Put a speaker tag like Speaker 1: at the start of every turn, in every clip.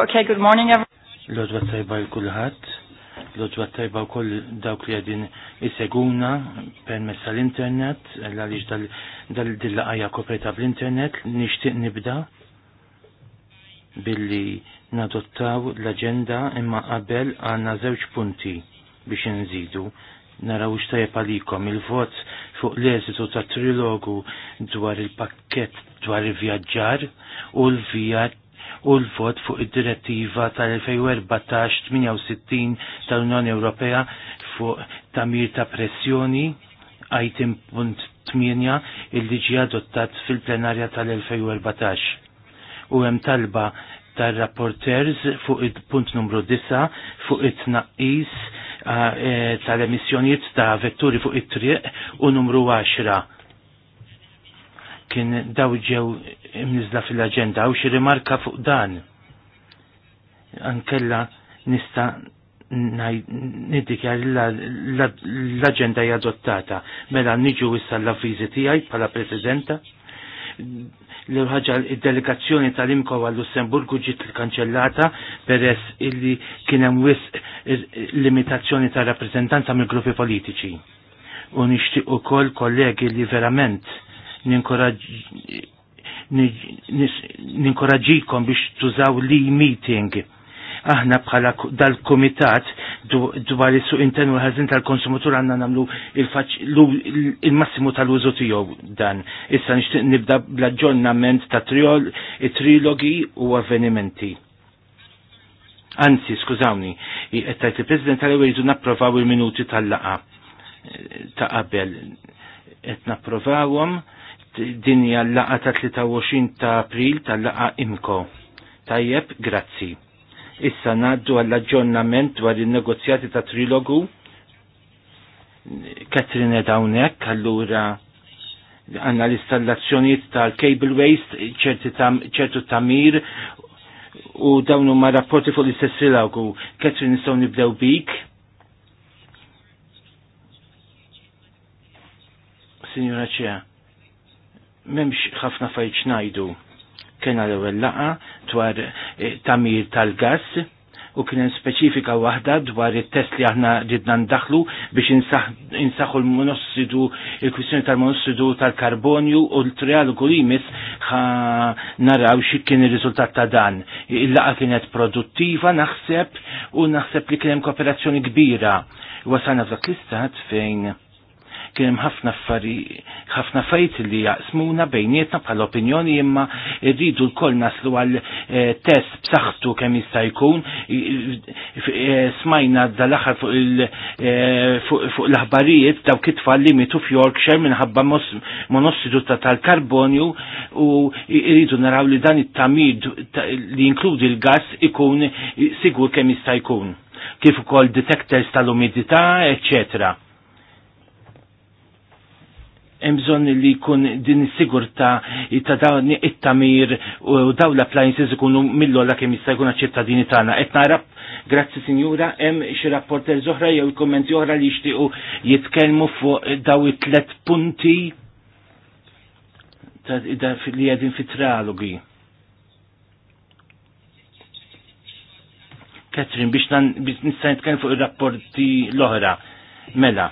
Speaker 1: Okay, good morning everyone.
Speaker 2: Lodwa tajba l-kulħat, lodwa tajba kull dawk li għadin iseguna messa tal-internet, għalix dal-dillaqajja kopreta bl-internet, nishtiq nibda billi nadottaw l-agenda imma qabel għanna zewċ punti biex nżidu naraw xtajab għalikom il-vot fuq l-eżitu ta' trilogu dwar il-pakket dwar il-vjaġġar u l-vjaġġ u l-vot fuq id-direttiva tal-2014-68 tal-Unjoni Ewropea fuq tamir ta' pressjoni item.8 punt 8 il-liġi adottat fil-plenarja tal-2014. U hemm talba tar-rapporters fuq il-punt numru 9 fuq it-tnaqqis eh, eh, tal-emissjonijiet ta' vetturi fuq it-triq u numru 10 kien daw ġew imnizla fil-agenda u xi rimarka fuq dan. Ankella nista' nidikja l-agenda jadottata Mela nġu issa l-avviżi tiegħi bħala prezidenta. L-ħaġa id-delegazzjoni tal-Imko għal Lussemburgu ġiet kanċellata peress illi kien hemm wisq limitazzjoni ta' rappresentanza mill-gruppi politiċi. U nixtieq ukoll kollegi li verament ninkoraġikom biex tużaw li meeting aħna bħala dal-komitat dwar is suq internu ħażin tal-konsumatur għandna nagħmlu il-massimu tal-użu tiegħu dan. Issa nixtieq nibda bl-aġġornament ta' trilogi u avvenimenti. Anzi, skużawni, qed il-President tal-ewwel napprovaw il-minuti tal-laqa eh, ta' qabel qed napprovawhom dinja l-laqa ta' 23 ta' april tal-laqa imko. Tajjeb, grazzi. Issa naddu għall-aġġornament dwar il-negozjati ta' trilogu. Katrine Dawnek, allura għanna l-installazzjoniet tal Waste ċertu tamir u dawnu ma' rapporti fuq l-istess trilogu. Katrin nistaw nibdew bik. Signora Cia memx ħafna fajt xnajdu. Kena l ewwel laqa dwar eh, tamir tal-gas u kien speċifika waħda dwar it-test li aħna ridna ndaħlu biex insaħħu l-monossidu, il-kwistjoni tal-monossidu tal-karbonju u l-trialogu li ħa naraw xi kien ir-riżultat ta' dan. Il-laqa kienet produttiva naħseb u naħseb li kien hemm kooperazzjoni kbira. wasana f'dak l-istat fejn kien hemm ħafna ħafna affarijiet li jaqsmuna bejnietna bħal opinjoni imma rridu lkoll naslu għal eh, test b'saħħtu kemm jista' jkun eh, smajna dal-aħħar eh, fuq l-aħbarijiet dawk it-tfal li mitu f'Yorkshire minħabba monossidu ta' tal-karbonju u rridu naraw li dan it-tamid li jinkludi l-gas ikun sigur kemm jista' jkun kif ukoll detectors tal-umidità, eccetera bżonn li jkun din is-sigurtà ta' dawn it-tamir u dawn l-appliances ikunu mill-ola kemm jista' jkun ċittadini tagħna. Qed nara grazzi sinjura hemm xi rapporter oħra jew kummenti oħra li jixtiequ jitkellmu fuq daw it-tlet punti li għedin fi trialogi. Katrin, biex nistan fuq il-rapporti l-ohra. Mela,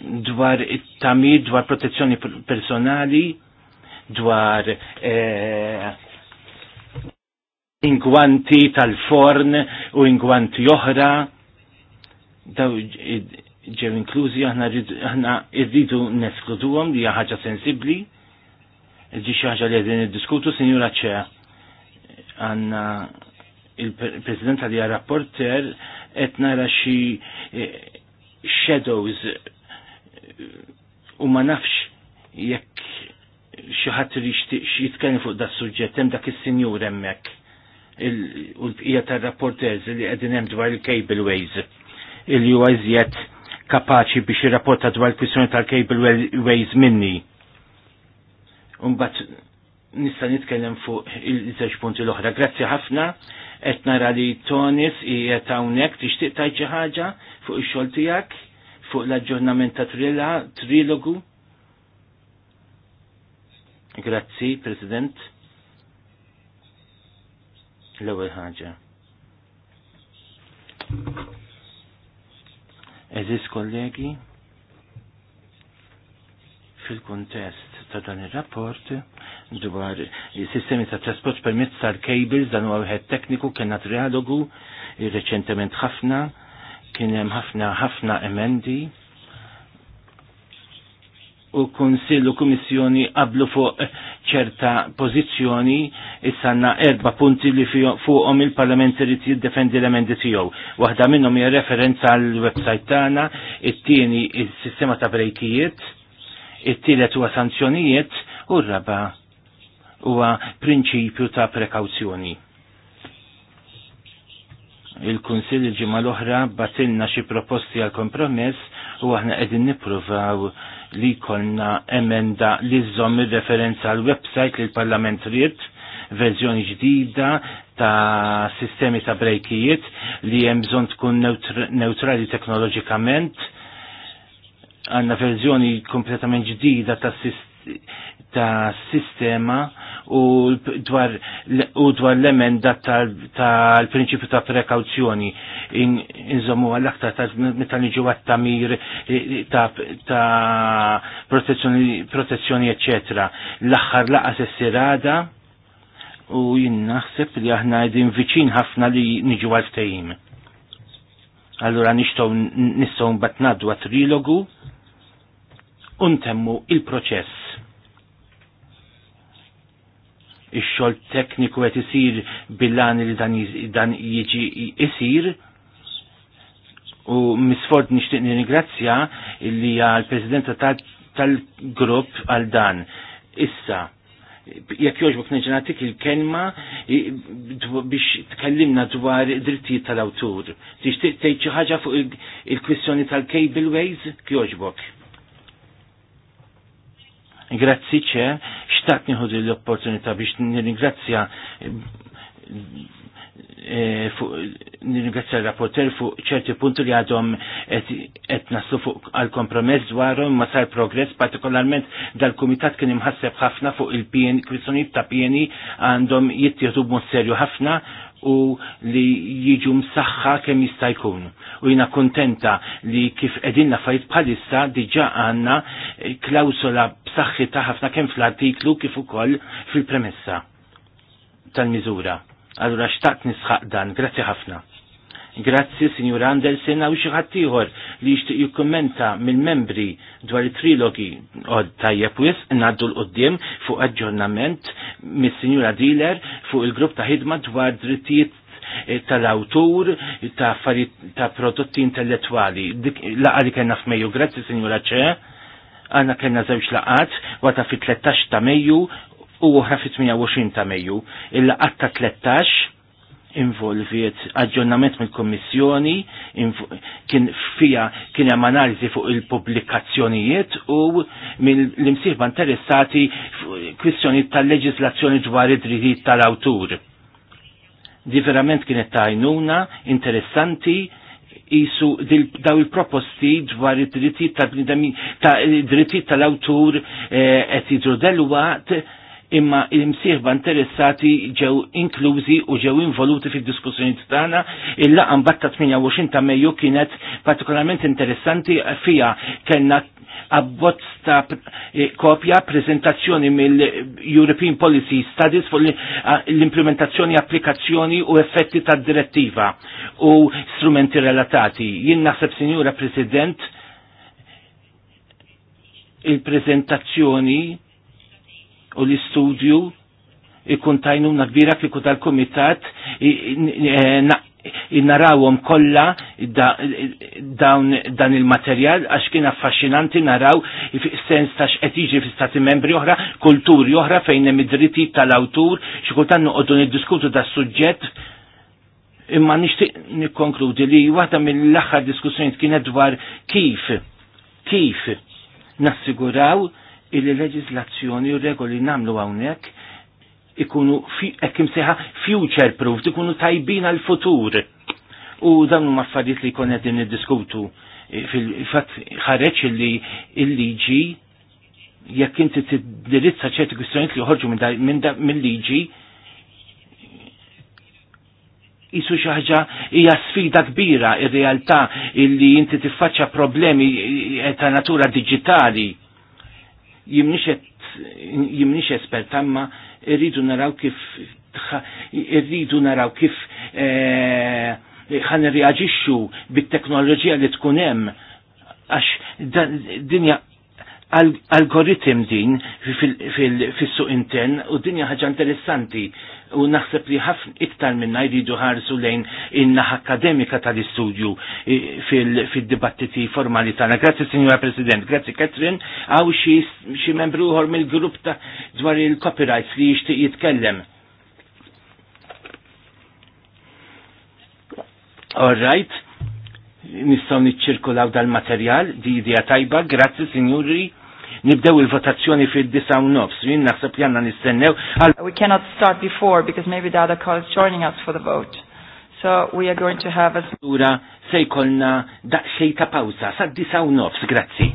Speaker 2: dwar it-tamir, dwar protezzjoni personali, dwar eh, ingwanti tal-forn u ingwanti oħra, daw ġew inklużi aħna rridu neskluduhom li hija ħaġa sensibbli, ġi xi ħaġa li qegħdin niddiskutu, Sinjura Ċe, għandna il-President għalija rapporter qed nara xi eh, shadows u ma nafx jekk xi ħadd jitkellem fuq da suġġett hemm dak is-sinjur hemmhekk u l-bqija tar-rapporters li għedin hemm dwar il-cableways il huwa iżjed kapaċi biex jirrapporta dwar il kwissjoni tal-cableways minni. Umbat nista' nitkellem fuq il-żewġ punti l-oħra. Grazzi ħafna qed nara li Tonis qiegħed hawnhekk tixtieq tajt xi ħaġa fuq ix-xogħol tiegħek fuq l-aġġornament ta' trilogu. Grazzi, President. L-ewwel ħaġa. Eżis kollegi, fil-kontest ta' dan ir-rapport dwar sistemi ta' trasport permezz tal-cables dan huwa wieħed tekniku kien trialogu reċentement ħafna kien hemm ħafna ħafna emendi u kunsill u kummissjoni qablu fuq ċerta pożizzjoni issa għandna erba' punti li fuqhom il-Parlament irid jiddefendi l-emendi tiegħu. Waħda minnhom hija referenza għall website tagħna, it-tieni is-sistema ta' brejkijiet, it-tielet huwa sanzjonijiet u r-raba' huwa prinċipju ta' prekawzjoni il kunsil il-ġimgħa l-oħra batilna xi proposti għal kompromess u aħna qegħdin nippruvaw li jkollna emenda li żżomm ir-referenza għal website li l-Parlament ried verżjoni ġdida ta' sistemi ta' brejkijiet li hemm bżonn tkun neutrali teknoloġikament għanna verżjoni kompletament ġdida ta' sistemi ta' sistema u dwar, l-emenda tal-prinċipju ta', prekawzjoni inżommu in għall-aktar ta' meta niġu għattamir tamir ta', ta protezzjoni, protezzjoni L-axħar laqas s-sirada u jinn naħseb li aħna għedin viċin ħafna li niġu għal-tejim. Allora nishtaw nistaw mbatnaddu għat-trilogu untemmu il-proċess ix-xogħol tekniku qed isir bil-lan li dan jiġi isir u misford nixtieq nirringrazzja li għal president tal-grupp għal dan. Issa, jekk joġbuk neġenatik il-kelma biex tkellimna dwar drittijiet tal-awtur. Tixtieq tgħid xi ħaġa fuq il kwissjoni tal-cableways, kjoġbok. Grazzi ċe, xtaqt nieħu l-opportunità biex nirringrazzja eh, eh, ingrazzja l-rapporter fuq ċerti punti li għadhom qed naslu fuq għal-kompromess dwarhom ma sar progress, partikolarment dal-kumitat kien imħasseb ħafna fuq il-pieni, kwistjonijiet ta' pieni għandhom jittieħdu b'mod serju ħafna u li jiġu msaħħa kemm jista' jkun. U jina kontenta li kif edinna fajt bħalissa diġà għandna klawsola ta' ħafna kemm fl-artiklu kif ukoll fil-premessa tal-miżura. Allura xtaqt nisħaq dan, grazzi ħafna. Grazzi, Signor Andersen, għu xaħatiħor li jishtiq jikkommenta mill-membri dwar trilogi għod tajjeb wis, naddu l-qoddim fuq aġġornament mis signora Dealer fuq il-grupp ta' ħidma dwar drittijiet eh, tal-awtur ta', ta prodotti intellettuali. Dik laqa li kena f'Mejju, grazzi Signora ċe, għanna kena zewġ laqat, għata fi 13 ta' Mejju u uħra fi 28 ta' Mejju. Il-laqat ta' 13 involviet aġġornament mill-Kommissjoni kien fija kien hemm analiżi fuq il-pubblikazzjonijiet u mill-imsieħba interessati kwistjoni tal-leġislazzjoni dwar id-drittijiet tal-awtur. Di verament kienet tajnuna, interessanti, jisu daw il-proposti dwar id-drittijiet tal-awtur qed eh, jidru delwaqt imma il-msieħba interessati ġew inklużi u ġew involuti fid diskussjoni tagħna il-laqa mbagħad ta' 28 ta' Mejju kienet partikolarment interessanti fija kellna abbozz ta' eh, kopja prezentazzjoni mill-European Policy Studies fuq l-implementazzjoni, applikazzjoni u effetti ta' direttiva u strumenti relatati. Jien naħseb, Sinjura President, il-prezentazzjoni u l-istudju ikun e, na kbira kiku tal-komitat narawhom kollha dan il-materjal għax kien affaxxinanti naraw sens ta' x'qed jiġi fi-stati membri oħra, kulturi oħra fejn hemm id dritti tal-awtur, xi kultant noqogħdu niddiskutu da' suġġett imma nixtieq nikkonkludi li waħda mill-aħħar diskussjoni kienet dwar kif kif nassiguraw il-leġizlazzjoni u regoli namlu għawnek ikunu, ekkim seħa, future proof, ikunu tajbin għal-futur. U dan huma affarijiet li jkun din diskutu fil-fatt ħareġ li l-liġi jekk inti t-dirizza ċerti kwistjonijiet li joħorġu minn liġi jisu xi ħaġa hija sfida kbira ir-realtà illi inti tiffaċċa problemi ta' natura diġitali jimnix espert amma irridu naraw kif irridu naraw kif eh, ħan reagixxu bit-teknoloġija li tkun hemm għax dinja algoritm din fil-suq intern u dinja ħaġa interessanti u naħseb li ħafna iktar minna jridu ħarsu lejn in-naħa akademika tal-istudju fil-dibattiti formali tagħna. Grazzi Signora President, grazzi Catherine, għaw xi membru uħor mill-grupp ta' dwar il-copyrights li jixtieq jitkellem. All right, nistgħu niċċirkulaw dal-materjal, di idea tajba, grazzi Signori nibdew il-votazzjoni fil-9 nofs, jien naħseb li għandna nistennew. We cannot start before because maybe the other call is joining us for the vote. So we are going to have a... sejkolna daqxej ta' pawza, sa' disaw nofs, grazzi.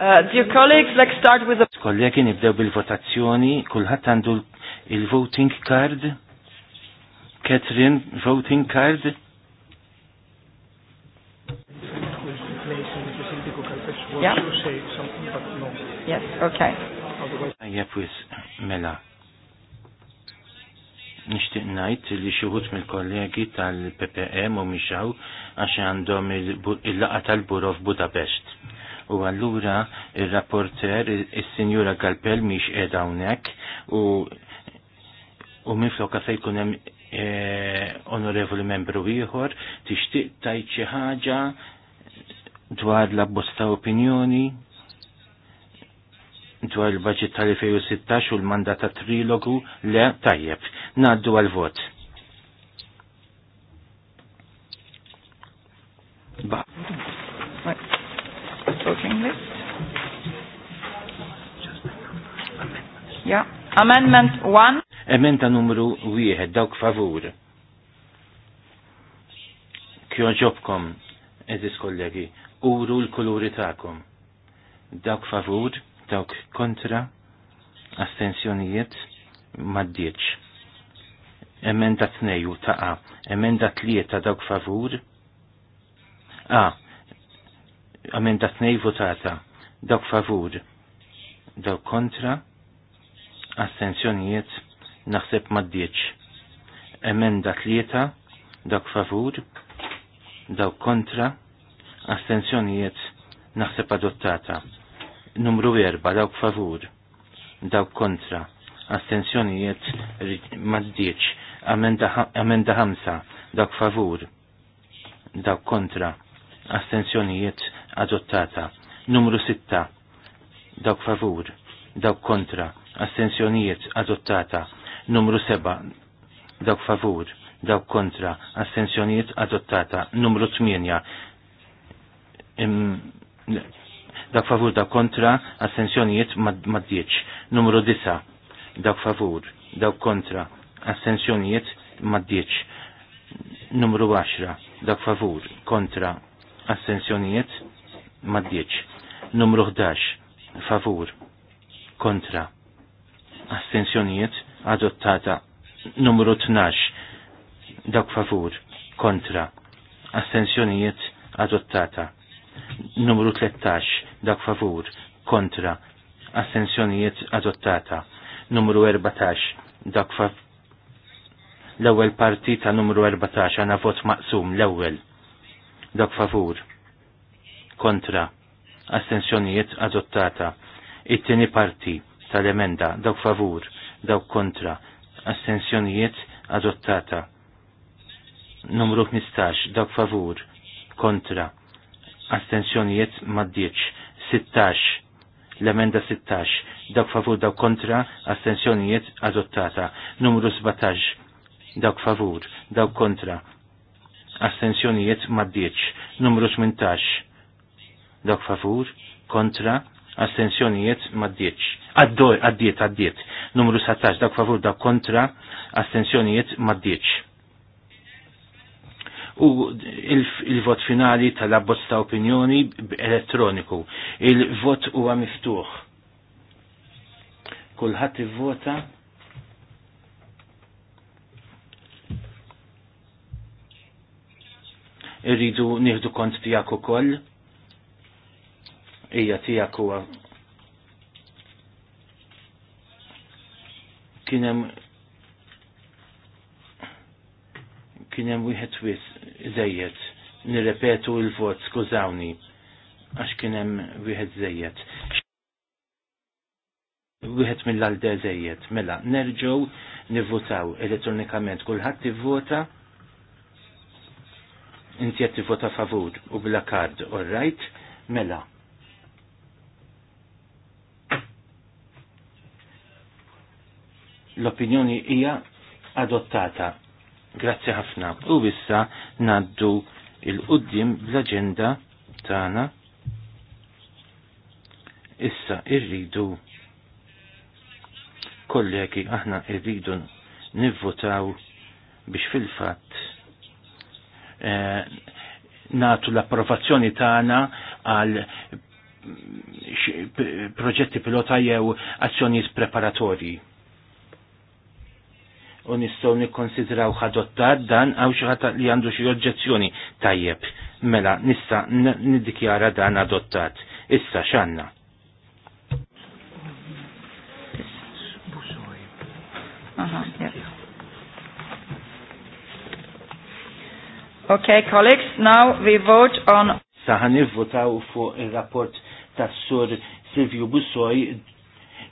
Speaker 2: Uh, dear colleagues, let's start with the... Kollegi, nibdew bil-votazzjoni, kullħat għandu il-voting card. Catherine, voting card.
Speaker 3: Yeah. Yes, okay.
Speaker 2: Ajja, mela. Nishtiq najt li xuhut mill-kollegi tal-PPM u e mixaw għax għandhom il-laqa tal burof Budapest u allura il-rapporter il-Sinjura Galpel miex edha u u minflokka se hemm onorevoli membru ieħor tixtieq tajt xi ħaġa dwar l bosta opinjoni dwar il baġit tal-2016 u l mandata trilogu le tajjeb. Naddu għal-vot. Ba voting list. Yeah.
Speaker 1: Amendment 1.
Speaker 2: Emenda numru 1, dawk favur. Kjo ġobkom, eżis kollegi, uru l-kuluri ta'kom. Dawk favur, dawk kontra, astensjonijiet, maddieċ. Emenda 2 ta' A. Emenda 3 dawk favur. A Amenda tnej votata. Dawk favur. Dawk kontra. astenzjoniet Naħseb maddieċ. Emenda tlieta. Dawk favur. Dawk kontra. astenzjoniet Naħseb adottata. Numru erba. Dawk favur. Dawk kontra. astenzjoniet maddieċ. Amenda ħamsa. Dawk favur. Dawk kontra astensjonijiet adottata. Numru 6. Dawk favur. Dawk kontra. Astensjonijiet adottata. Numru 7. Dawk favur. Dawk kontra. Astensjonijiet adottata. Numru 8. Im... Dawk favur. Dawk kontra. Astensjonijiet maddieċ. Numru disa' Dawk favur. Dawk kontra. Astensjonijiet maddieċ. Numru 10. Dawk favur. Kontra. Astensjonijiet maddieċ. Numru 11 favur kontra astensjonijiet adottata. Numru 12 dak favur kontra astensjonijiet adottata. Numru 13 dak favur kontra astensjonijiet adottata. Numru 14 dak favur l-ewwel partita numru 14 għana vot maqsum l-ewwel. Dak favur kontra astensjonijiet adottata. It-tieni parti tal-emenda dawk favur, dawk kontra astensjonijiet adottata. Numru 15 dawk favur, kontra astensjonijiet maddieċ. 16 l-emenda 16 dawk favur dawk kontra astensjonijiet adottata. Numru 17 dawk favur, dawk kontra astensjonijiet maddieċ. Numru 18 Dok favur, kontra, astensjonijiet maddieċ. Addor, addiet, addiet. Numru 17, dak favur, dak kontra, astensjonijiet maddieċ. U il-vot il finali tal-abbozz ta' opinjoni elettroniku. Il-vot huwa miftuħ. Kulħadd ivvota. Irridu nieħdu kont tiegħek ukoll ija tiegħek huwa kien hemm kien hemm wieħed wis żejjed nirrepetu l-vot skużawni għax kien hemm wieħed żejjed. Wieħed mill-għalde żejjed, mela nerġgħu nivvutaw elettronikament kulħadd tivvota. inti qed tivvota favur u bla kard, all right? Mela, l-opinjoni hija adottata. Grazzi ħafna. U issa naddu il qudiem bl-aġenda tagħna. Issa irridu kollegi aħna irridu nivvotaw biex fil-fatt eh, natu l-approvazzjoni tagħna għal proġetti pilota jew azzjonijiet preparatorji u nistgħu nikkonsidraw ħadottat dan għaw xi ħadd li għandu xi oġġezzjoni tajjeb. Mela, nista' niddikjara dan adottat. Issa x'għandna. Okay,
Speaker 1: colleagues, now
Speaker 2: we vote on... Saħan votaw fuq il-rapport tas sur Silvio Bussoj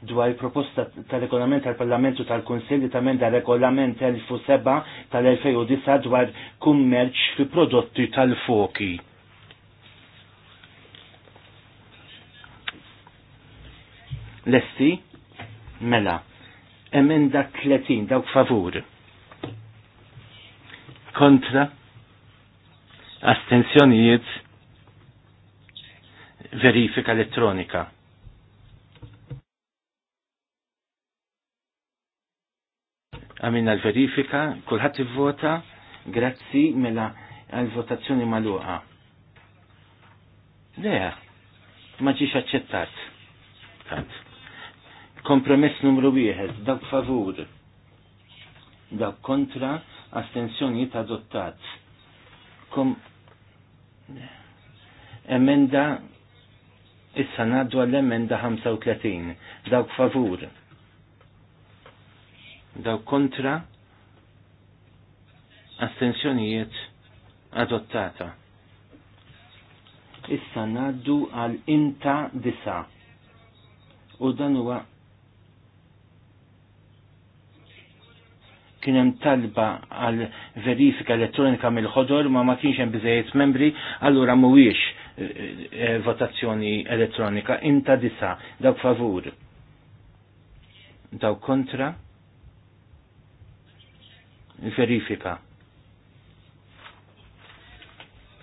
Speaker 2: dwar proposta tal-regolament tal-Parlamentu tal-Kunsill li tamenda regolament 1007 tal-2009 dwar kummerċ fi prodotti tal-foki. Lesti? Mela. Emenda 30, dawk favur. Kontra? Astenzjonijiet? Verifika elettronika. għamilna l-verifika, kullħat vota grazzi mela għal-votazzjoni maluqa. Leja, ma ġiex aċċettat. Tant. Kompromess numru wieħed, Dawk favur, dawk kontra, astensjonijiet adottat. Kom... Emenda, issa naddu għall-emenda 35, Dawk favur, daw kontra astensjonijiet adottata. Issa naddu għal inta disa u dan huwa kien hemm talba għal verifika elettronika mill-ħodor ma ma kienx hemm biżejjed membri, allura mhuwiex eh, eh, votazzjoni elettronika inta disa dawk favur. Dawk kontra verifika.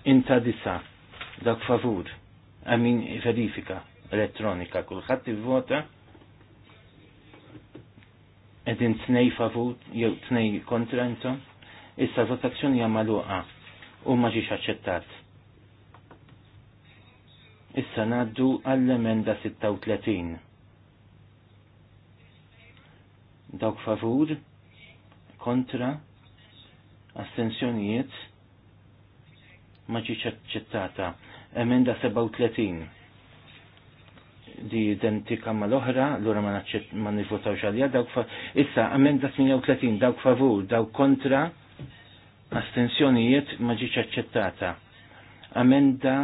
Speaker 2: Inta disa, dak favur, għamin verifika elettronika, kullħat vota edin tnej favur, jew tnej kontra intom, issa votazzjoni għamaluqa u maġiċ aċċettat. Issa naddu għall-emenda 36. Dawk favur, kontra, astensjonijiet ma ġiċ aċċettata. Emenda 37 di identika ma l-oħra, l-ora ma nivvotaw xalja, dawk fa... Issa, emenda 38, dawk favur, dawk kontra, astensjonijiet ma ġiċ aċċettata. Emenda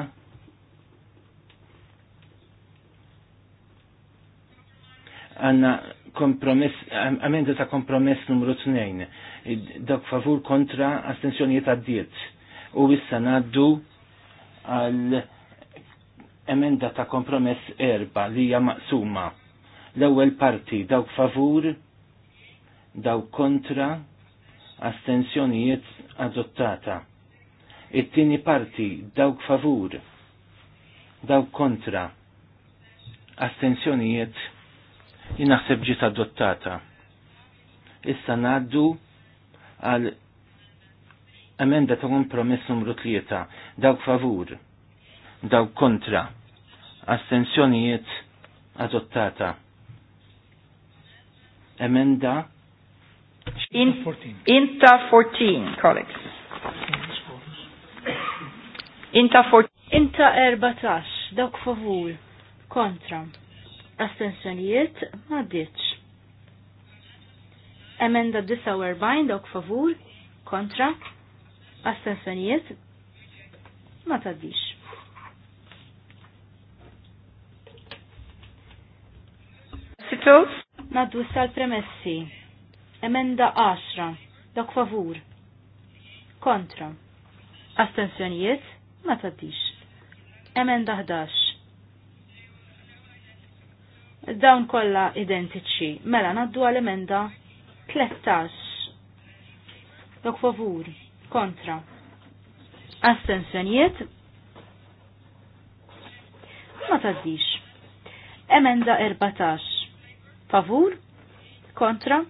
Speaker 2: għanna kompromess, amenda ta' kompromess numru 2 dak favur kontra astensjonijiet għaddiet. U issa ngħaddu għal emenda ta' kompromess erba li hija maqsuma. L-ewwel parti dawk favur, dawk kontra, astensjonijiet adottata. It-tieni parti dawk favur, dawk kontra, astensjonijiet jinaħseb ġiet adottata. Issa ngħaddu għal emenda ta' kompromess numru tlieta dawk favur, dawk kontra, astensjonijiet adottata. Emenda In, 14. Inta 14,
Speaker 1: colleagues.
Speaker 4: Inta 14. Inta 14, dawk favur, kontra, astensjonijiet maddiċ. Emenda 49 dawk favur kontra astensjonijiet ma taddix. Naddu sal-premessi. Emenda 10. Dok favur. Kontra. Astensjonijiet ma tadix. Emenda 11 dawn kolla identiċi. Mela naddu għal-emenda 13. Dok favur kontra astensjonijiet ma taddix. Emenda 14. Favur kontra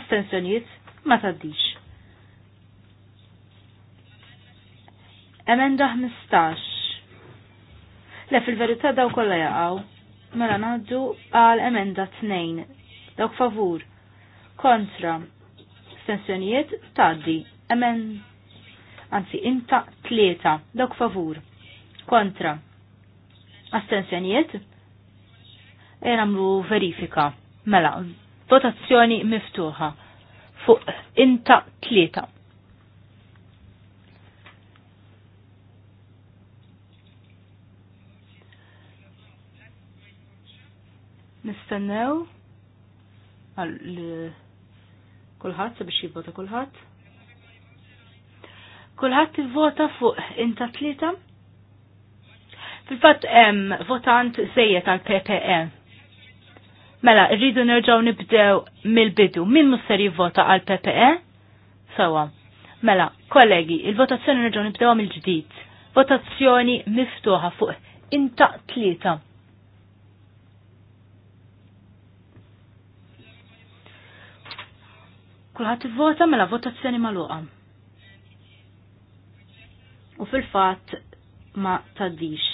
Speaker 4: astensjonijiet ma taddix. Emenda 15. Le fil-verità daw kollha jaqgħu. Mela ngħaddu għal emenda 2. Dawk favur kontra stensjonijiet taddi emen anzi inta tlieta dawk favur kontra astensjonijiet e namlu verifika mela votazzjoni miftuħa fuq inta tlieta nistennew għal kulħadd sabiex jivvota kulħadd. Kulħadd ivvota fuq inta tlieta. Fil-fatt hemm votant sejjed għal PPE. Mela, rridu nerġgħu nibdew mill-bidu. Min musser jivvota għal PPE? Sawa. Mela, kollegi, il-votazzjoni nerġgħu nibdew mill-ġdid. Votazzjoni miftuħa fuq inta tlieta. Kulħadd ivvota mela votazzjoni magħluqa. U fil-fatt ma tadix.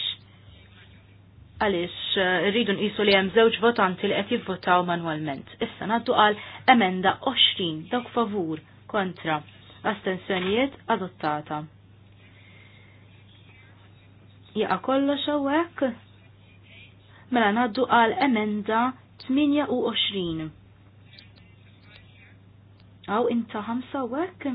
Speaker 4: Għaliex eh, rridu nqisu li hemm żewġ votanti li qed jivvotaw manwalment. Issa ngħaddu għal emenda 20 dawk favur kontra astensjonijiet adottata. Jaqa kollox hawnhekk? Mela ngħaddu għal emenda 28. Aw inta ħamsa wek?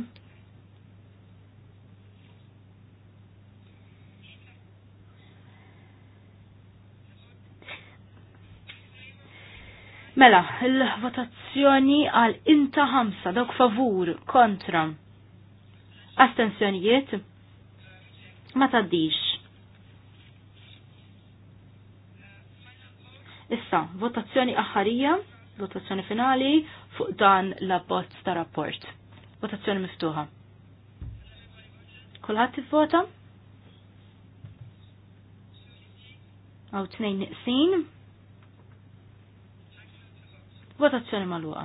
Speaker 4: Mela, il-votazzjoni għal inta ħamsa dawk favur kontra astensjonijiet ma taddix. Issa, votazzjoni aħħarija votazzjoni finali fuq dan l-abbozz ta' rapport. Votazzjoni miftuħa. Kulħadd tivvota Aw tnejn niqsin. Votazzjoni magħluqa.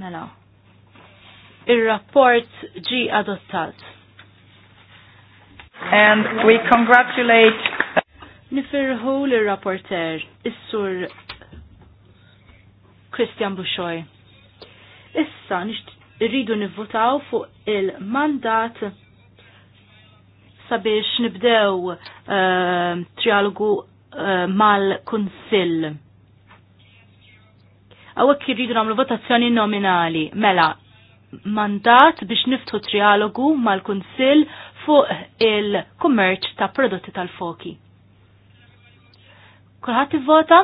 Speaker 4: Mela. Ir-rapport ġi adottat. And we congratulate Nifirħu l-rapporter, is-sur Christian Buxoj. Issa rridu nivvotaw fuq il-mandat sabiex nibdew uh, trialogu uh, mal-Kunsill. Għawek rridu namlu votazzjoni nominali, mela, mandat biex niftu trialogu mal-Kunsill fuq il-kummerċ ta' prodotti tal-foki. Kulħadd ivvota?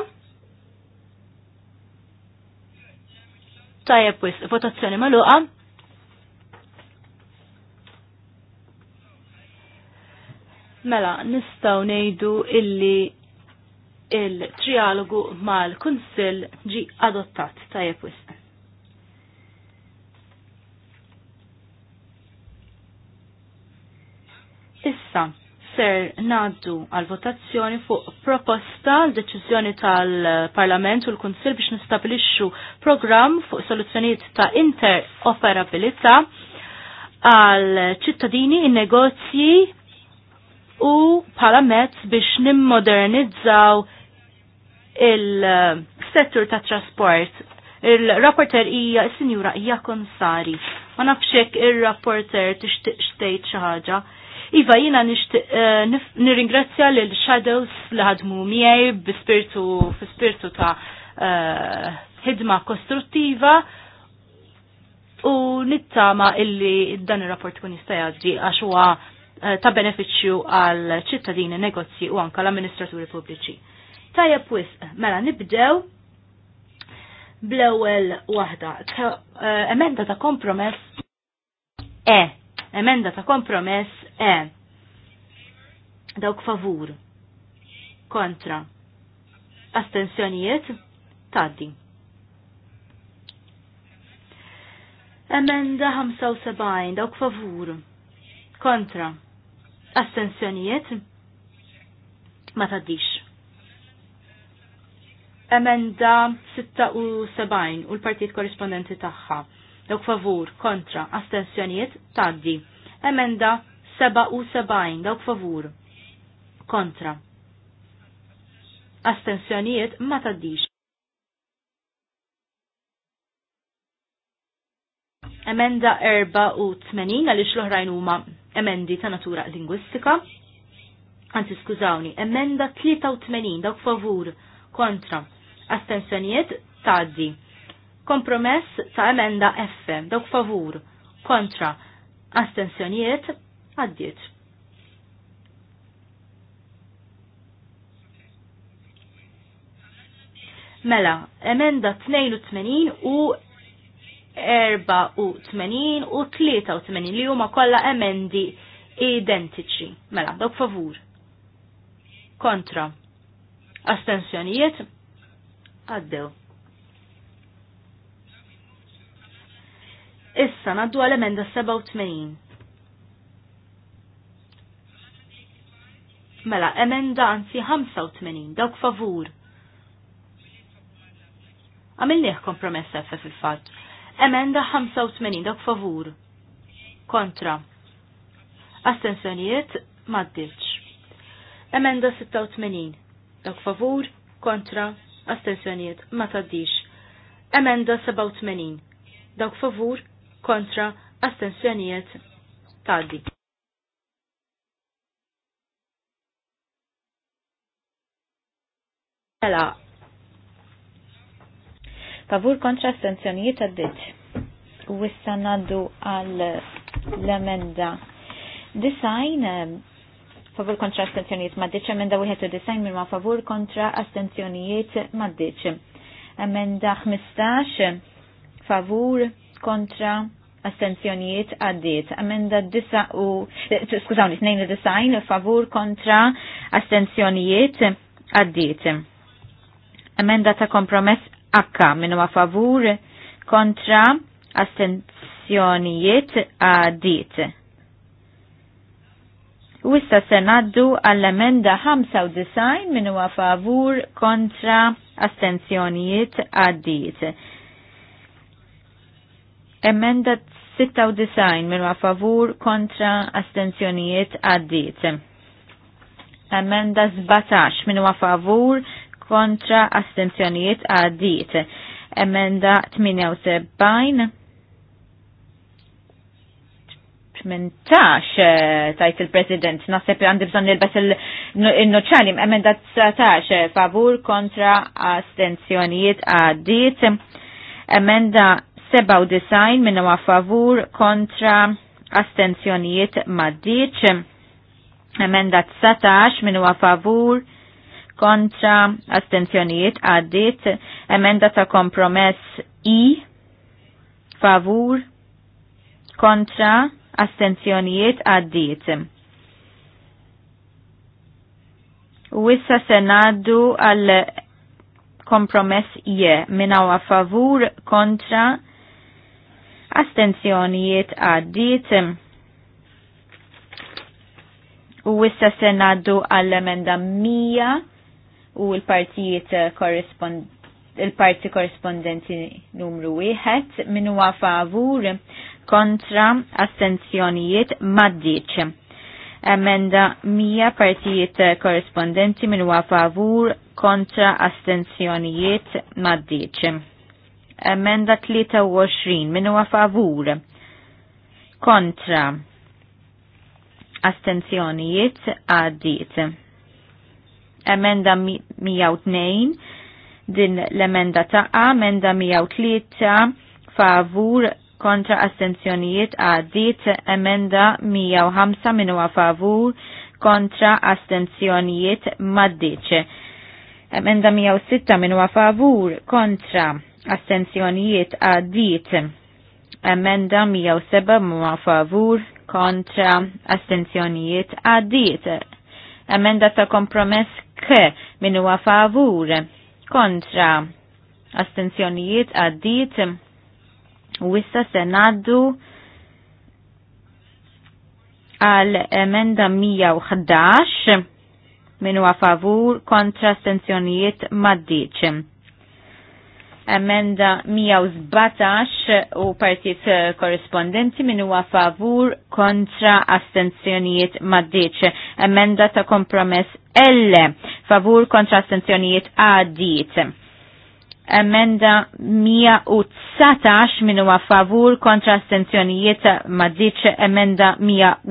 Speaker 4: Tajjeb pwis, votazzjoni magħluqa. Mela, nistgħu ngħidu illi il-trialogu mal-Kunsill ġi adottat tajjeb pwis. Issa, ser naddu għal votazzjoni fuq proposta l deċiżjoni tal-Parlament u l-Kunsil biex nistabilixxu programm fuq soluzzjonijiet ta' interoperabilità għal ċittadini in negozji u bħala mezz biex nimmodernizzaw il-settur ta' trasport. Il-rapporter hija s-sinjura hija Sari. Ma nafxek il-rapporter tixtieq xtejt xi ħaġa. Iva jina nishtiq eh, nirringrazzja l shadows li ħadmu miegħi b spirtu ta' eh, ħidma kostruttiva u nittama illi dan ir-rapport kun jista' jgħaddi għax huwa eh, ta' benefiċċju għal ċittadini, negozji u anka l-amministraturi pubbliċi. Tajjeb wisq, mela nibdew bl-ewwel waħda. Emenda ta' kompromess E, emenda ta' kompromess E. Dawk favur. Kontra. astensjonijiet taddi. Emenda 75, dawk favur. Kontra. astensjonijiet ma taddix. Emenda 76 u l-partijiet korrispondenti tagħha. Dawk favur, kontra, astenzjonijiet taddi. Emenda sebajn, dawk favur kontra. Astensjonijiet ma taddix. Emenda tmenin għaliex l-oħrajn huma emendi ta' natura lingwistika. Anzi skużawni, emenda 83 dawk favur kontra. Astensjonijiet taddi. Kompromess ta' emenda F dawk favur kontra. Astensjonijiet għaddiet. Mela, emenda 82 u 84 u 83 li huma kollha emendi identiċi. Mela, dawk favur. Kontra. Astensjonijiet? Għaddew. Issa naddu għal emenda Mela, emenda anzi 85, dawk favur. Għamilniħ kompromessa F fil-fat. Emenda 85, dawk favur. Kontra. Astensjonijiet, maddilċ. Emenda 86, dawk favur. Kontra. Astensjonijiet, ma taddix. Emenda 87, dawk favur. Kontra. Astensjonijiet, taddi. Mela,
Speaker 5: favur kontra astenzjonijiet għaddit. U issa naddu għal l-emenda design eh, favur kontra astenzjonijiet maddiċ, emenda wieħed u design minn ma favur kontra astenzjonijiet maddiċ. Emenda 15 favur kontra astenzjonijiet għaddiet. Amenda disa u, eh, skużawni, snejn design favur kontra astenzjonijiet għaddit. Emenda ta' kompromess H minnu ma' favur kontra astenzjonijiet għadit. U issa se naddu għall-emenda 95 minn huwa favur kontra astenzjonijiet għaddiet. Emenda 96 minn huwa favur kontra astenzjonijiet għaddiet. Emenda 17 minn huwa favur kontra astenzjonijiet għaddit. Emenda 78 18 eh, tajt il-President, nasib għandi bżon nilbes il-noċalim, emenda 19 eh, favur kontra astenzjonijiet għaddit, emenda 97 minnu a favur kontra astenzjonijiet maddit. emenda 19 minnu a favur kontra kontra astenzjonijiet għaddit, emenda ta' kompromess I, favur, kontra astenzjonijiet għaddit. U issa senaddu għal kompromess je u favur kontra astenzjonijiet għaddit. U issa senaddu għall emenda 100 u l-partijiet korrespondenti il-parti korrespondenti numru wieħed min huwa favur kontra astenzjonijiet maddiċ. Emenda mija partijiet korrespondenti min huwa favur kontra astenzjonijiet maddiċ. Emenda 23 min huwa favur kontra astenzjonijiet għaddiet emenda 102, din l-emenda taqa, emenda 103, favur kontra astenzjonijiet għaddit, emenda 105 minu favur kontra astenzjonijiet maddiċ. Emenda 106 minu favur kontra astenzjonijiet għaddit. Emenda 107 minu favur kontra astenzjonijiet għaddit Emenda ta' kompromess k min huwa favur kontra astenzjonijiet għaddit u issa se naddu għal emenda 111 min huwa favur kontra astenzjonijiet maddiċ emenda 117 u partijiet eh, korrespondenti minn huwa favur kontra astenzjonijiet maddiċ. Emenda ta' kompromess L favur kontra astenzjonijiet għaddit. Emenda 119 minn huwa favur kontra astenzjonijiet maddiċ. Emenda 121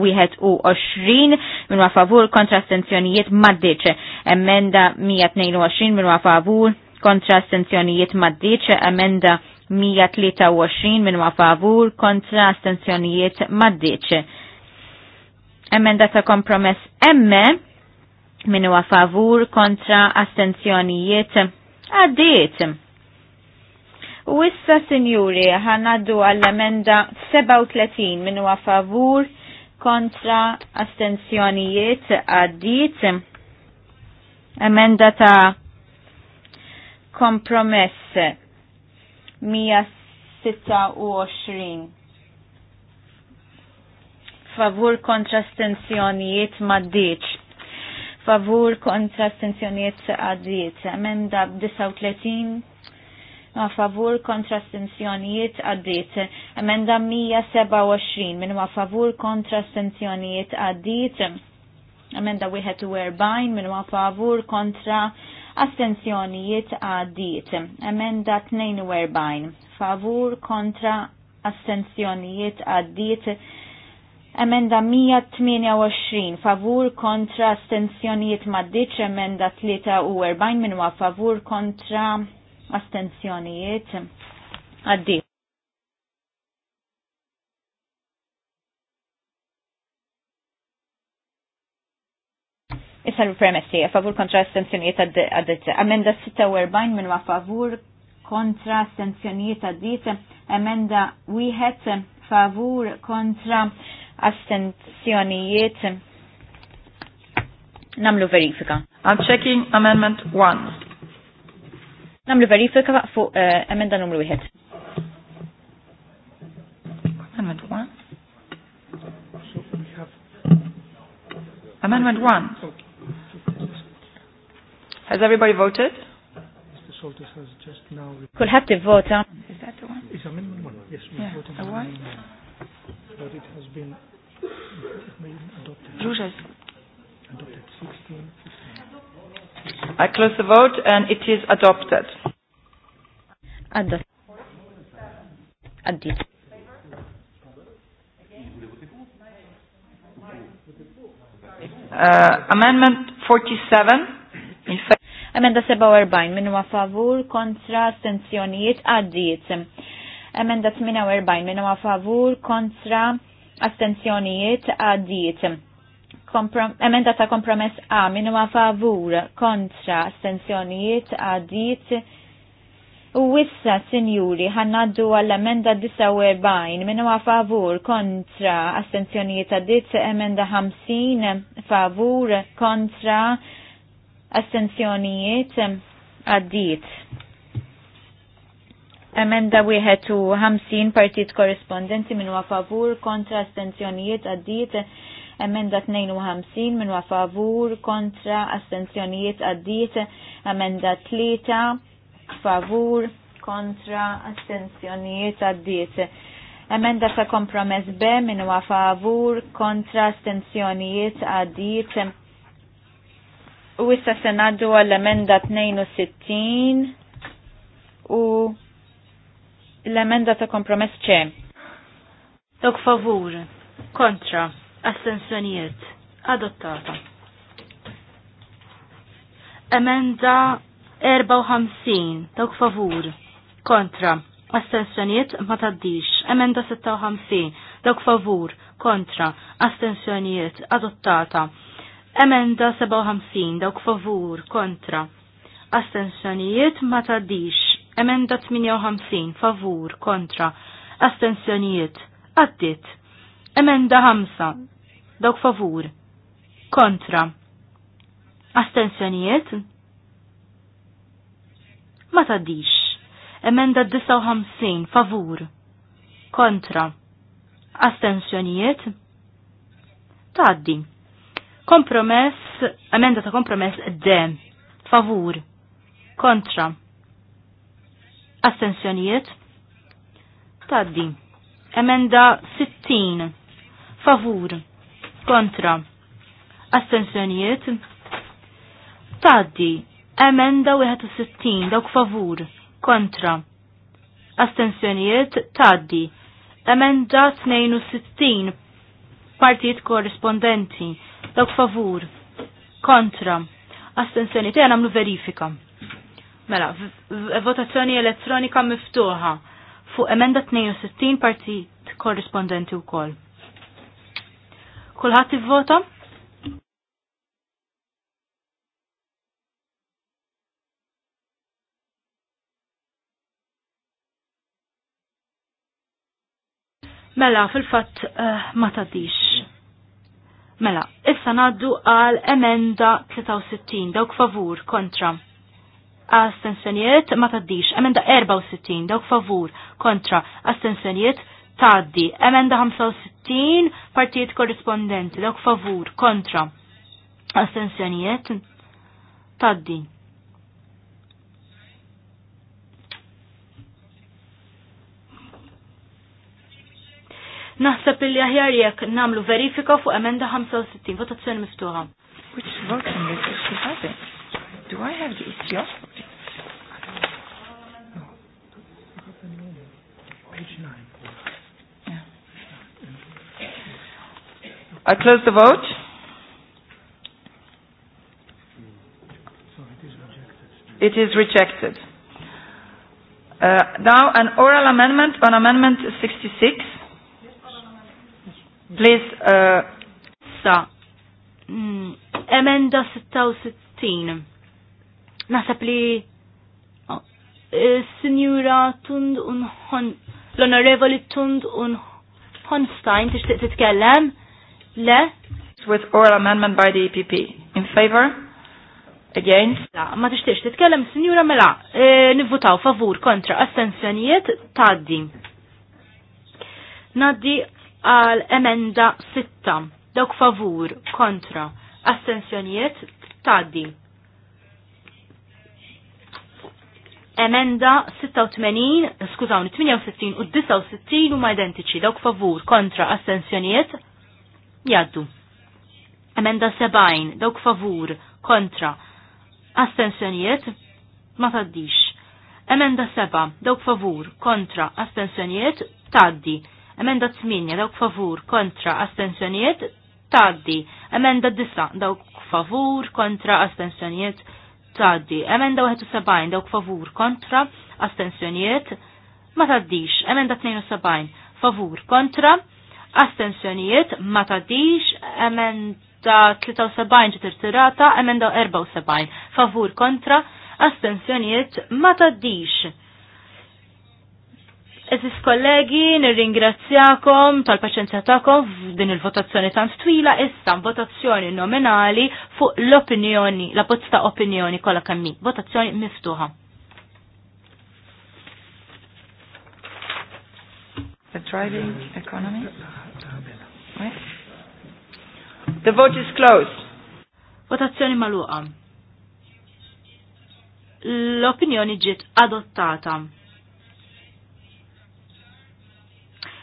Speaker 5: minn huwa favur kontra astenzjonijiet maddiċ. Emenda 122 minn huwa favur kontra astenzjonijiet maddiċ, emenda 123 minn ma favur kontra astenzjonijiet maddiċ. Emenda ta' kompromess M minn ma favur kontra astenzjonijiet għaddiet. U issa, sinjuri, ħanaddu għall-emenda 37 minn ma favur kontra astenzjonijiet għaddiet. Emenda ta' Kompromess 126. Favur kontra stenzjonijiet maddiċ. Favur kontra stenzjonijiet għaddiet. Emenda 39. Ma favur kontra stenzjonijiet għaddit. Emenda 127 minn ma favur kontra stenzjonijiet għaddit. Emenda 41 minn ma favur kontra Astenzjonijiet għaddiet. Emenda 42 favur kontra astenzjonijiet għaddit. Emenda 128 favur kontra astenzjonijiet maddit. Emenda 43 minwa favur kontra astenzjonijiet għaddit. Issa l-premessi, a favur kontra estensjoniet għaddit. Amenda 46 minn ma favur kontra estensjoniet għaddit. Amenda 1 favur kontra estensjoniet. Namlu verifika. I'm checking amendment 1. Namlu verifika fu uh, eh, amenda numru 1. Amendment
Speaker 1: 1. Amendment 1. Okay. Has everybody voted?
Speaker 3: Mr. Soltis has just now... Could have to vote, huh? Is that the one? It's amendment one. Yes, we're yeah. voting on one. But it has been, it adopted. Adopted 16,
Speaker 1: 15. I close the vote and it is adopted.
Speaker 4: Adopted. Adopted. Uh,
Speaker 5: amendment 47. Emenda 47 minn huwa favur kontra astenzjonijiet għaddiet. Emenda 48 minn huwa favur kontra astenzjonijiet għaddiet. Emenda ta' kompromess A minn huwa favur kontra astenzjonijiet għaddiet. U wissa, sinjuri, ħannaddu għall-emenda 49 minn huwa favur kontra astenzjonijiet għaddiet emenda 50 favur kontra astenzjonijiet għaddit. Emenda wieħed u ħamsin partit korrespondenti minn favur kontra astenzjonijiet għaddit. Emenda 52 minn favur kontra astenzjonijiet għaddit. Emenda 3 favur kontra astenzjonijiet għaddit. Emenda ta' kompromess B minn favur kontra astenzjonijiet għaddiet U issa se ngħaddu għall-emenda 62 u l-emenda ta' kompromess ċe.
Speaker 4: Dok favur, kontra, astensjonijiet, adottata. Emenda 54, dok favur, kontra, astensjonijiet ma taddix. Emenda 56, dok favur, kontra, astensjonijiet, adottata. Emenda 57 dawk favur kontra. Astensjonijiet ma taddix. Emenda 58 favur kontra. Astensjonijiet għaddit. Emenda 5 dawk favur kontra. Astensjonijiet ma taddix. Emenda 59 favur kontra. Astensjonijiet taddi. Kompromess, emenda ta' kompromess D. Favur. Kontra. Astensjonijiet. Taddi. Emenda 60. Favur. Kontra. Astensjonijiet. Taddi. Emenda 61. Dawk favur. Kontra. Astensjonijiet. Taddi. Emenda 62. Partijiet korrispondenti Dawk favur. Kontra. Astenzjoni. Tejna namlu verifika. Mela, votazzjoni elettronika miftuħa fuq emenda 62 partit korrispondenti u kol.
Speaker 2: Kulħat vota?
Speaker 4: Mela, fil-fat uh, eh, ma tadix. Mela, issa naddu għal emenda 63, dawk favur, kontra. Astensjonijiet ma taddix, emenda 64, dawk favur, kontra. Astensjonijiet taddi, emenda 65, partijiet korrispondenti, dawk favur, kontra. Astensjonijiet taddi. Naħseb li aħjar jekk namlu verifika fuq emenda 65, votazzjoni miftuħa. Which voting is if she has
Speaker 3: it? Do I have the issue?
Speaker 1: I close the vote. It is rejected. Uh, now an oral amendment on amendment 66.
Speaker 4: Please, uh... Sa, mm, emenda 66. Nasab li oh, e, Signora Tund unħon, l-Onorevoli Tund Honstein tixtiq titkellem? Le? With oral amendment by the EPP. In favor? Against? La, ma tixtiqx titkellem, Signora mela, Nivvotaw eh, nivvutaw favur kontra astensjonijiet taddi. Naddi għal emenda 6. Dawk favur kontra astensjonijiet taddi. Emenda 86, skużawni, 68 u 69 huma identiċi dawk favur kontra astensjonijiet jaddu. Emenda 70 dawk favur kontra astensjonijiet ma taddix. Emenda 7 dawk favur kontra astensjonijiet taddi. Emenda 8 dawk favur kontra astensjonijiet taddi. Emenda 9 dawk favur kontra astensjonijiet taddi. Emenda 71 dawk favur kontra astensjonijiet ma taddix. Emenda 72 favur kontra astensjonijiet ma taddix. Emenda 73 ġiet irtirata. Emenda 74 favur kontra astensjonijiet ma taddix. Eżis kollegi, nirringrazzjakom tal-paċenzja tagħkom f'din il-votazzjoni tant twila issa votazzjoni nominali fuq l-opinjoni, la bozza ta' opinjoni kollha kemm votazzjoni miftuħa.
Speaker 1: The driving economy.
Speaker 4: Right. The vote is closed. Votazzjoni maluqa. L-opinjoni ġiet adottata.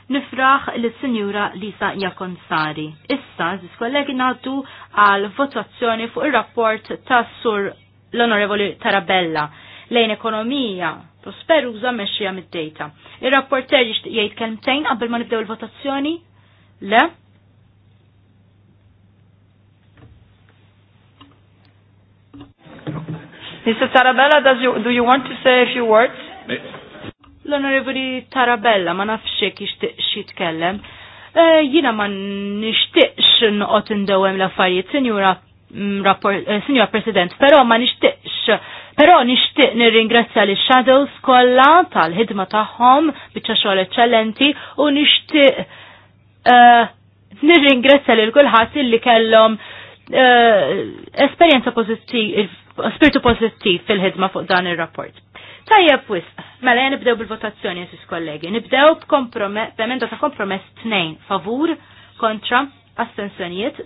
Speaker 4: Nifraħ li s-Sinjura Lisa Jakonsari. Issa, ziz kollegi naddu għal votazzjoni fuq il-rapport ta' sur l-Onorevoli Tarabella lejn ekonomija prosperuża mexxija mid-dejta. Ir-rapporter jixtieq jgħid kelmtejn qabel ma nibdew il-votazzjoni? Le?
Speaker 1: Mr. Tarabella, does you, do you want to say a few words?
Speaker 4: l-Onorevoli Tarabella ma nafxek jixtieq xi jitkellem. Eh, Jina ma nixtieqx noqgħod indewem l-affarijiet, Sinjura mm, eh, Sinjura President, però ma nixtieqx Però nixtieq nirringrazzja li shadows kollha tal-ħidma tagħhom biċċa xogħol eċċellenti u nixtieq eh, nirringrazzja lil kulħadd illi kellhom esperjenza pożittiv, spiritu pozittiv fil-ħidma fuq dan ir-rapport. Tajjeb wisq, mela jen nibdew bil-votazzjoni jesus kollegi. Nibdew b'emenda ta' kompromess tnejn favur kontra astensjonijiet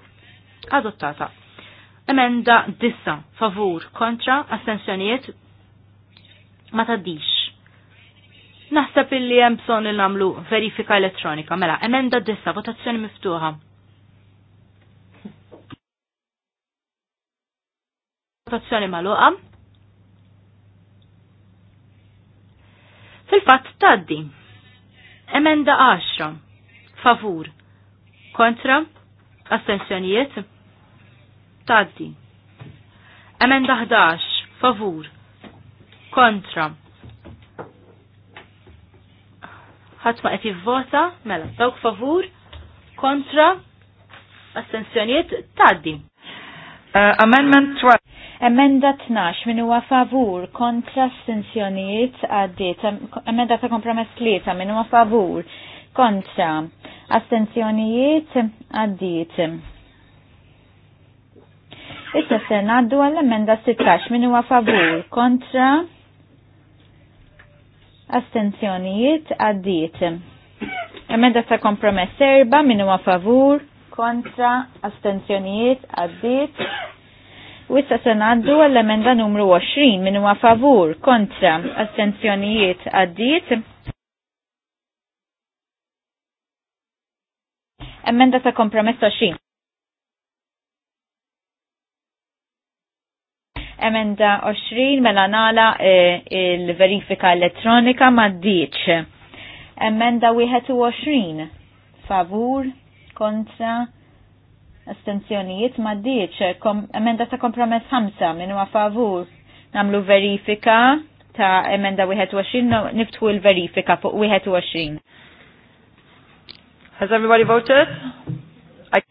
Speaker 4: adottata. Emenda dissa favur kontra astensjonijiet ma dix. Naħseb illi hemm bżonn li nagħmlu verifika elettronika. Mela, emenda dissa, votazzjoni miftuħa. Votazzjoni magħluqa. fil fat taddi. Emenda 10. Favur. Kontra. Astenzjonijiet. Taddi. Emenda 11. Favur. Kontra. ħatma qed jivvota mela dawk favur kontra astensjonijiet taddi. Uh,
Speaker 5: amendment 12. Emenda 12 min huwa favur kontra astensjonijiet għaddiet. Emenda ta' kompromess 3 minn huwa favur kontra astensjonijiet għaddiet. Issa se ngħaddu għall-emenda 16 min huwa favur kontra astenzjonijiet għaddiet. Emenda ta' kompromess erba minn huwa favur, kontra, astenzjonijiet għaddiet. U issa se ngħaddu għall-emenda numru 20 min huwa favur kontra astenzjonijiet għaddiet. Emenda ta' kompromess 20. Emenda 20 mela nala e, il-verifika elettronika ma' diċ. Emenda 21 favur kontra astenzjonijiet ma diċ, emenda ta' kompromess 5 minnu a favur, namlu verifika ta' emenda 21, niftħu il-verifika fuq 21. Has everybody voted? I...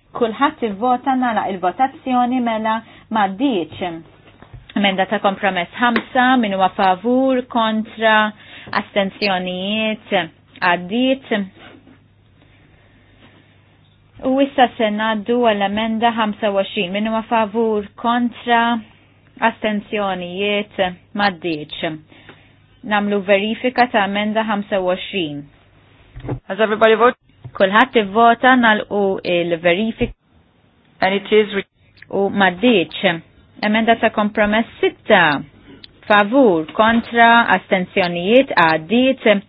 Speaker 5: il vota nala il-votazzjoni mela ma diċ. Emenda ta' kompromess 5 minnu a favur kontra astenzjonijiet għaddit U issa se ngħaddu għall-emenda 25 minnu ma favur kontra astenzjonijiet maddiċ. Namlu verifika ta' emenda 25. Has everybody vote? Kulħadd ivvota u il-verifika. And it is u maddiċ. Emenda ta' kompromess 6. Favur kontra astenzjonijiet għaddiċ.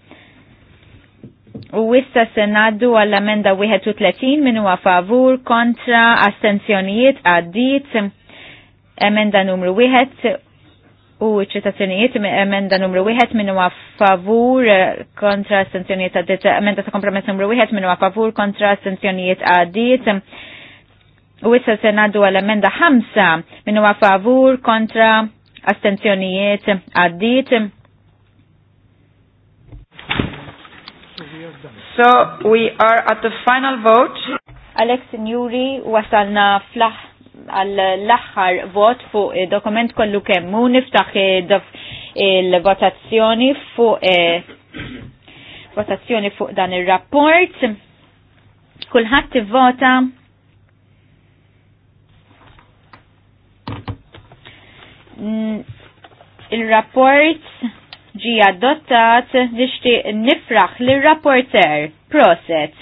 Speaker 5: U issa se għall-amenda 31 minu huwa favur kontra astenzjonijiet għaddit emenda numru 1 u ċitazzjonijiet emenda numru 1 minn huwa favur kontra astenzjonijiet għaddit emenda ta' kompromess numru 1 minn huwa favur kontra astenzjonijiet għaddit u issa se naddu għall-amenda 5 minn huwa favur kontra astenzjonijiet għaddit So we
Speaker 1: are at the final
Speaker 5: vote. Alex Njuri wasalna flaħ għall-axħar vot fuq dokument kollu kemmu niftaħ il-votazzjoni fuq eh, votazzjoni fuq dan il-rapport. Kulħadd ivvota mm, il-rapport ġi adottat nixtieq nifraħ lir-rapporter. Proset.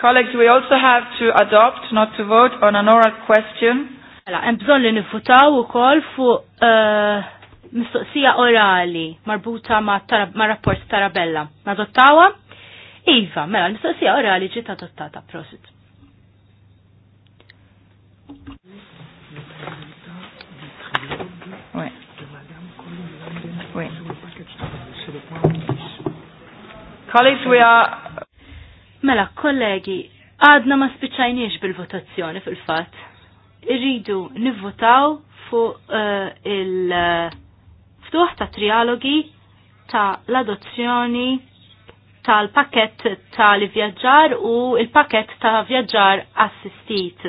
Speaker 1: Colleagues, we also have to adopt, not to vote, on an oral question. Għala,
Speaker 4: mela, hemm bżonn li nifutaw ukoll fuq eh, mistoqsija orali marbuta ma' rapport Tarabella. Nadottawa? Iva, mela, l-mistoqsija orali ġiet adottata, prosit.
Speaker 3: Colleagues, we are... Mela,
Speaker 4: kollegi, għadna ma spiċajniex bil-votazzjoni fil-fat. Irridu nivvotaw fuq uh, eh, il-ftuħ eh, ta' trialogi ta' l-adozzjoni tal-pakket tal-vjaġġar u il-pakket ta' vjaġġar assistit.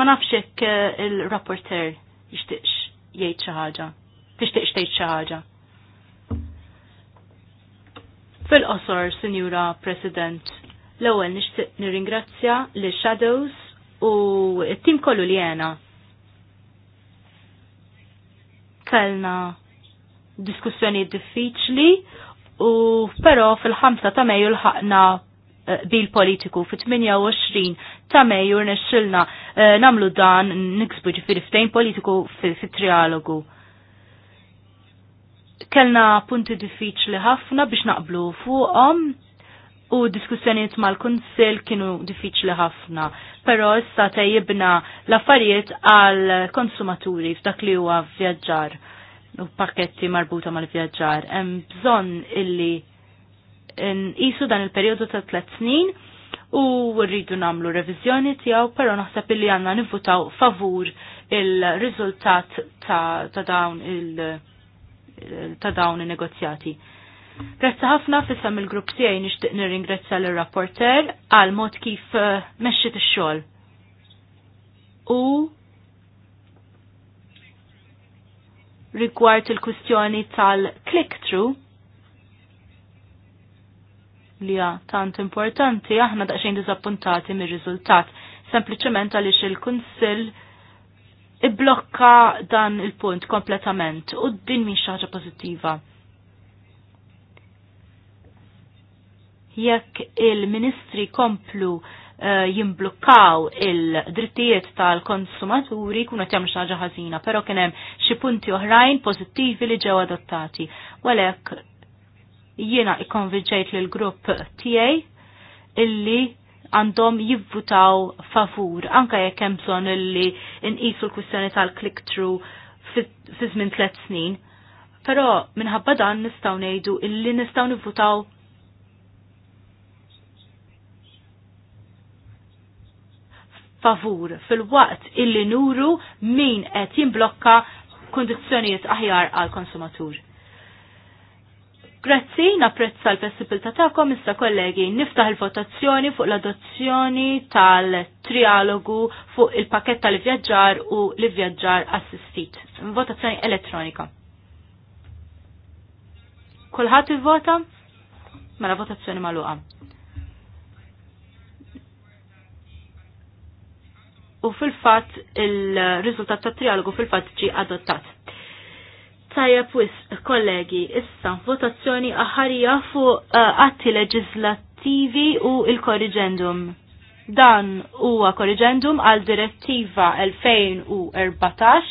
Speaker 4: Ma nafxek uh, eh, il-rapporter jixtiqx jgħid xi ħaġa. Tixtieq xi ħaġa. Fil-qosor, Sinjura President, l-ewwel nixtieq nirringrazzja li Shadows u t-tim kollu li jena. Kellna diskussjoni diffiċli u però fil-5 ta' Mejju l-ħaqna eh, bil politiku fit-28 ta' Mejju nexxilna eh, namlu dan niksbu ġifiri ftejn politiku fit-trialogu. fit trialogu kellna punti diffiċli ħafna biex naqblu fuqhom u diskussjoniet mal-Kunsil kienu diffiċli ħafna, però issa tejjibna l-affarijiet għal konsumaturi f'dak li huwa vjaġġar u pakketti marbuta mal-vjaġġar. Hemm bżonn illi nqisu dan il-perjodu ta' tliet snin u rridu namlu revizjoni tiegħu, però naħseb illi għandna nivvutaw favur il-riżultat ta', ta dawn il- ta' dawn il-negozjati. Grazzi ħafna fissam il-grupp tiegħi nixtieq nirringrazzja l-rapporter għal mod kif eh, mexxit ix-xogħol. U rigward il-kwistjoni tal-click-through li hija tant importanti aħna daqsxejn diżappuntati mir-riżultat sempliċement għaliex il-Kunsill iblokka dan il-punt kompletament u din mi ħaġa pożittiva. Jekk il-ministri komplu uh, jimblukkaw il-drittijiet tal-konsumaturi kuna tjamx ħaġa ħażina, pero kien hemm xi punti oħrajn pożittivi li ġew adottati. Walek jiena ikkonvinċejt l grupp tiegħi illi għandhom jivvutaw favur, anka jekk hemm bżonn illi nqisu l-kwistjoni tal-click through fi żmien tliet snin. Però minħabba dan nistgħu ngħidu illi nistgħu nivvutaw favur fil-waqt illi nuru min qed jimblokka kondizzjonijiet aħjar għal konsumatur. Grazzi, napprezza l ta' tagħkom issa kollegi, niftaħ il-votazzjoni fuq l-adozzjoni tal-trialogu fuq il-pakett tal-vjaġġar u l-vjaġġar assistit. Votazzjoni elettronika. Kulħadd ivvota? Mela votazzjoni magħluqa. U fil-fatt il-riżultat tat-trialogu fil-fatt ġie adottat. Tajja wis, kollegi, issa votazzjoni aħarija fuq eh, atti leġislattivi u il-korriġendum. Dan huwa korriġendum għal direttiva 2014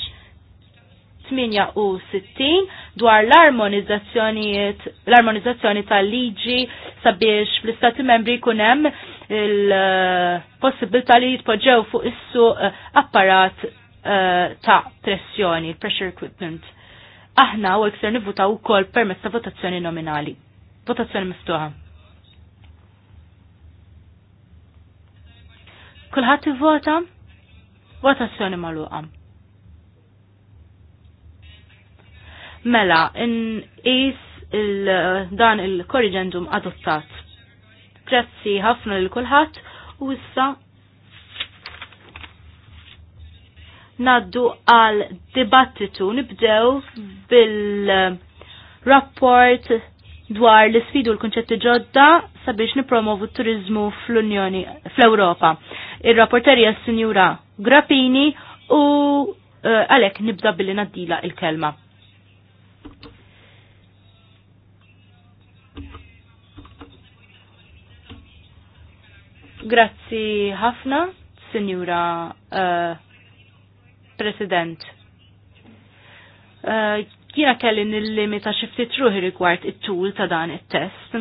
Speaker 4: 68 dwar l-armonizzazzjoni tal-liġi sabiex fl-istati membri kunem il-possibilità eh, li jitpoġġew fuq issu eh, apparat ta' pressjoni, pressure equipment aħna u ekser nivvutaw ukoll permezz ta' votazzjoni nominali. Votazzjoni miftuħa. Kulħadd ivvota votazzjoni magħluqa. Mela, inqis il dan il-korriġendum adottat. Grazzi ħafna lil kulħadd u issa naddu għal dibattitu nibdew bil-rapport dwar l-sfidu l-konċetti ġodda sabiex nipromovu turizmu fl-Unjoni, fl-Europa. Il-rapporterja s-Sinjura Grappini u eh, għalek uh, nibda billi naddila il-kelma. Grazzi ħafna, Sinjura uh, President. Kiena eh, kelli nil-limita xiftit ruħi rigward it-tul ta' dan it-test.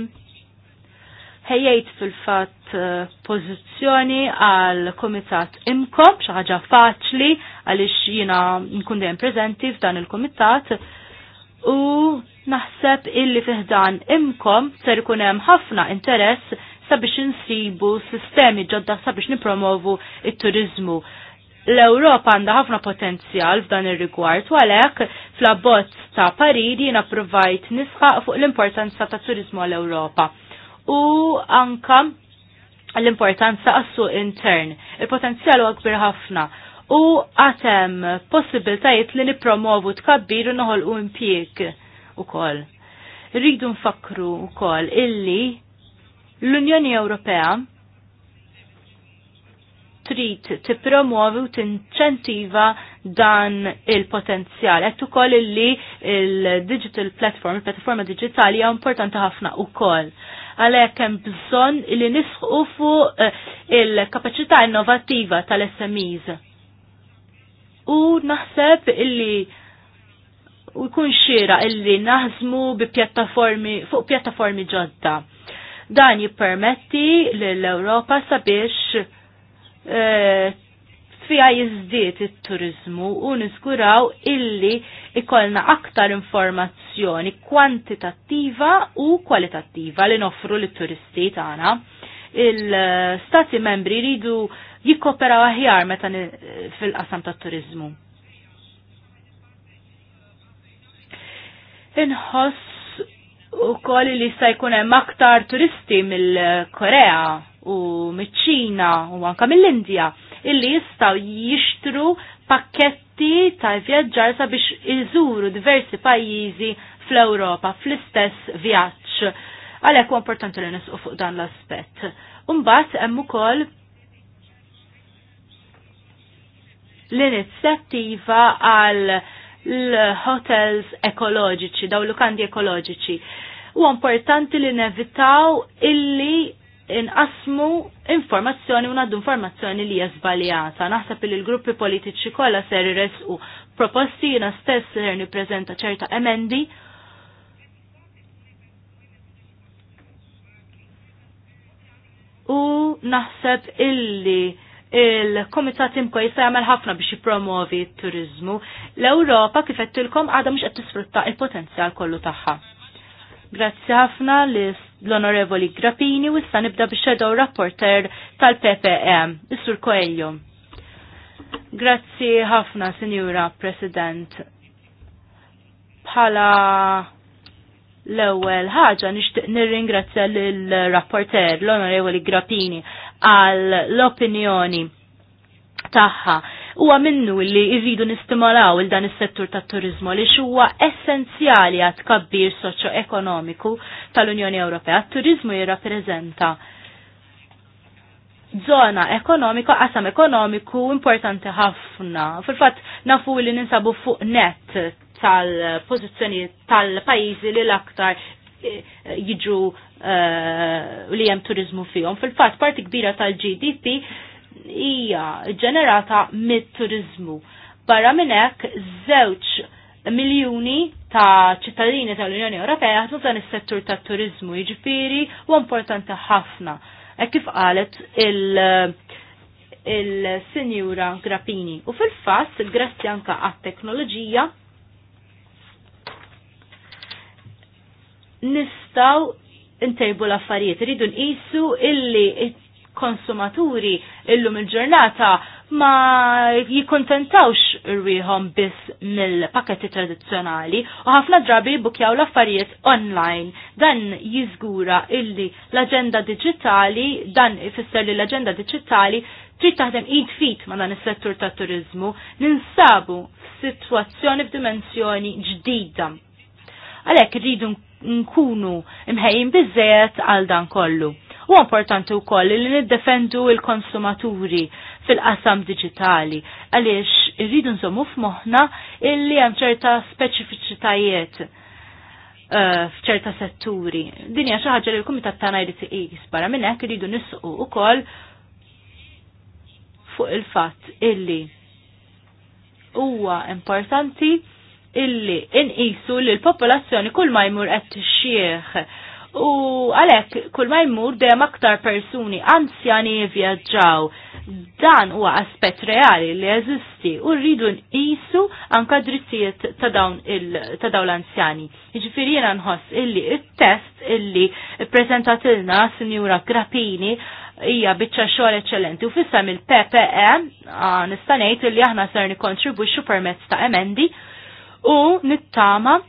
Speaker 4: Ħejjejt fil-fat eh, pozizjoni għal komitat imkom, xaħġa faċli għalix jina nkun dejjem prezenti f'dan il-komitat u naħseb illi fiħdan imkom ser ikun hemm ħafna interess sabiex insibu sistemi ġodda sabiex nipromovu it-turizmu l-Ewropa għandha ħafna potenzjal f'dan ir-rigward u għalhekk fl-abbozz ta' Paridi jiena provajt nisħaq fuq l-importanza ta' turizmu għall ewropa U anka l-importanza għas-suq intern. Il-potenzjal huwa kbir ħafna u għatem possibiltajiet li nipromovu tkabbir u noħol u impjek u kol. Rridu nfakru u kol illi l-Unjoni Ewropea trid tippromuovi u tinċentiva dan il-potenzjal. Qed ukoll li il-digital platform, il-platforma digitali hija importanti ħafna ukoll. Għalhekk hemm bżonn li nisħu fuq eh, il-kapaċità innovattiva tal-SMEs. U naħseb illi u jkun xira illi naħzmu bi pjattaformi fuq pjattaformi ġodda. Dan jippermetti l-Europa sabiex fija jizdiet il-turizmu u niskuraw illi ikolna aktar informazzjoni kwantitattiva u kwalitattiva li noffru li turisti tagħna. Il-stati membri ridu jikkoperaw aħjar meta fil-qasam ta' turizmu. Inħoss u koll li sta' jkun hemm aktar turisti mill-Korea u miċ-Ċina u anka mill-Indja illi jistaw jixtru pakketti ta' vjaġġar sabiex iżuru diversi pajjiżi fl-Ewropa fl-istess vjaġġ. Għalhekk huwa importanti li nisqu fuq dan l-aspett. Imbagħad hemm ukoll l-inizjattiva għal l-hotels ekoloġiċi, daw lukandi ekoloġiċi. U importanti li nevitaw illi inqasmu informazzjoni u naddu informazzjoni li hija żbaljata. Naħseb li l-gruppi politiċi kollha ser irresqu proposti jiena stess ser nippreżenta ċerta emendi u naħseb illi il-komitat imko jista' jagħmel ħafna biex jippromovi t-turizmu. L-Ewropa kif għada mux għadha mhux qed tisfrutta il-potenzjal kollu tagħha. Grazzi ħafna List l-Onorevoli Grappini u issa nibda biex shadow rapporter tal-PPM, is-Sur Coelho. Grazzi ħafna, Signora President. Bħala l-ewwel ħaġa nixtieq nirringrazzja lill-rapporter l-Onorevoli Grappini għal l-opinjoni tagħha huwa minnu li jridu nistimolaw il dan is-settur tat-turizmu li huwa essenzjali għat kabbir soċo ekonomiku tal-Unjoni Ewropea. Turizmu jirrappreżenta zona ekonomika, qasam ekonomiku importanti ħafna. Fil-fatt nafu li ninsabu fuq net tal-pozizjoni tal-pajizi li l-aktar eh, jiġu uh, li jem turizmu fihom. Fil-fatt parti kbira tal-GDP hija ġenerata mit-turizmu. Barra minn hekk żewġ miljuni ta' ċittadini tal-Unjoni Ewropea jaħdmu dan is-settur tat-turizmu, jiġifieri u importanti ħafna. E kif qalet il- il-Sinjura Grappini. U fil-fatt, grazzi anka għat-teknoloġija, nistaw intejbu l-affarijiet, rridu nqisu illi konsumaturi illum il-ġurnata ma jikontentawx rwieħom biss mill-paketti tradizzjonali u ħafna drabi bukjaw l-affarijiet online. Dan jiżgura illi l-agenda digitali, dan ifisser li l-agenda digitali trid taħdem id fit ma dan is-settur ta' turizmu, ninsabu f'sitwazzjoni f'dimensjoni ġdida. Għalhekk rridu nkunu imħejjin biżejjed għal dan kollu U importanti wkoll li niddefendu il-konsumaturi fil-qasam digitali għaliex irridu nżommu f'moħħna illi hemm ċerta speċifiċitajiet eh, f'ċerta setturi. Dinja xi ħaġa li l-kumitat tagħna jrid iqis barra minn hekk iridu nisqu wkoll fuq il-fatt illi huwa importanti illi inqisu li l-popolazzjoni kull ma jmur qed tixxieħ U għalek, kull ma jmur dem aktar persuni anzjani jivvjaġġaw. Dan huwa aspett reali li jeżisti u rridu nqisu anka drittijiet ta' dawn ta' dawn l-anzjani. Jiġifieri jiena nħoss illi it-test illi ppreżentatilna Sinjura Grappini hija biċċa xogħol eċċellenti u fissa mill-PPE ah, nista' ngħid illi aħna ser nikkontribwixxu permezz ta' emendi u nittama'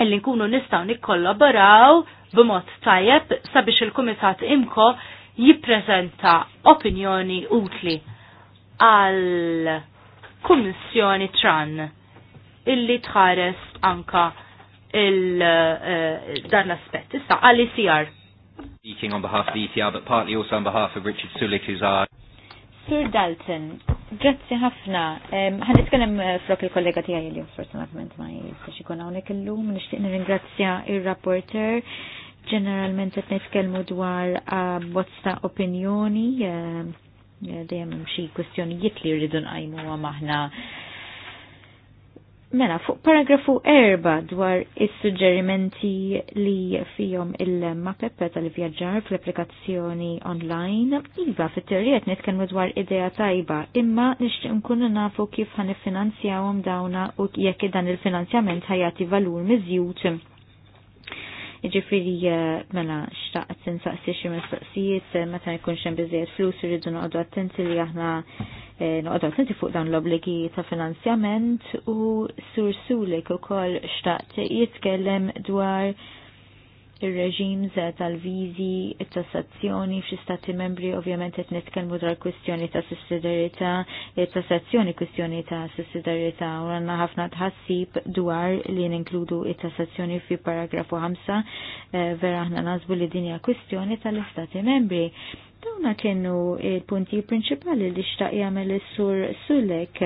Speaker 4: illi nkunu nistgħu nikkollaboraw b'mod tajjeb sabiex il-Kumitat Imko jippreżenta opinjoni utli għal Kummissjoni Tran illi tħares anka il eh, dan l-aspett. Issa għal ICR.
Speaker 1: Speaking on behalf of the ECR, but partly also on behalf of Richard Sulik, who's our
Speaker 5: Sir Dalton, Grazzi ħafna. Ħan nitkellem eh, flok il-kollega tiegħi li unfortunatament ma jistax ikun hawnhekk illum. Nixtieq nirringrazzja ir-rapporter ġeneralment qed nitkellmu dwar eh, bozz ta' opinjoni eh, dejjem xi kwistjonijiet li rridu nqajmuha. maħna Mela, fuq paragrafu erba dwar is-suġġerimenti li fihom il-mapeppe tal-vjaġġar fl-applikazzjoni online, iva fit-teorijiet nitkellmu dwar idea tajba, imma nixtieq nkunu nafu kif ħanifinanzjawhom dawna u jekk dan il-finanzjament ħajati valur miżjud Ġifiri eh, mela xtaqt nsaqsi xi mistaqsijiet eh, meta jkun hemm biżejjed flus irridu noqogħdu attenti li aħna eh, noqogħdu attenti fuq dawn l-obligi ta' finanzjament u sur Sulek ukoll xtaqt jitkellem dwar ir-reġim eh, tal-viżi, it-tassazzjoni f'xi stati membri ovvjament qed nitkellmu dwar kwistjoni ta' sussidjarjetà, it-tassazzjoni kwistjoni ta' sussidjarjetà u għanna ħafna tħassib dwar li ninkludu il tassazzjoni fi paragrafu 5 eh, vera aħna nażbu li din hija kwistjoni tal-istati membri. Dawna kienu il-punti prinċipali li xtaq jagħmel is-sur Sulek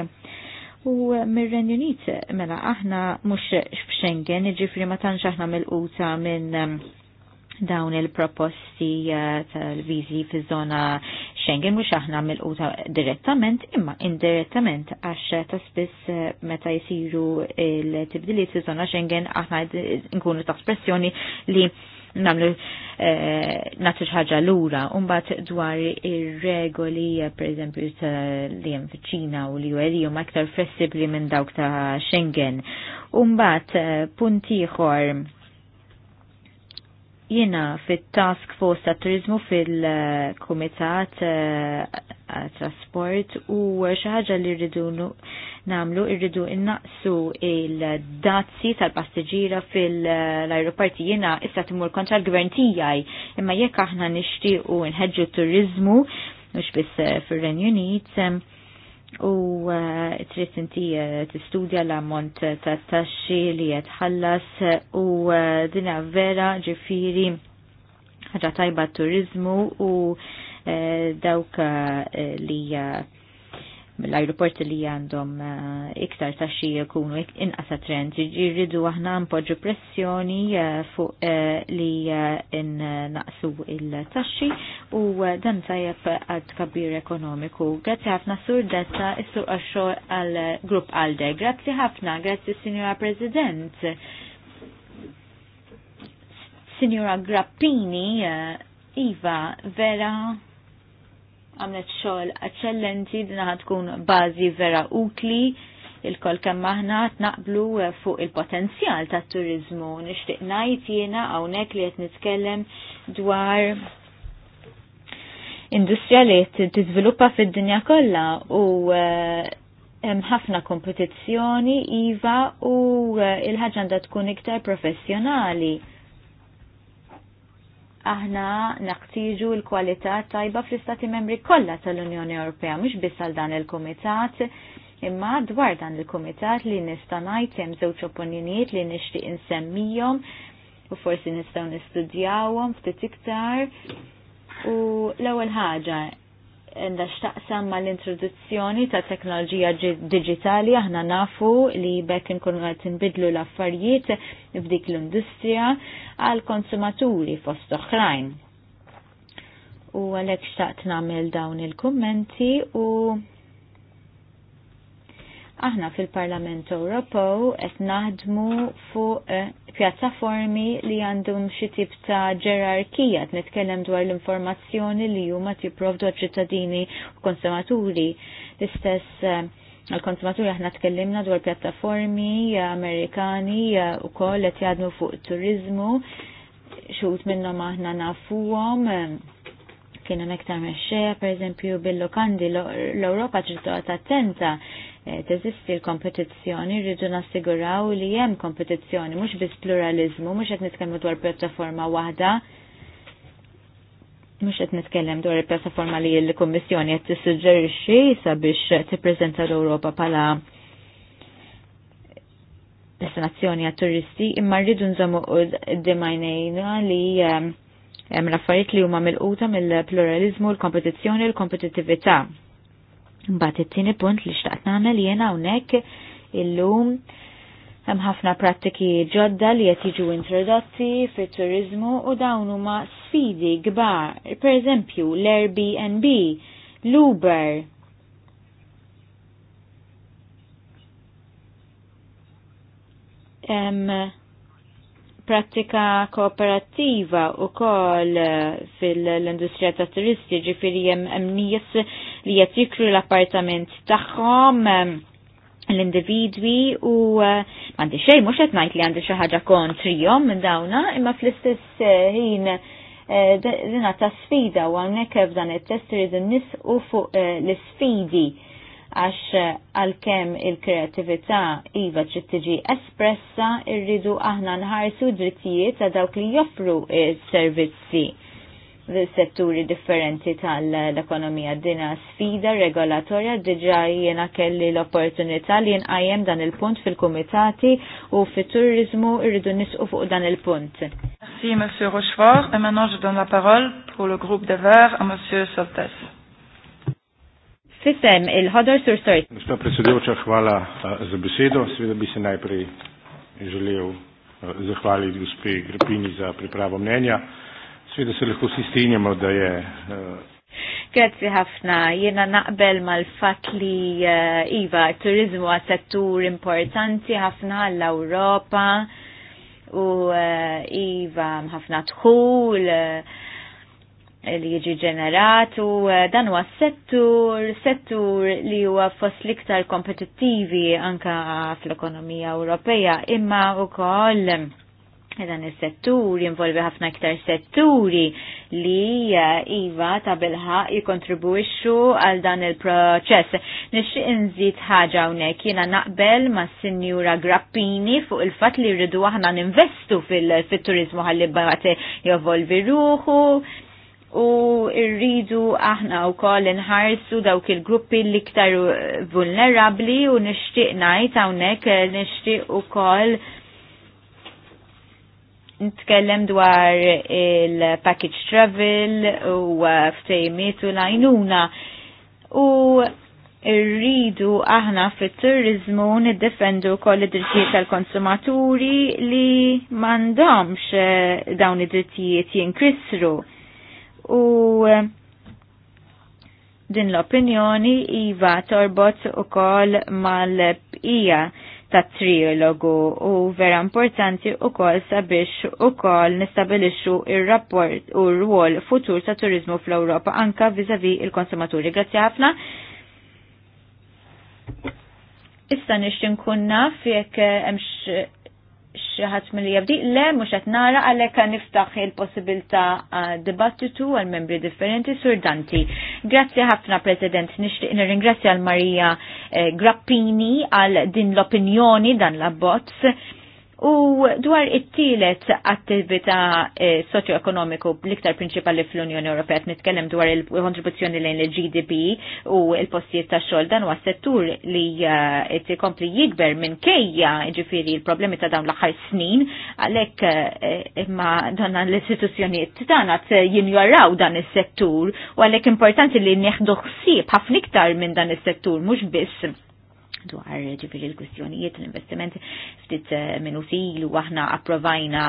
Speaker 5: U mir-Renju Unit, mela, aħna mhux f'Schengen, iġifri ma tanx aħna mill-quta minn um, dawn il-proposti uh, tal viżi fiż-żona Schengen mhux aħna mill-quta direttament imma indirettament għax ta' spiss uh, meta jsiru il-tibdiliet fiż-żona Schengen aħna nkunu ta' espressjoni li namlu eh, natu ħaġa l-ura, unbat dwar ir-regoli, eh, per eżempju, li jem fiċina u li għeli jom aktar flessibli minn dawk ta' Schengen. Unbat eh, puntiħor jena fit-task force ta' turizmu fil-komitat Eh, trasport u xi ħaġa li rridu namlu irridu innaqsu il-dazzi tal passeġira fil-aeroporti jiena issa timur kontra l-gvern tiegħi imma jekk aħna nixtiequ nħeġġu turizmu mhux biss eh, fir-Renju Unit eh, u trid inti tistudja l-ammont ta' taxxi li ħallas u dinha vera ġifieri ħaġa tajba turizmu u Eh, dawk eh, li eh, l-aeroport li għandhom iktar ta' xie jkunu inqas trend. Ġirridu aħna npoġġu pressjoni fuq li naqsu il-taxxi u dan tajab għad kabir ekonomiku. Grazzi ħafna sur detta issur għaxxo għal grupp Alde. Grazzi ħafna, grazzi Signora President. Signora Grappini, Iva, vera għamlet xogħol eċċellenti dinaħa tkun bażi vera utli il-kol kemm aħna tnaqblu fuq il-potenzjal tat turizmu nixtieq ngħid jiena hawnhekk li qed nitkellem dwar industrija li tiżviluppa fid-dinja kollha u e, hemm ħafna kompetizzjoni iva u e, il-ħaġa tkun iktar professjonali aħna naqtiġu l-kwalità tajba fl-istati membri kollha tal-Unjoni Ewropea mhux biss għal dan il-kumitat imma dwar dan il-kumitat li nista' ngħid hemm żewġ opinjonijiet li nixtieq insemmihom u forsi nistgħu nistudjawhom ftit iktar u l-ewwel ħaġa għandha x'taqsam mal-introduzzjoni ta' teknoloġija digitali aħna nafu li bekk inkunu qed nbidlu l-affarijiet f'dik l-industrija għal konsumaturi fost oħrajn. U għalhekk xtaqt nagħmel dawn il-kummenti u aħna fil-Parlament Ewropew qed naħdmu fuq eh, pjattaformi li għandhom xi tip ta' ġerarkija qed nitkellem dwar l-informazzjoni li huma tipprovdu ċittadini u konsumaturi. L-istess eh, għal-konsumaturi aħna tkellimna dwar pjattaformi eh, Amerikani u koll qed jgħadmu fuq turizmu, xut minnhom aħna nafuhom kienu mektar meċċeja, per eżempju, bil-lokandi, l-Europa ċirtoqat attenta Eh, teżisti l-kompetizzjoni, rridu nassiguraw li hemm kompetizzjoni, mhux biss pluralizmu, mhux qed nitkellmu dwar pjattaforma waħda, mux qed nitkellem dwar il-pjattaforma li l-Kummissjoni qed tissuġġerixxi sabiex tippreżenta l-Ewropa bħala destinazzjoni għat turisti imma rridu u d-dimajnejna li eh, hemm l-affarijiet li huma mill-quta mill-pluralizmu, l-kompetizzjoni, l kompetitivita Mbagħad it-tieni punt li xtaqt nagħmel jiena hawnhekk illum hemm ħafna prattiki ġodda li qed jiġu introdotti fit-turiżmu u dawn huma sfidi kbar. Pereżempju l-Airbnb, l-Uber, em, pratika kooperattiva u kol eh, fil-industrija ta' turisti ġifiri jem nies li qed jikru l-appartament tagħhom l-individwi u eh, m'għandi xej mhux qed ngħid li għandi xi ħaġa kontrihom minn dawna, imma fl-istess eh, ħin eh, dina ta' sfida u hawnhekk f'dan it-test irid u fuq l-isfidi għax għal-kem il-kreativita iva ġittiġi tiġi espressa irridu aħna nħarsu drittijiet ta' dawk li joffru s-servizzi setturi differenti tal-ekonomija. Dina sfida regolatorja diġa jena kelli l-opportunità li jenqajem dan il-punt fil-komitati u fil turizmu irridu nisqu fuq dan
Speaker 1: il-punt. Merci, Monsieur Rochefort. E maintenant, je donne la parole pour le groupe de Verts à Monsieur Soltes. Sistem il-ħodor sur sort.
Speaker 3: Gospa predsedujoča, hvala eh, za besedo. Seveda bi se najprej želel eh, zahvaliti gospe gripini za pripravo mnenja. Svida se silku sistini ma da je. Eh, eh.
Speaker 5: Grazzi ħafna, jena naqbel mal-fat li eh, Iva, turizmu għas settur importanti ħafna għall-Europa u Iva ħafna tħul li jiġi ġenerat u dan huwa settur, settur li huwa fost liktar kompetittivi anka fl-ekonomija Ewropea imma u koll dan il-settur jinvolvi ħafna iktar setturi li eh, Iva ta' bilħa jikontribuixxu għal dan il-proċess. Nixtieq inżid ħaġa hawnhekk jiena naqbel ma' Sinjura Grappini fuq il-fatt li rridu aħna ninvestu fil-turizmu ħalli bagħati jivolvi ruħu, u rridu aħna u koll inħarsu dawk il-gruppi l-iktar vulnerabli u nishtiq najt għawnek nishtiq u koll nitkellem dwar il-package travel u uh, ftejmiet u lajnuna u rridu aħna fit-turizmu niddefendu koll id-drittijiet tal-konsumaturi li mandomx uh, dawn id-drittijiet jinkisru. U uh, din l-opinjoni iva torbot u koll mal-bqija ta' triologu u vera importanti u kol sabiex u kol nistabilixu il-rapport u r-rwol futur ta' turizmu fl-Europa anka vizavi il-konsumaturi. Grazie ħafna. Issa ixtin kunna fiek emx xaħat mill jabdi, le mux għet nara għalek kan niftaħ il-possibilta uh, dibattitu għal membri differenti surdanti. Grazzi ħafna, President, nishtiq nirringrazzja għal Marija eh, Grappini għal din l-opinjoni dan la bots. U dwar it-tielet attività eh, soċjoekonomiku l-iktar prinċipali fl-Unjoni Ewropea qed nitkellem dwar il-kontribuzzjoni lejn il-GDP u l-postijiet ta' xogħol dan huwa settur li eh, qed ikompli jikber minn kejja ġifieri l-problemi ta' dawn l-aħħar snin għalhekk eh, imma dan l-istituzzjonijiet tagħna jinjoraw dan is-settur u għalhekk importanti li nieħdu ħsieb ħafna iktar minn dan is-settur mhux biss dwar ġifiri l kustjonijiet l investimenti ftit eh, minusil u aħna approvajna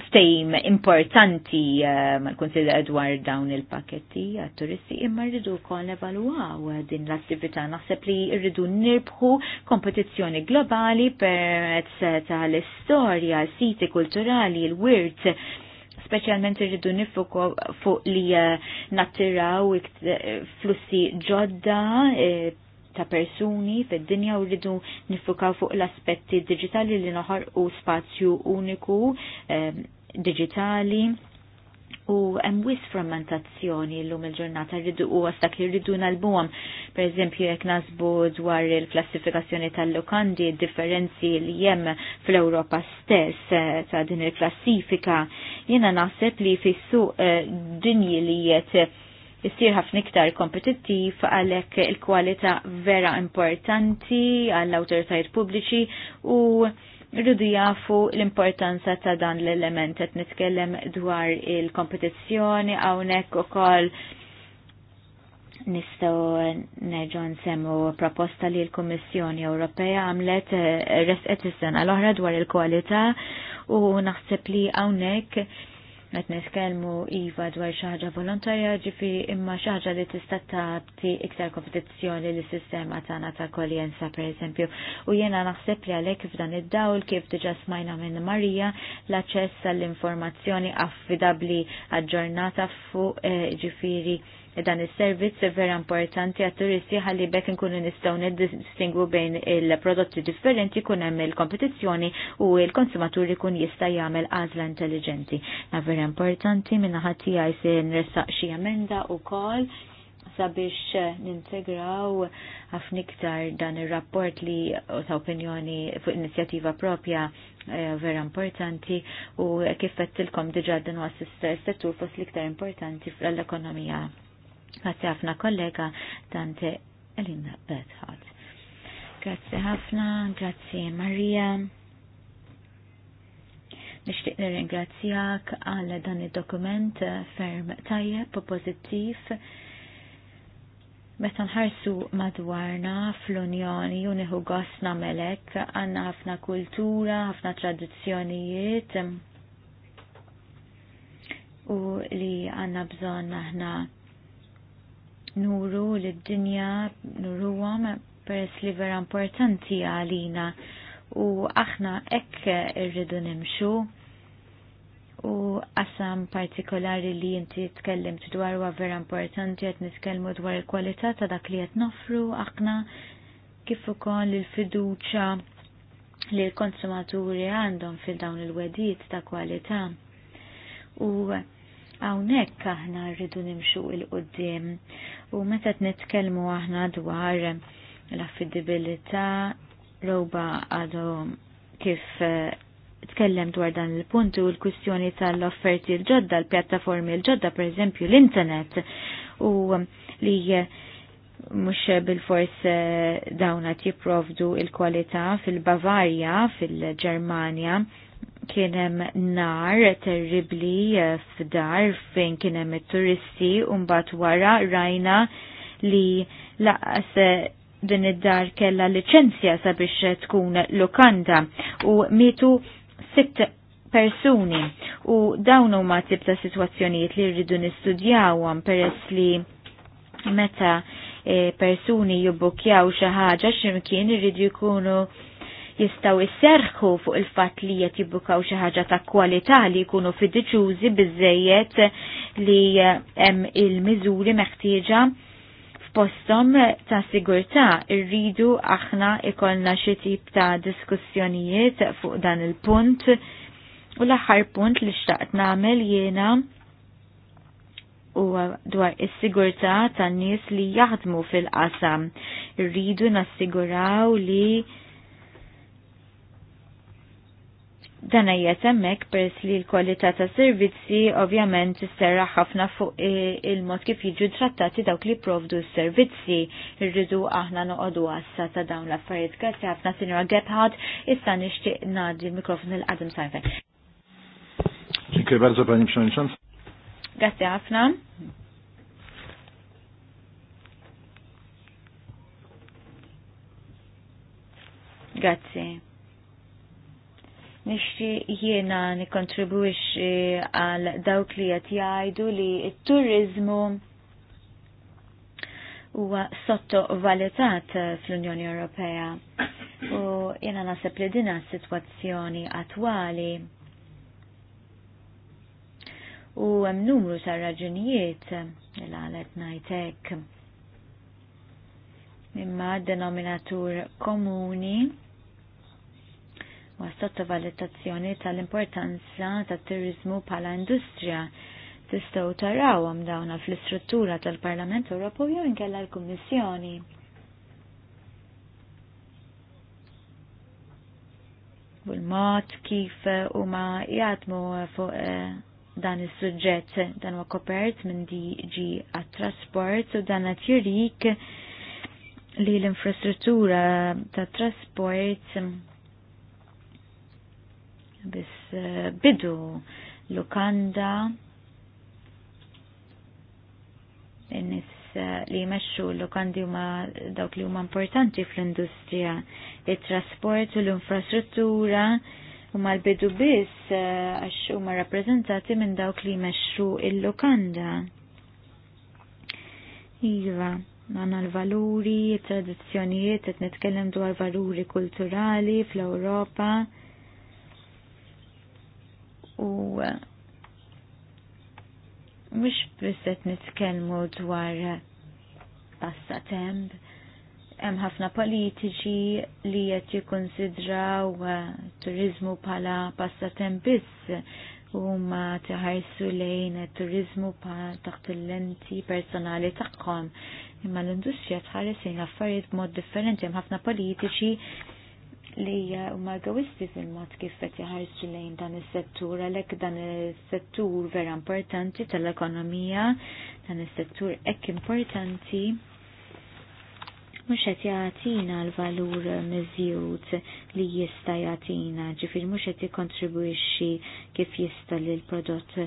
Speaker 5: ftejm importanti eh, mal-konsil dwar dawn il-paketti għat-turisti imma rridu kol evaluaw din l-attività naħseb li rridu nirbħu kompetizzjoni globali permezz tal-istorja, siti kulturali, l-wirt specialment irridu nifu fuq li eh, nattiraw flussi ġodda ta' persuni fid-dinja u rridu nifukaw fuq l-aspetti digitali li noħar u spazju uniku eh, digitali u hemm wis frammentazzjoni llum il-ġurnata rridu u għastak li rridu nalbuhom. Per eżempju jekk nasbu dwar il-klassifikazzjoni tal-lokandi, differenzi li hemm fl-Ewropa stess eh, ta' din il-klassifika, jiena naħseb li fissu eh, dinji li jiet jistir ħafna iktar kompetittiv għalhekk il-kwalità vera importanti għall-awtoritajiet pubbliċi u rridu jafu l-importanza ta' dan l-element qed nitkellem dwar il-kompetizzjoni hawnhekk ukoll nistgħu nerġgħu nsemmu proposta li l-Kummissjoni Ewropea għamlet eh, resqet is-sena l-oħra dwar il-kwalità u naħseb li hawnhekk Met nitkellmu iva dwar xi ħaġa volontarja ġifieri imma xi ħaġa li tista' tagħti iktar kompetizzjoni lis sistema tagħna ta' per pereżempju. U jiena naħseb li għalhekk f'dan id-dawl kif diġà smajna minn Marija l-aċċess għall-informazzjoni affidabbli aġġornata fuq eh, ġifieri E dan is-servizz vera importanti għat-turisti ħalli bekk nkunu nistgħu distingu bejn il-prodotti differenti kun hemm il-kompetizzjoni u l-konsumatur kun jista' jagħmel għażla intelligenti. Na vera importanti minna naħat għaj se nressaq xi emenda wkoll sabiex nintegraw ħafna iktar dan ir-rapport li ta' opinjoni fuq inizjattiva propja e, vera importanti u kif qedtilkom diġà din huwa settur fost l-iktar importanti fl-ekonomija Grazzi ħafna kollega Dante Elina Betħad. Grazzi ħafna, grazie Maria. Nishtiq nirringrazzjak għal dan id-dokument ferm tajjeb u pozittiv. Meta nħarsu madwarna fl-Unjoni u nieħu gost melek għandna ħafna kultura, ħafna tradizzjonijiet u li għandna bżonn aħna nuru l-dinja għam peress li vera importanti għalina u aħna ekk irridu nimxu u qasam partikolari li inti tkellim dwar huwa vera importanti qed nitkellmu dwar il-kwalità ta' dak li qed nofru aħna kif ukoll il-fiduċja li l-konsumaturi għandhom fil dawn il-wedijiet ta' kwalità. U Hawnhekk aħna rridu nimxu il-qudiem u meta t-netkelmu aħna dwar l-affidibilità roba għadu kif eh, tkellem dwar dan il-punt u l-kwistjoni tal-offerti l-ġodda, l-pjattaformi l-ġodda, per eżempju l-internet u li eh, mux bil-fors eh, dawna jipprovdu il-kwalità fil bavaria fil-Germania, fil bavarja fil ġermanja kienem nar terribli eh, f'dar fejn kienem turisti un-bat wara rajna li laqas eh, din id-dar kella licenzja sabiex eh, tkun lokanda u mitu sitt persuni u dawn huma tip ta' sitwazzjonijiet li rridu nistudjawhom peress li meta e, persuni jibbukjaw xi ħaġa x'imkien irridu jkunu jistaw isserħu fuq il-fat li jett jibbukaw xaħġa ta' kwalità li jkunu fiduċużi bizzejiet li eh, hemm il-miżuri meħtieġa f'postom ta' sigurtà irridu aħna ikollna xi tip ta' diskussjonijiet fuq dan il-punt u l-aħħar punt li xtaqt nagħmel jiena u dwar is-sigurtà tan-nies li jaħdmu fil-qasam. Irridu nassiguraw li dan għajet emmek peress li l-kwalità ta' servizzi ovvjament tisserra ħafna fuq il-mod kif jiġu trattati dawk li provdu s-servizzi. Irridu aħna noqogħdu għassa ta' dawn l-affarijiet. Grazzi ħafna sinjora Gebhardt, issa nixtieq ngħaddi l-mikrofon l-Adam Sajfer.
Speaker 2: Dziękuję bardzo Pani Przewodnicząca.
Speaker 5: Grazie ħafna. Grazie nishti jiena nikontribwix għal dawk li qed jgħidu li t-turizmu huwa sottovalutat fl-Unjoni Ewropea. U jiena naħseb li dina situazzjoni sitwazzjoni attwali. U hemm numru ta' raġunijiet li għalet najtek Imma denominatur komuni ma sottovalutazzjoni tal-importanza tat-turizmu bħala industrija tistgħu tarawhom dawna fl-istruttura tal-Parlament Ewropew jew inkella l-Kummissjoni. U l-mod kif eh, huma jgħatmu fuq eh, dan is-suġġett dan huwa kopert minn DG għat-trasport u dan qed jurik li l-infrastruttura tat trasport biss eh, bidu lukanda in-nis eh, li jmexxu l-lokandi huma dawk li huma importanti fl-industrija, it-trasport u l-infrastruttura huma l-bidu biss eh, għax huma rappreżentati minn dawk li jmexxu il lukanda Iva, għanna l-valuri, tradizzjonijiet, qed nitkellem dwar valuri kulturali fl-Ewropa u uh, mux biset nitkelmu dwar passatemp, hemm ħafna politiċi li qed jikkonsidraw uh, turizmu bħala passatemp biss huma tiħarsu lejn turizmu pa' taħt il-lenti personali tagħhom. Imma l-industrija tħares lejn affarijiet b'mod differenti hemm ħafna politiċi li huma egoisti fil-mod kif qed jaħarsu lejn dan is-settur għalhekk dan is-settur vera importanti tal-ekonomija, dan is-settur hekk importanti mhux qed jagħtina l-valur miżjud li jista' jagħtina, ġifieri mhux qed jikkontribwixxi kif jista' lil prodott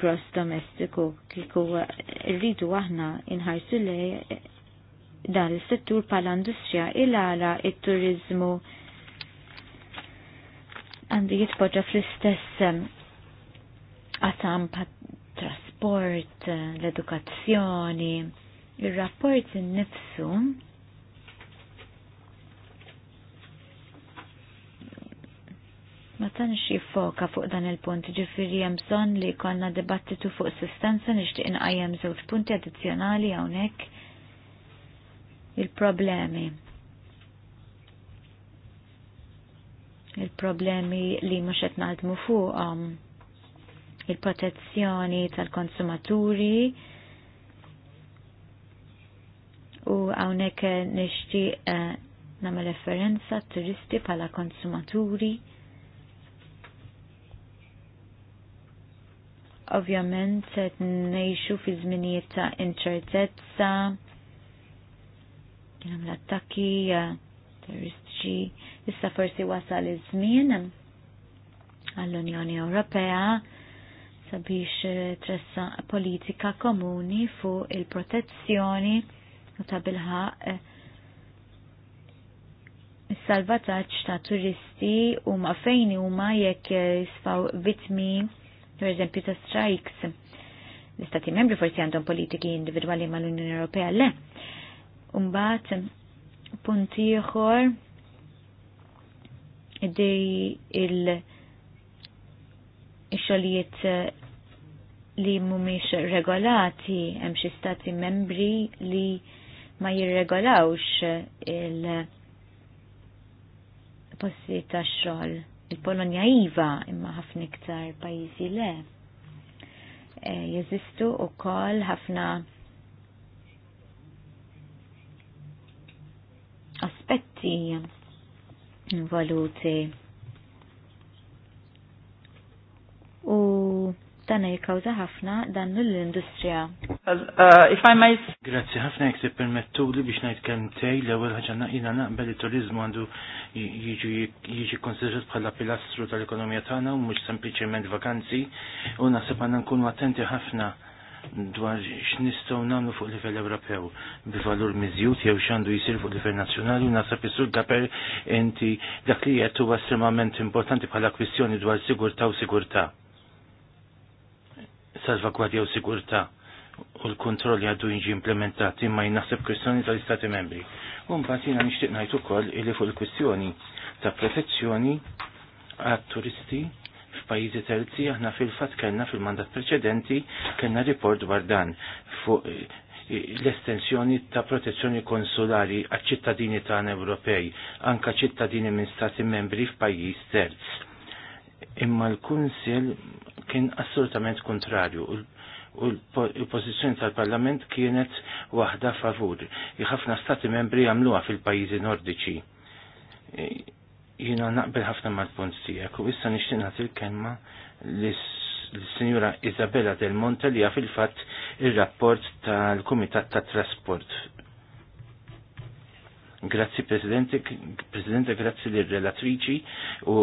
Speaker 5: gross domestiku kieku rridu aħna inħarsu lej dan is-settur bħala industrija il-għala it-turizmu il għala it turizmu il għandi jitpoġġa fl-istess għasam trasport, l-edukazzjoni, il-rapport innifsu ma tanx jiffoka fuq dan il-punt ġifiri jemżon li konna dibattitu fuq sustanza nishtiq inqajjem żewġ punti addizzjonali hawnhekk il-problemi il-problemi li mhux qed naħdmu fuq il-protezzjoni tal-konsumaturi u hawnhekk nixtieq uh, nagħmel referenza turisti bħala konsumaturi. Ovvjament qed ngħixu fi żminijiet ta' inċertezza, l-attakki uh, eh, terroristiċi. Issa forsi wasal iż-żmien għall-Unjoni Ewropea sabiex eh, tressa politika komuni fuq il-protezzjoni u ta' bilħaq is-salvataġġ eh, ta' turisti u ma' fejn huma jekk eh, jisfaw vitmi pereżempju ta' strikes. L-istati membri forsi għandhom politiki individwali mal-Unjoni Ewropea le. Umbat, Punti ieħor dej il- xogħlijiet eh, li mhumiex regolati hemm xi stati membri li ma jirregolawx eh, il- posti ta' xogħol. Il-Polonja iva imma ħafna iktar pajjiżi le. E, eh, u wkoll ħafna aspetti involuti u dan jikkawża ħafna dan l-industrija.
Speaker 2: Uh, uh, if I may... Grazzi ħafna jek permettu li biex ngħid kemm tej l-ewwel ħaġa jina naqbel li turizmu għandu jiġi konsidrat bħala pilastru tal-ekonomija tagħna u mhux sempliċement vakanzi u nasib għandna nkunu attenti ħafna dwar x'nistgħu nagħmlu fuq livell Ewropew valur miżjud jew x'għandu jsir fuq livell nazzjonali u nasab isur daper inti dak li qed huwa estremament importanti bħala kwistjoni dwar sigurtà u sigurtà. Salvagwardja u sigurtà u l-kontrolli għaddu jiġi implementati imma jnaħseb kwistjoni tal-Istati membri. U mbagħad jiena nixtieq ngħid ukoll ili fuq il-kwistjoni ta' protezzjoni għat-turisti f'pajjiżi terzi aħna fil-fatt kellna fil-mandat preċedenti kellna report dwar dan fuq eh, l-estensjoni ta' protezzjoni konsulari għal ċittadini tagħna Ewropej, anka ċittadini minn stati membri f'pajjiż terz. Imma l-Kunsil kien assolutament kontrarju u l-pozizjoni tal-Parlament kienet waħda favur. Ħafna stati membri għamluha fil-pajjiżi nordiċi eh, jina naqbel ħafna mal-punt tijek u issa nishtina til-kelma l-Sinjura Isabella Del Monte li għaf il-fat il-rapport tal-Komitat ta' Trasport. Grazzi Presidente, Presidente grazzi l-relatriċi u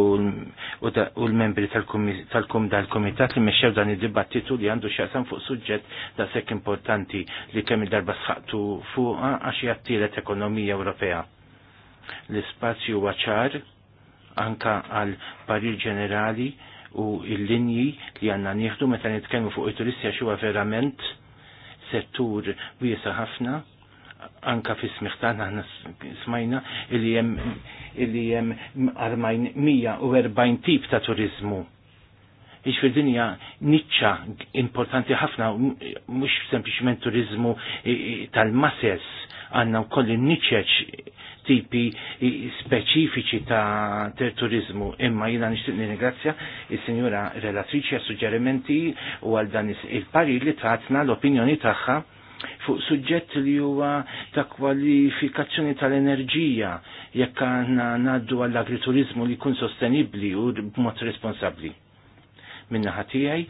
Speaker 2: l-membri tal-Komitat li meċċew dan il-dibattitu li għandu xaqsan fuq suġġett da' sekk importanti li kemm il-darba sħaqtu fuqa għax jattilet ekonomija Ewropea. L-spazju għacħar anka għal pari ġenerali u il-linji li għanna nieħdu meta nitkellmu fuq it-turisti għax huwa verament settur wiesa ħafna anka fi smiħtan aħna smajna illi hemm illi jem 140 tip ta' turizmu. Ix fil-dinja niċċa importanti ħafna mhux sempliċement turizmu tal-masses għandna wkoll in niċċeċ tipi speċifiċi ta' turizmu. Imma jina nixtieq nirringrazzja is-Sinjura Relatriċi għas suġġerimenti u għal dan il-pari li tatna l-opinjoni tagħha fuq suġġett li huwa ta' kwalifikazzjoni tal-enerġija jekk għandna ngħaddu għall-agriturizmu li jkun sostenibbli u b'mod responsabbli. Minnaħa tiegħi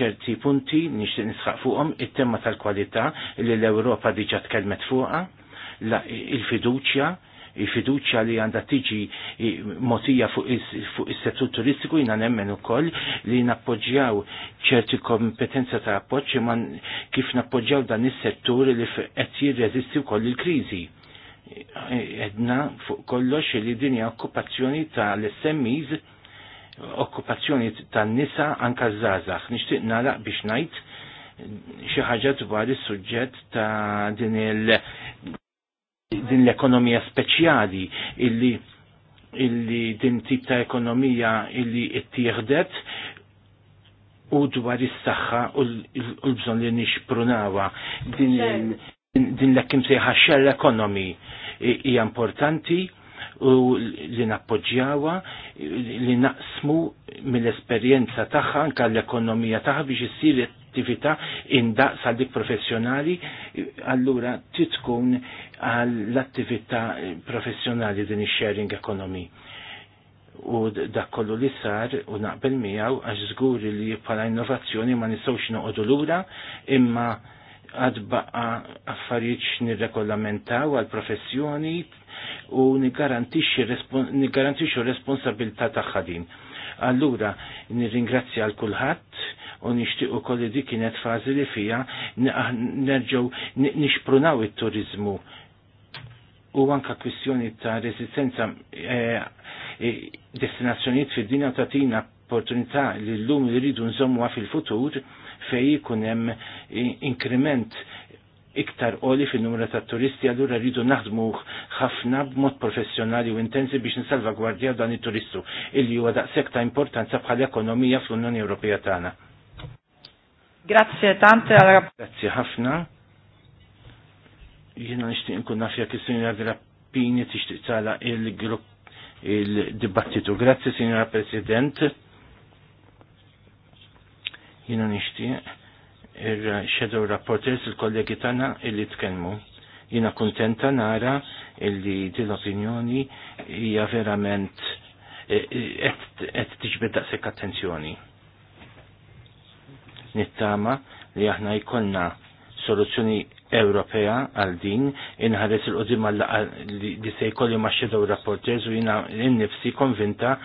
Speaker 2: ċerti punti nixtieq nisħaq fuqhom it-tema tal-kwalità li l-Ewropa diġà tkellmet fuqha, il-fiduċja, il-fiduċja li għandha tiġi motija fuq is-settur turistiku jina nemmen ukoll li nappoġġjaw ċerti kompetenza ta' appoġġ imma kif nappoġġjaw dan is-settur li qed jirreżisti wkoll il-kriżi. Edna fuq kollox li din hija okkupazzjoni tal-SMEs okkupazzjoni tan-nisa anka żgħażagħ. Nixtieq naraq biex ngħid xi ħaġa dwar is-suġġett ta' din il din l-ekonomija speċjali illi illi din tip ta' ekonomija illi it-tieħdet u dwar is-saħħa u l-bżon li nixprunawa din din l ekim sejħa xell ekonomi hija importanti u li nappoġġjawha li naqsmu mill-esperjenza tagħha anke l-ekonomija tagħha biex issir attività indaqsa dik professjonali, allura titkun għall-attività professjonali din ix-sharing economy u dak kollu li sar u naqbel miegħu għax żguri li bħala innovazzjoni ma nistgħux noqogħdu lura imma għad baqa affarijiet nirregolamentaw għal professjoni u nigarantixxu responsabilità tagħha din. Allura, nirringrazzja għal kulħadd u nixtieq ukoll li dik kienet fażi li fija ah, nerġgħu nixprunaw it-turizmu u anka kwistjoni ta' resistenza eh, eh, destinazzjoniet fid-dinja tina opportunità li l-lum li rridu nżommuha fil-futur fej jkun hemm inkrement iktar qoli fin-numru ta' turisti allura rridu naħdmu ħafna b'mod professjonali u intensi biex gwardja dan it-turistu illi huwa daqshekk ta' importanza bħal ekonomija fl-Unjoni Ewropea tagħna. Grazie tante għal Grazie ħafna. Jiena nixtieq nkun naf jekk is-Sinjora Grappini tixtieq tala il-grupp il-dibattitu. Grazie Sinjora President. Jiena nixtieq il-Shadow Rapporters, il-kollegi tana illi tkellmu. Jina kontenta nara illi din opinjoni hija verament e, e, qed tiġbed daqshekk attenzjoni. Nittama li aħna jkollna soluzzjoni Ewropea għal din inħares il-qudiem li se jkolli ma' Rapporters u jina n-nifsi konvinta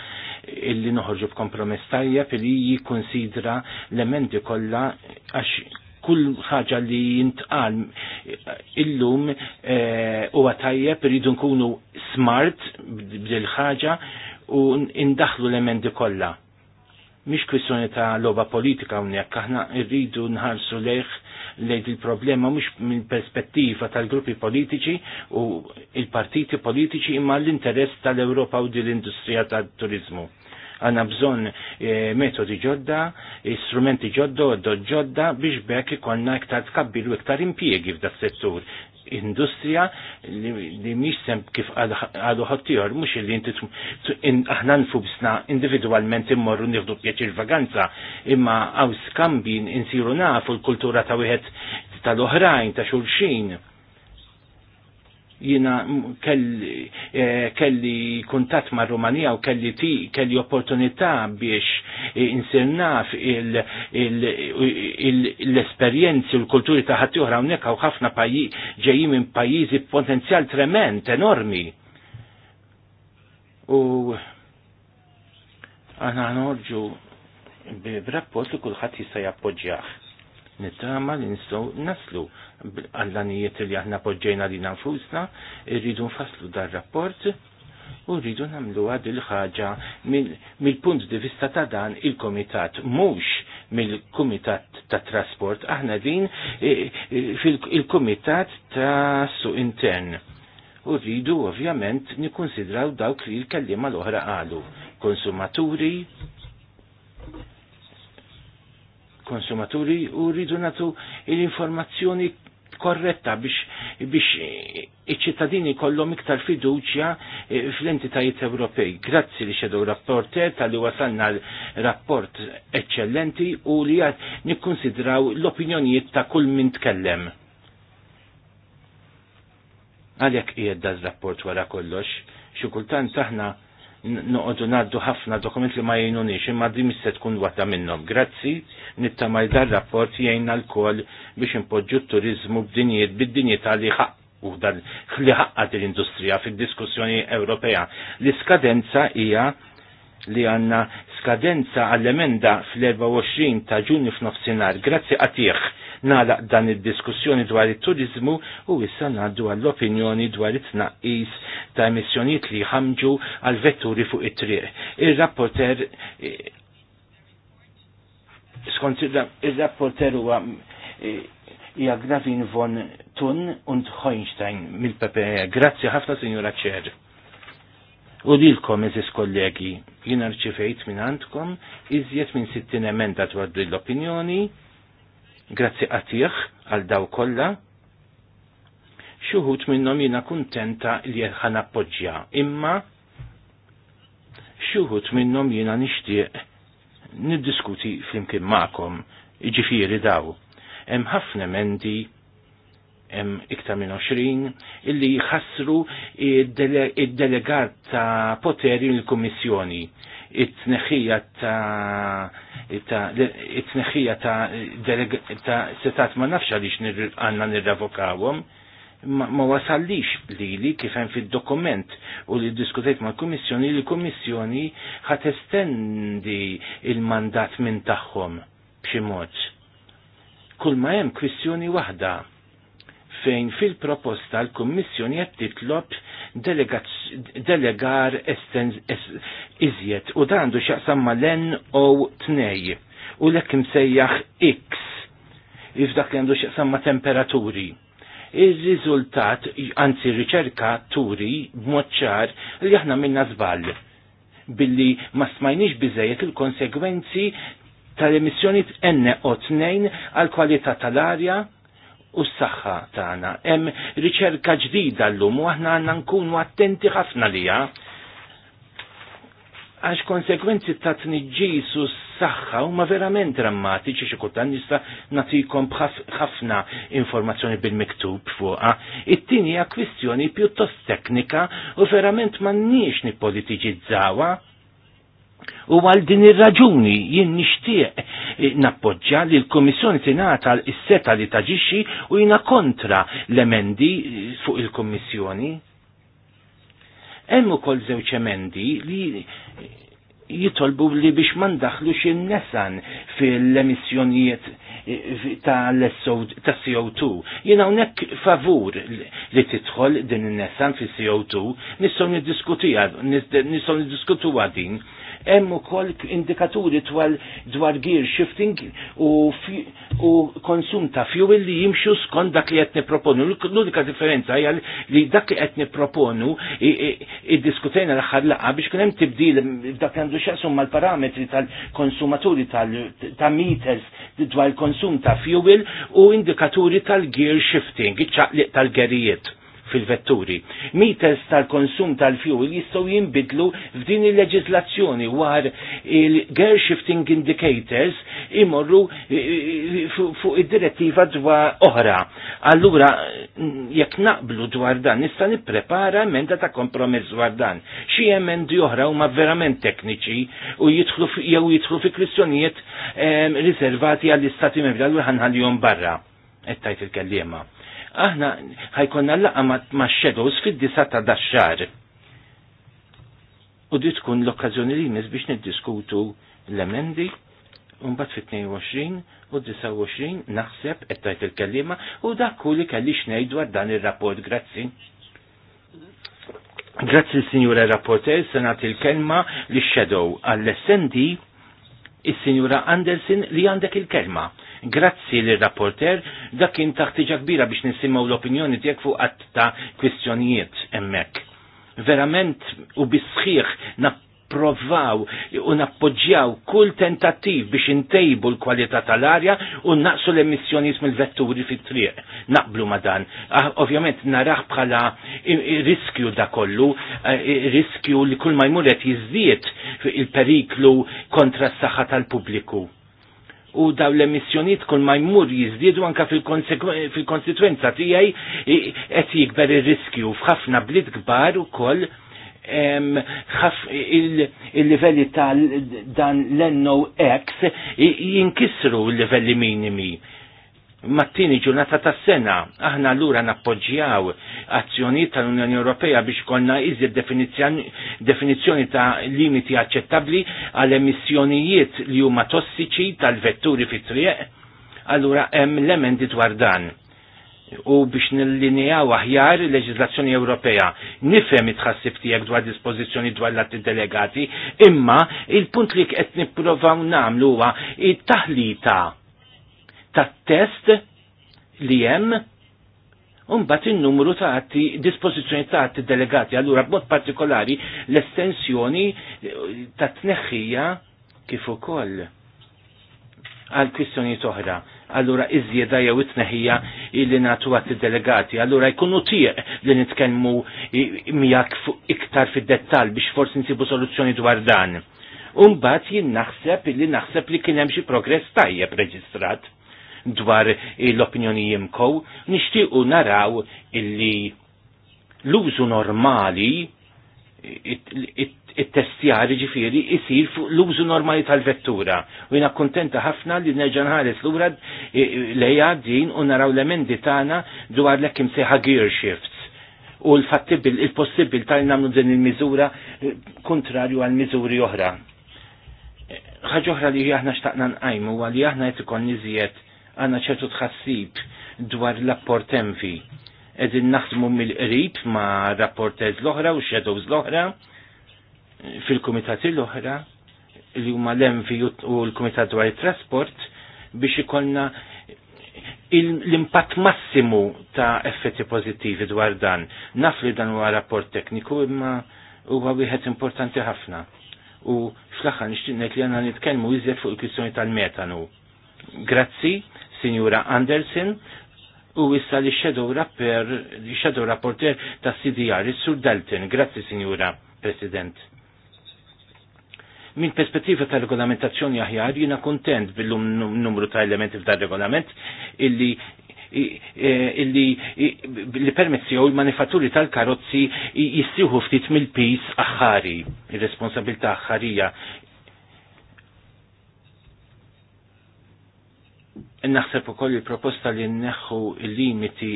Speaker 2: illi noħorġu b'kompromess tajjeb illi jikkonsidra l-emendi kollha għax kull ħaġa li jintqal illum eh, huwa e, tajjeb rridu nkunu smart b'dil ħaġa u indaħlu l-emendi kollha Mhix kwistjoni ta' loba politika hawnhekk aħna rridu nħarsu leħ lejn il-problema mhux minn perspettiva tal-gruppi politiċi u il-partiti politiċi imma l-interess tal-Ewropa u dil-industrija tat-turizmu għanna bżon eh, metodi ġodda, strumenti ġodda, ġodda biex bekk ikonna iktar tkabbir u iktar impiegi f'da settur industrija li mhix sem kif għadu ħottijor, mhux li inti aħna nfu bisna individwalment immorru nieħdu pjaċir vaganza imma għaw skambin insiru nafu l-kultura ta' wieħed tal-oħrajn ta' xulxin jina kelli, eh, kelli kuntat ma' Rumanija u kelli ti, kelli opportunità biex eh, insir l-esperienzi u l-kulturi ta' ħatti uħra unnek u ħafna ġeji minn pajizi potenzjal trement, enormi. U għana norġu b'rapport li kullħat jista' jappoġġjah nittama li nistaw naslu għallanijiet li aħna poġġejna li nanfusna, rridu nfaslu dar rapport u rridu namlu għad il-ħagġa mill-punt di vista ta' dan il-komitat, mux mill-komitat ta' trasport, aħna din e, e, fil-komitat ta' su intern. U rridu ovvjament nikonsidraw dawk li l-kallima l-oħra għalu, konsumaturi, konsumaturi u rridu natu l-informazzjoni korretta biex biex iċ-ċittadini kollhom iktar fiduċja eh, fl-entitajiet Ewropej. Grazzi li xedu rapporter tal-li wasalna rapport eccellenti u li għad nikkonsidraw l-opinjonijiet ta' kull min tkellem. Għalhekk qiegħda rapport wara kollox, xi kultant aħna noqogħdu ngħaddu ħafna dokument li ma jgħinunix imma di se tkun waħda minnhom. Grazzi, nittama dar rapport jgħinna l-kol biex impoġġu t-turizmu b'dinjiet bid-dinjità li ħaq u dan li ħaqqat l-industrija fid-diskussjoni Ewropea. L-iskadenza hija li għanna skadenza għall-emenda fl-24 ta' ġunju f'nofsinhar. Grazzi għatih nalaq dan id-diskussjoni dwar it-turizmu u issa ngħaddu għall-opinjoni dwar it-tnaqqis ta' emissjonijiet li ħamġu għal vetturi fuq it-triq. Ir-rapporter eh, skont rapporter huwa eh, hija Gravin von Tun und Hoinstein mill-PPE. Grazzi ħafna, Sinjura Ċer. U lilkom eżis kollegi, jina rċifejt minn għandkom, iżjed minn sittin emenda dwar l-opinjoni, Grazzi għatiħ għal daw kolla. Xuħut minnom jina kuntenta li ħan appoġġja, imma xuħut minnom jina nishtiq niddiskuti flimkien ma'kom, iġifiri daw. Hemm ħafna mendi iktar minn 20 illi jħassru id-delegat ta' poteri l-Kummissjoni. It-tneħħija ta' it-tneħħija ta' setat ma nafx għaliex għandna nirravokawhom, ma wasallix li li kifem fil-dokument u li ddiskutejt ma' l-Kummissjoni li l-Kummissjoni ħat estendi il-mandat minn tagħhom b'xi mod. Kull ma hemm kwistjoni waħda fejn fil-proposta l-Kummissjoni qed titlob delegar iżjed u dandu għandu x'jaqsam ma' l o tnej u l-ek X ifdak li għandu x'jaqsam ma' temperaturi. il riżultat anzi riċerka turi b'moċċar li aħna minna żball billi ma smajniex biżejjed il-konsegwenzi tal-emissjoni NO2 għal kwalità tal-arja, u s-saħħa tagħna. Hemm riċerka ġdida llum u aħna għandna nkunu attenti ħafna liha. Għax konsekwenzi ta' tniġġis u s-saħħa huma verament drammatiċi xi nista' nagħtikom ħafna informazzjoni bil-miktub fuqha. It-tieni hija kwistjoni pjuttost teknika u verament m'għandniex nippolitiġizzawha U għal din ir-raġuni jien nixtieq eh, nappoġġja li l-Kommissjoni tingħata s seta li taġixxi u jiena kontra l-emendi eh, fuq il-Kommissjoni. Hemm ukoll żewġ emendi li eh, jitolbu li biex ma ndaħlux innesan nesan fil-emissjonijiet tal-CO2. Jien hawnhekk favur li titħol din n-nesan fil CO2, nisson niddiskutuha għadin, Hemm ukoll indikaturi dwar gear shifting u, u konsum ta' fuel li jimxu skont dak li qed nipproponu. L-unika differenza hija li dak li qed nipproponu diskutajna l-aħħar laqgħa biex kien hemm tibdil dak għandu x'aqsum mal-parametri tal-konsumaturi ta' meters dwar konsum ta' fuel u indikaturi tal-gear shifting, iċċaqliq tal-gerijiet fil-vetturi. Meters tal-konsum tal fjuwil jistgħu jinbidlu f'din il-leġislazzjoni war il-gear shifting indicators imorru eh, eh, fuq id-direttiva dwar oħra. Allura jekk naqblu dwar dan nista' nipprepara emenda ta' kompromess dwar dan. Xi emendi oħra huma verament tekniċi u jidħlu jew jidħlu fi kwistjonijiet ehm, riservati għall-istati membri allura ħanħallihom barra qed il-kellima aħna ħajkonna laqa ma' shadows fid-disa ta' daċxar. U di tkun l-okkazjoni li jmiss biex niddiskutu l-emendi mbagħad fit-22 u 29 naħseb qed tajt il-kellima u dak li kelli ngħid dwar dan ir-rapport grazzi. Grazzi l-Sinjura rapporter se nagħti il-kelma li shadow għall snd il sinjura Anderson li għandek il-kelma. Grazzi li rapporter dak kien taħtiġa kbira biex nisimgħu l-opinjoni tiegħek fuq qatt ta' kwistjonijiet hemmhekk. Verament u bisħiħ napprovaw u nappoġġjaw kull tentattiv biex intejbu l-kwalità tal-arja u naqsu l-emissjonijiet mill-vetturi fit-triq. Naqblu ma dan. Ah, ovvjament naraħ bħala riskju da kollu, eh, riskju li kull ma jmur qed jiżdied il-periklu kontra s-saħħa tal-pubbliku u daw l-emissjoniet kull ma jmur jizdidu anka fil-konsekwenza tiegħi qed jikber ir-riskju f'ħafna bliet kbar ukoll il-livelli ta' dan l-NOx jinkisru l-livelli minimi mat-tieni ġurnata tas-sena aħna allura nappoġġjaw azzjonijiet tal-Unjoni Ewropea biex konna iżjed definizzjoni ta' limiti aċċettabbli għal emissjonijiet li huma tossiċi tal-vetturi fit-triq, allura hemm l-emendi dwar dan u biex nillinjaw aħjar leġislazzjoni Ewropea. Nifhem it-ħassib tiegħek dwar dispożizzjoni dwar l delegati, imma il-punt li qed nippruvaw nagħmlu huwa it-taħlita ta' test li jem Unbat il-numru ta' għatti, disposizjoni ta' għatti delegati, għallura b'mod partikolari l-estensjoni ta' tneħħija kif ukoll għal kwistjoni toħra. Allura iżjeda jew it-tneħħija illi natu għatti delegati, allura jkunu tieq li nitkellmu miegħek iktar fid-dettall biex forsi nsibu soluzzjoni dwar dan. Unbat jien naħseb illi naħseb li kien hemm xi progress tajjeb reġistrat dwar l-opinjoni jimkow, nixtiequ naraw illi l-użu normali it testjari ġifiri jisir fuq l-użu normali tal-vettura. U jina kontenta ħafna li neġan ħares l urad e, leja din u naraw l-emendi tana dwar l-ekim seħa gear shifts u l-fattibil, il-possibil tal namlu din il-mizura e, kontrarju għal miżuri oħra. E, ħagħuħra li aħna xtaqna nqajmu għal aħna jtikon niziet għanna ċertu tħassib dwar l-apport envi. Edin naħdmu mill-qrib ma' rapportez l-oħra u shadows l-oħra fil-komitati l-oħra li huma l-envi u l-komitat dwar il-trasport biex ikollna l-impatt massimu ta' effetti pozittivi dwar dan. Naf li dan huwa rapport tekniku imma huwa wieħed importanti ħafna. U fl-aħħar nixtieq li għandna nitkellmu iżjed fuq il-kwistjoni tal-metanu. Grazzi Signora Andersen u issa li xedow rapper, li xedow rapporter ta' CDR, il-Sur Dalton. Grazzi, Signora President. Min perspettiva ta' regolamentazzjoni aħjar, jina kontent bil numru ta' elementi f'dar regolament illi e, illi li permessi u l-manifatturi tal-karozzi jissiħu ftit mill-pis aħħari, il-responsabilta aħħarija. naħseb ukoll il-proposta li nneħħu il-limiti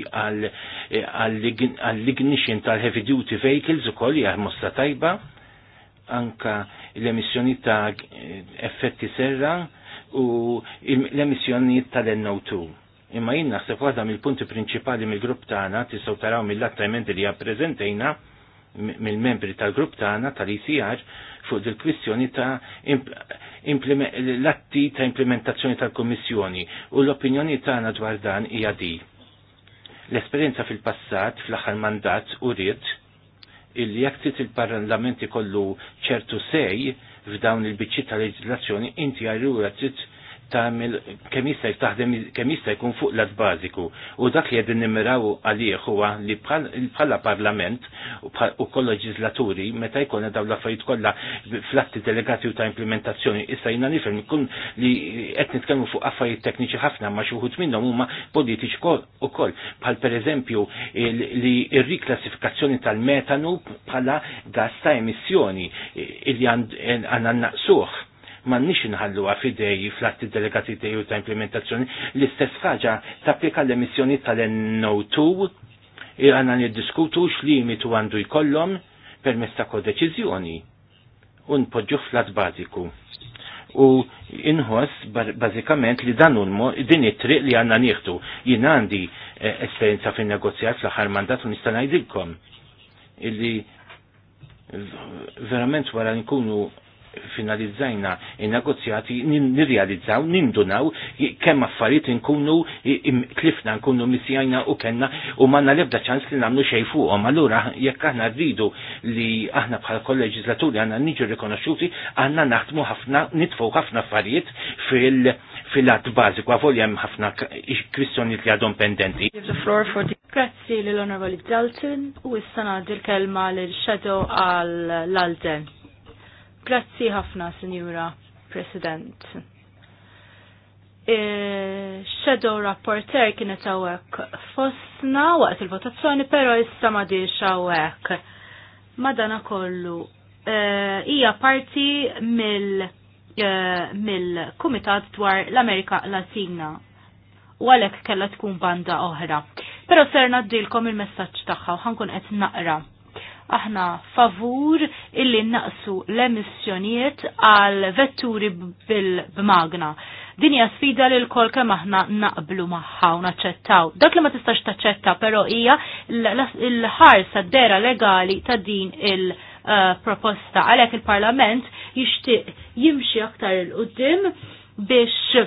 Speaker 2: għall-ignition tal-heavy duty vehicles ukoll hija mosta tajba anka l-emissjoni ta' effetti serra u l-emissjoni tal-NO2. Imma jien naħseb waħda mill-punti prinċipali mill-grupp tagħna tistgħu taraw mill-attajment li jappreżentejna mill-membri tal-grupp tagħna tal-ICR fuq il kwistjoni ta' l-atti ta' implementazzjoni tal-Kommissjoni u l-opinjoni tagħna dwar dan hija di. L-esperjenza fil-passat fl-aħħar mandat u rrid illi jekk trid il-Parlament ikollu ċertu sej f'dawn il-biċċi tal-leġislazzjoni inti għarru trid tagħmel kemm jista' taħdem kemm jista' jkun fuq lat bażiku u dak li qegħdin nimmiraw għalih huwa li bħala parlament u kolleġislaturi meta jkun dawn l-affarijiet kollha fl-atti delegati u ta' implementazzjoni issa jina nifhem ikun li qed nitkellmu fuq affarijiet tekniċi ħafna ma xi wħud minnhom huma politiċi ukoll bħal pereżempju li r-riklassifikazzjoni tal-metanu bħala gas ta' emissjoni illi għandna naqsuh m'għandniex inħalluha fidej fl-atti delegati dej u ta' implementazzjoni. L-istess ħaġa tapplika l-emissjoni tal-NO2 għanna niddiskutu x limitu għandu jkollhom permezz ta' kodeċiżjoni u npoġġu flat bażiku. U inħoss bażikament li dan din it-triq li għandna nieħdu. Jien għandi e, esperjenza fin-negozjat fl-aħħar mandat u nista' ngħidilkom illi verament wara nkunu finalizzajna il-negozjati nirrealizzaw, nindunaw kemm affarijiet inkunu klifna nkunu misjajna u kenna u manna lebda ċans li namlu xej fuqhom. Allura jekk aħna rridu li aħna bħal kolleġislaturi għandna niġu rikonoxxuti, għandna naħdmu ħafna nitfgħu ħafna affarijiet fil fil-att bażiku għavolja hemm ħafna kwistjonijiet li għadhom pendenti.
Speaker 4: Grazzi l-Onorevoli Dalton u s-sanadir l-kelma l Shadow għal l-Alden. Grazzi ħafna, Signora President. E, shadow Rapporter kienet għawek fosna waqt il-votazzjoni, pero issa ma diċ għawek. Madana kollu, e, hija parti mill e, kumitat dwar l-Amerika Latina u għalek kella tkun banda oħra. Pero ser naddilkom il-messagġ tagħha u ħankun qed naqra aħna favur illi naqsu l-emissjonijiet għal vetturi bil-bmagna. Din hija sfida li l-kol kemm aħna naqblu magħha u naċċettaw. Dak li ma tistax taċċetta però hija l-ħarsa d-dera legali ta' din il-proposta uh, għalhekk il-Parlament jixtieq jimxi aktar il-qudiem biex uh,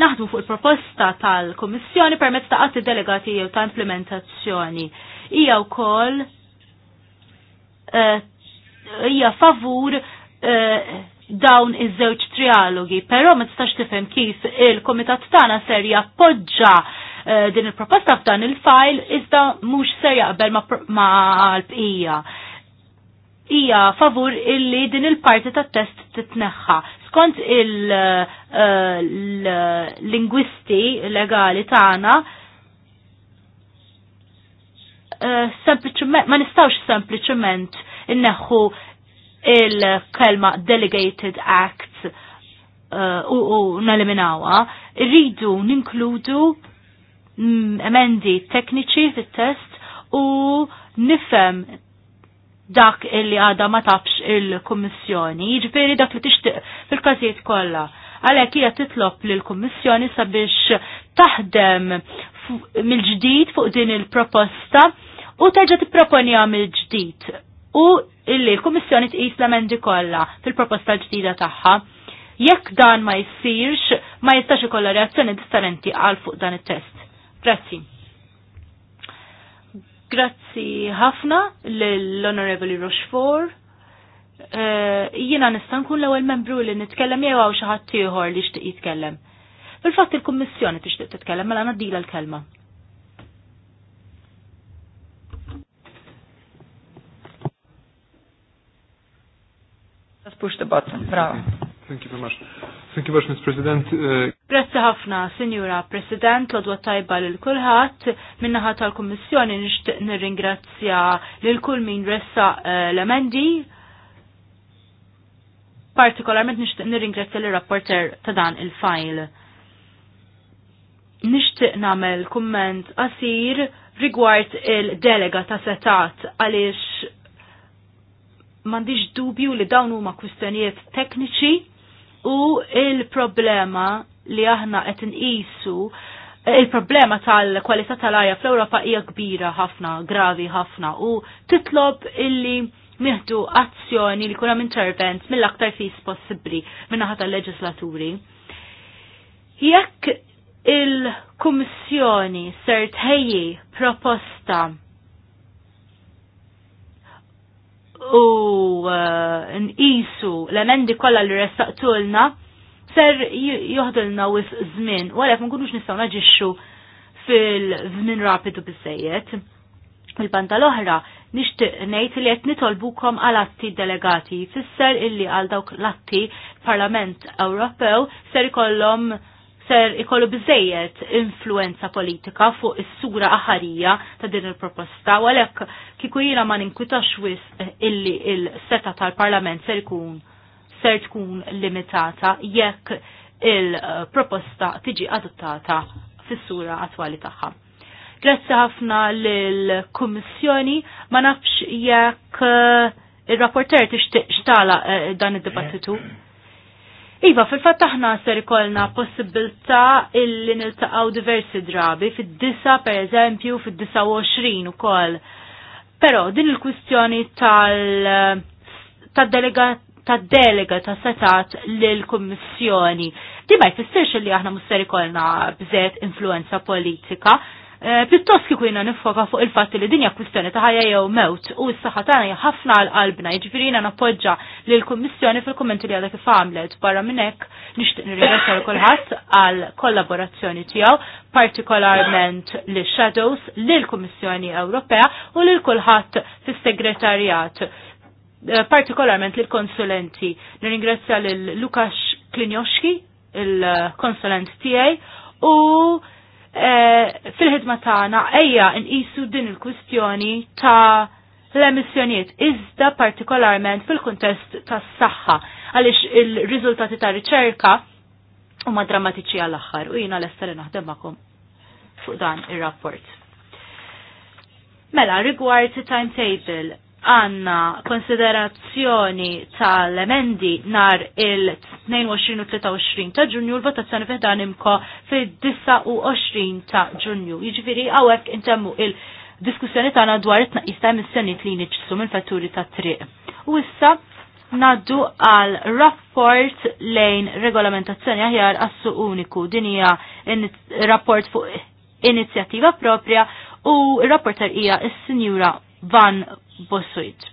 Speaker 4: naħdmu fuq il-proposta tal-Komissjoni permezz ta' għati delegati jew ta' implementazzjoni hija wkoll eh, hija uh, favur uh, dawn iż-żewġ trialogi, però ma tistax tifhem kif il-Komitat tagħna ser jappoġġa eh, din il-proposta f'dan il-fajl iżda mhux ser jaqbel ma l-bqija hija favur illi din il-parti tat test titneħħa. Skont il-lingwisti legali tagħna Eh, sempliciment, ma nistawx sempliciment inneħu il-kelma delegated acts eh, u, u neliminawa, rridu ninkludu mm, emendi tekniċi fit-test u nifem dak illi għada ma tafx il-Kommissjoni, jiġifieri dak li tixtieq fil-każijiet kollha. Għalhekk hija titlob lil kummissjoni sabiex taħdem mill-ġdid fuq din il-proposta u terġa' tipproponihom il-ġdid u illi l-Kummissjoni tqis l-emendi kollha fil-proposta l-ġdida tagħha. Jekk dan ma jsirx, ma jistax ikollha reazzjoni differenti għal fuq dan it-test. Grazzi. Grazzi ħafna l-Honorable Rochefort. Eh, jiena nista' nkun l-ewwel membru li nitkellem jew hawn xi ħadd ieħor li jixtieq jitkellem. Fil-fatt il-Kummissjoni tixtieq titkellem mela ngħaddila l-kelma.
Speaker 1: Just push the button. Bravo. Thank you
Speaker 3: very much. Thank you very much, Mr. President. Uh,
Speaker 4: Grazzi ħafna, Signora President, l-odwa tajba l-kulħat. ħat tal-Kommissjoni nishtiq nirringrazzja l-kull min ressa uh, l-emendi. Partikolarment nishtiq nirringrazzja l-rapporter ta' dan il-fajl. Nishtiq namel kumment għasir rigward il-delega ta' setat għaliex mandiġ dubju li dawn huma kwistjonijiet tekniċi u il-problema li aħna qed nqisu il-problema tal-kwalità tal aja fl-Ewropa hija kbira ħafna, gravi ħafna u titlob illi nieħdu azzjoni li kunem intervent mill-aktar fis possibbli minnaħa tal-leġislaturi. Jekk il-Kummissjoni ser tħejji proposta u eh, nqisu l-emendi kollha li restaqtulna ser joħdilna wis żmien, u għalek ma nkunux nistgħu naġixxu fil-żmien rapidu bissejjed. Il-banda l-oħra nixtieq ngħid li qed nitolbukom għal atti delegati, fisser illi għal dawk l-atti Parlament Ewropew ser ikollhom ser ikollu bżejjed influenza politika fuq is-sura aħarija ta' din il-proposta u għalhekk kieku jiena ma ninkwitax wisq eh, illi il-seta tal-Parlament ser ikun ser tkun limitata jekk il-proposta tiġi adottata fis-sura attwali tagħha. Grazzi ħafna lill-Kummissjoni ma nafx jekk eh, ir rapporter tixtieq xtala eh, dan id-dibattitu. Iva, fil-fat aħna ser ikolna possibilità illi niltaqgħu diversi drabi, fid-disa per eżempju, fid-29 kol. Però din il-kwistjoni tal delega ta' setat lill-Kummissjoni. Di ma jfissirx li aħna musser kolna bżet influenza politika, Eh, Pittos kiku jina nifoka fuq il-fat li dinja kwistjoni ta' ħajja jew mewt u s-saħħa tagħna ħafna għal qalbna, jiġifieri jiena nappoġġa l kummissjoni fil kommenti li għadha kif għamlet barra minn hekk nixtieq nirringrazzja kulħadd għal kollaborazzjoni tiegħu, partikolarment li shadows l Kummissjoni Ewropea u lil kulħadd fis-segretarjat eh, partikolarment l konsulenti nirringrazzja l-Lukas Klinjoski, il-konsulent tiegħi u Eh, fil-ħidma tagħna ejja nqisu din il-kwistjoni ta' l-emissjonijiet iżda partikolarment fil-kuntest tas-saħħa għaliex il-riżultati ta' riċerka huma drammatiċi għall aħħar u jiena l li naħdem magħkom fuq dan ir-rapport. Mela rigward timetable għanna konsiderazzjoni tal-emendi nar il-22 u 23 ta' ġunju l-votazzjoni fih imko fil-29 ta' ġunju. Jiġifieri hawnhekk intemmu il-diskussjoni tagħna dwar it-tnaqqis ta' emissjonijiet li niċċsu mill fetturi ta' triq. U issa naddu għal rapport lejn regolamentazzjoni aħjar għassu uniku. Din hija rapport fuq inizjattiva propria u rapporter hija is-Sinjura Van Bosuit.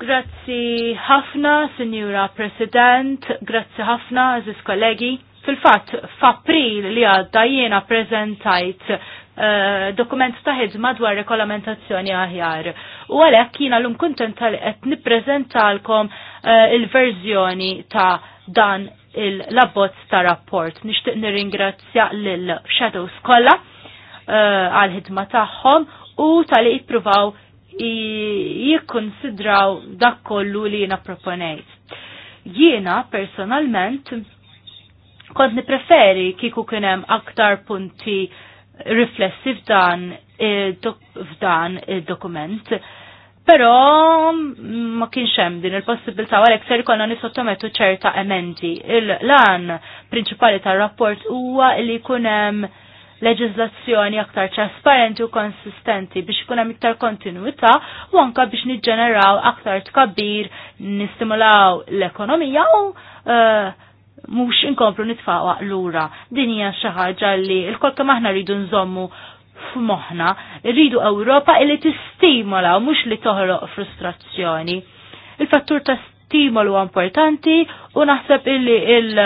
Speaker 4: Grazzi ħafna, Sinjura President, grazzi ħafna, Aziz kollegi. Fil-fat, f'April li għadda jiena prezentajt eh, dokument ta' ħidma dwar regolamentazzjoni aħjar. U għalhekk jiena lum kuntent tal qed niprezentalkom eh, il-verżjoni ta' dan il-labbozz ta' rapport. Nixtieq nirringrazzja l Shadows kollha Eh, għal ħidma tagħhom u tal-li jippruvaw jikkonsidraw dak kollu li jiena proponejt. Jiena personalment kont nipreferi kieku kien hemm aktar punti riflessi f'dan f'dan il-dokument. Però ma kienx hemm din il-possibilità għalhekk ser jkollna nisottometu ċerta emendi. Il-lan prinċipali tar-rapport huwa li jkun hemm leġizlazzjoni aktar trasparenti u konsistenti biex ikun hemm iktar kontinuità u anka biex niġġeneraw aktar tkabbir, nistimulaw l-ekonomija u uh, mhux inkomplu nitfaqwa lura. Din hija xi ħaġa li l-kol kemm aħna rridu nżommu f'moħħna, rridu Ewropa li tistimola u mhux li toħroq frustrazzjoni. Il-fattur ta' stimolu importanti u naħseb illi il-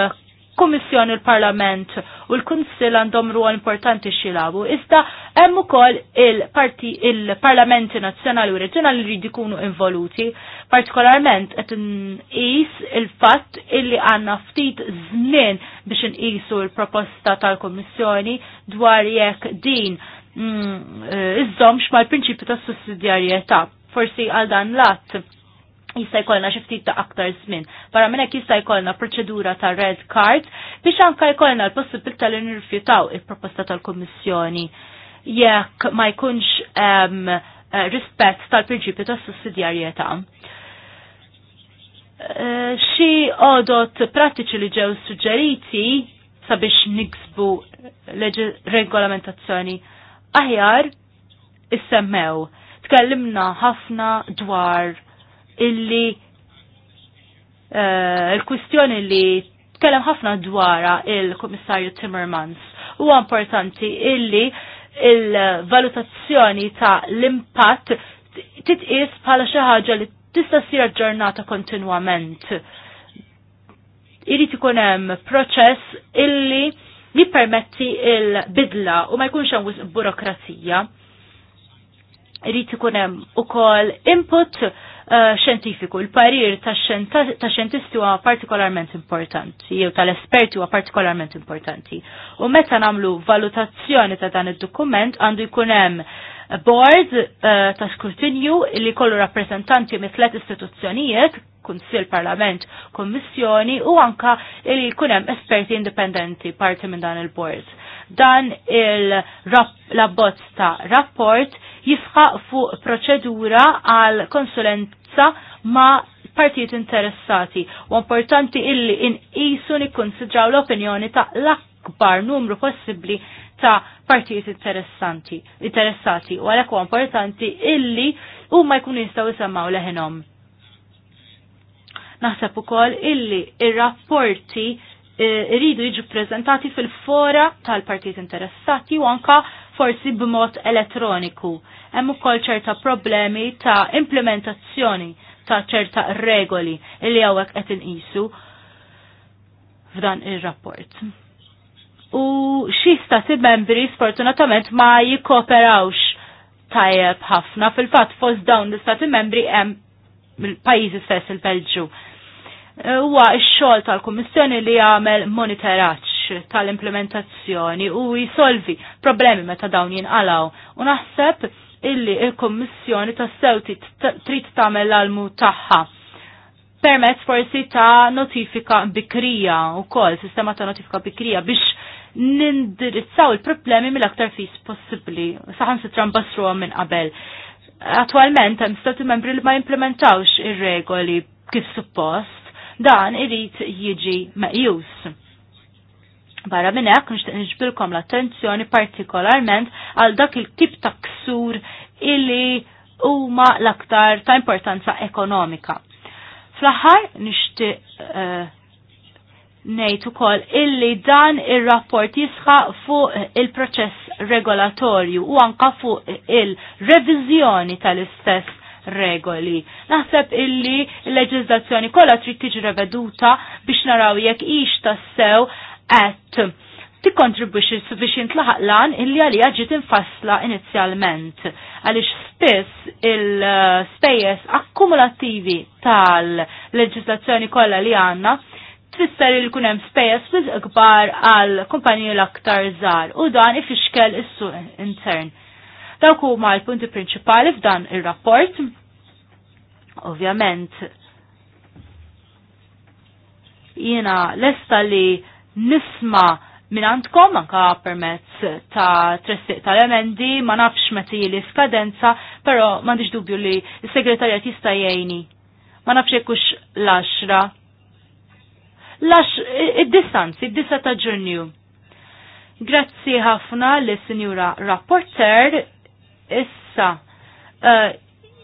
Speaker 4: Kummissjoni l-Parlament u l-Kunsill għandhom ruol importanti xilabu. Iżda hemm ukoll il-Parlamenti il Nazzjonali u Reġjonali li jridu jkunu involuti, partikolarment qed nqis il-fatt illi għandna ftit żmien biex inqisu l-proposta tal-Kummissjoni dwar jekk din mm, iżomx mal-prinċipju tas sussidjarjetà. Forsi għal dan l-att jista' jkollna xi ftit ta' aktar żmien. Barra minn hekk jista' jkollna proċedura ta' red card biex anke jkollna l-possibilità li nirrifjutaw il-proposta tal-Kummissjoni jekk ma jkunx um, rispett tal-prinċipju tas sussidjarjetà uh, Xi għodot prattiċi li ġew suġġeriti sabiex niksbu regolamentazzjoni aħjar issemmew. Tkellimna ħafna dwar illi eh, il-kwistjoni li tkellem ħafna dwara il-Komissarju Timmermans. Huwa importanti illi il-valutazzjoni ta' l-impatt titqis bħala xi ħaġa li tista' ssir ġurnata kontinwament. Irid ikun hemm proċess illi jippermetti il-bidla u ma jkunx hemm burokrazija. Irid ikun hemm ukoll input Eh, xentifiku. Il-parir ta' xentisti huwa partikolarment importanti, jew tal-esperti huwa partikolarment importanti. U meta nagħmlu valutazzjoni ta' dan id-dokument għandu jkun hemm board eh, ta' skrutinju li kollu rappresentanti tliet istituzzjonijiet, kunsil parlament, kommissjoni u anka li jkun hemm esperti indipendenti parti minn dan il-board Dan il-abbozz ta' rapport jisħaq fuq proċedura għal konsulenza ma' partijiet interessati u importanti illi inqisu nikkonsidraw l-opinjoni ta' l-akbar numru possibbli ta' partijiet interessanti, interessati u għalhekk huwa importanti illi huma jkun jistgħu jsemmaw leħinhom. Naħseb ukoll illi ir-rapporti il Eh, iridu jiġu prezentati fil-fora tal-partijiet interessati u anka forsi b'mod elettroniku. Hemm ukoll ċerta problemi ta' implementazzjoni ta' ċerta regoli li hawnhekk qed inqisu f'dan ir-rapport. U xi stati membri sfortunatament ma jikoperawx tajjeb ħafna fil-fatt fost dawn l-istati membri hemm il pajjiżi stess il-Belġu. il belġu huwa x-xogħol tal-Kummissjoni li jagħmel monitoraġġ tal-implementazzjoni u jisolvi problemi meta dawn jinqalaw. U naħseb illi il-Kummissjoni tassew trid tagħmel l-almu tagħha permezz forsi ta' notifika bikrija u kol, sistema ta' notifika bikrija biex nindirizzaw il-problemi mill-aktar fis possibli. Saħan sitran basru minn qabel. Attualment, hemm stati membri li ma jimplementawx ir-regoli kif suppost dan irrit jiġi meqjus. Barra minn hekk nixtieq l-attenzjoni partikolarment għal dak il-tip ta' ksur illi huma l-aktar ta' importanza ekonomika. Fl-aħħar nixtieq uh, eh, nejt ukoll illi dan ir-rapport jisħa fuq il-proċess regolatorju u anka fuq il-reviżjoni tal-istess regoli. Naħseb illi l leġizzazzjoni kollha trid tiġi reveduta biex naraw jekk ix tassew qed tikkontribwixi biex laħaq lan illi għalija ġiet infassla inizjalment. Għaliex spiss il-spejjeż akkumulattivi tal-leġislazzjoni kollha li għandna tfisser li kun hemm spejjeż fiż ikbar għal kumpaniju l-aktar żgħar u dan ifixkel is-suq intern. Dawk huma l-punti prinċipali f'dan ir-rapport. Ovvjament jiena lesta li nisma' minn għandkom anka permezz ta' tressiq tal-emendi, ma nafx meti li skadenza, però m'għandix dubju li s-segretarjat jista' jgħinni. Ma nafx jekkux l-10. Lax, id-distanz, id-disa ta' ġurnju. Grazzi ħafna l sinjura rapporter issa eh,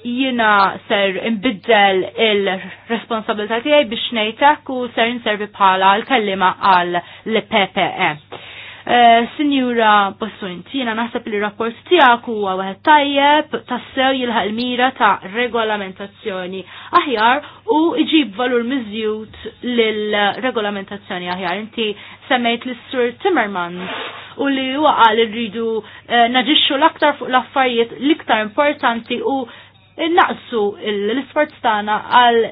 Speaker 4: jina ser imbiddel il-responsabilità tiegħi biex ngħidlek u ser inservi bħala l-kellima għal l-PPE. Eh, Sinjura Bossuint, jina naħseb li rapport tijak huwa waħed tajjeb tassew jilħaq il-mira ta' regolamentazzjoni aħjar u iġib valur mizjut lill-regolamentazzjoni aħjar. Inti semmejt l sur Timmermans u li u li rridu eh, naġixxu l-aktar fuq l-affarijiet l-iktar importanti u naqsu l-isforz tagħna għal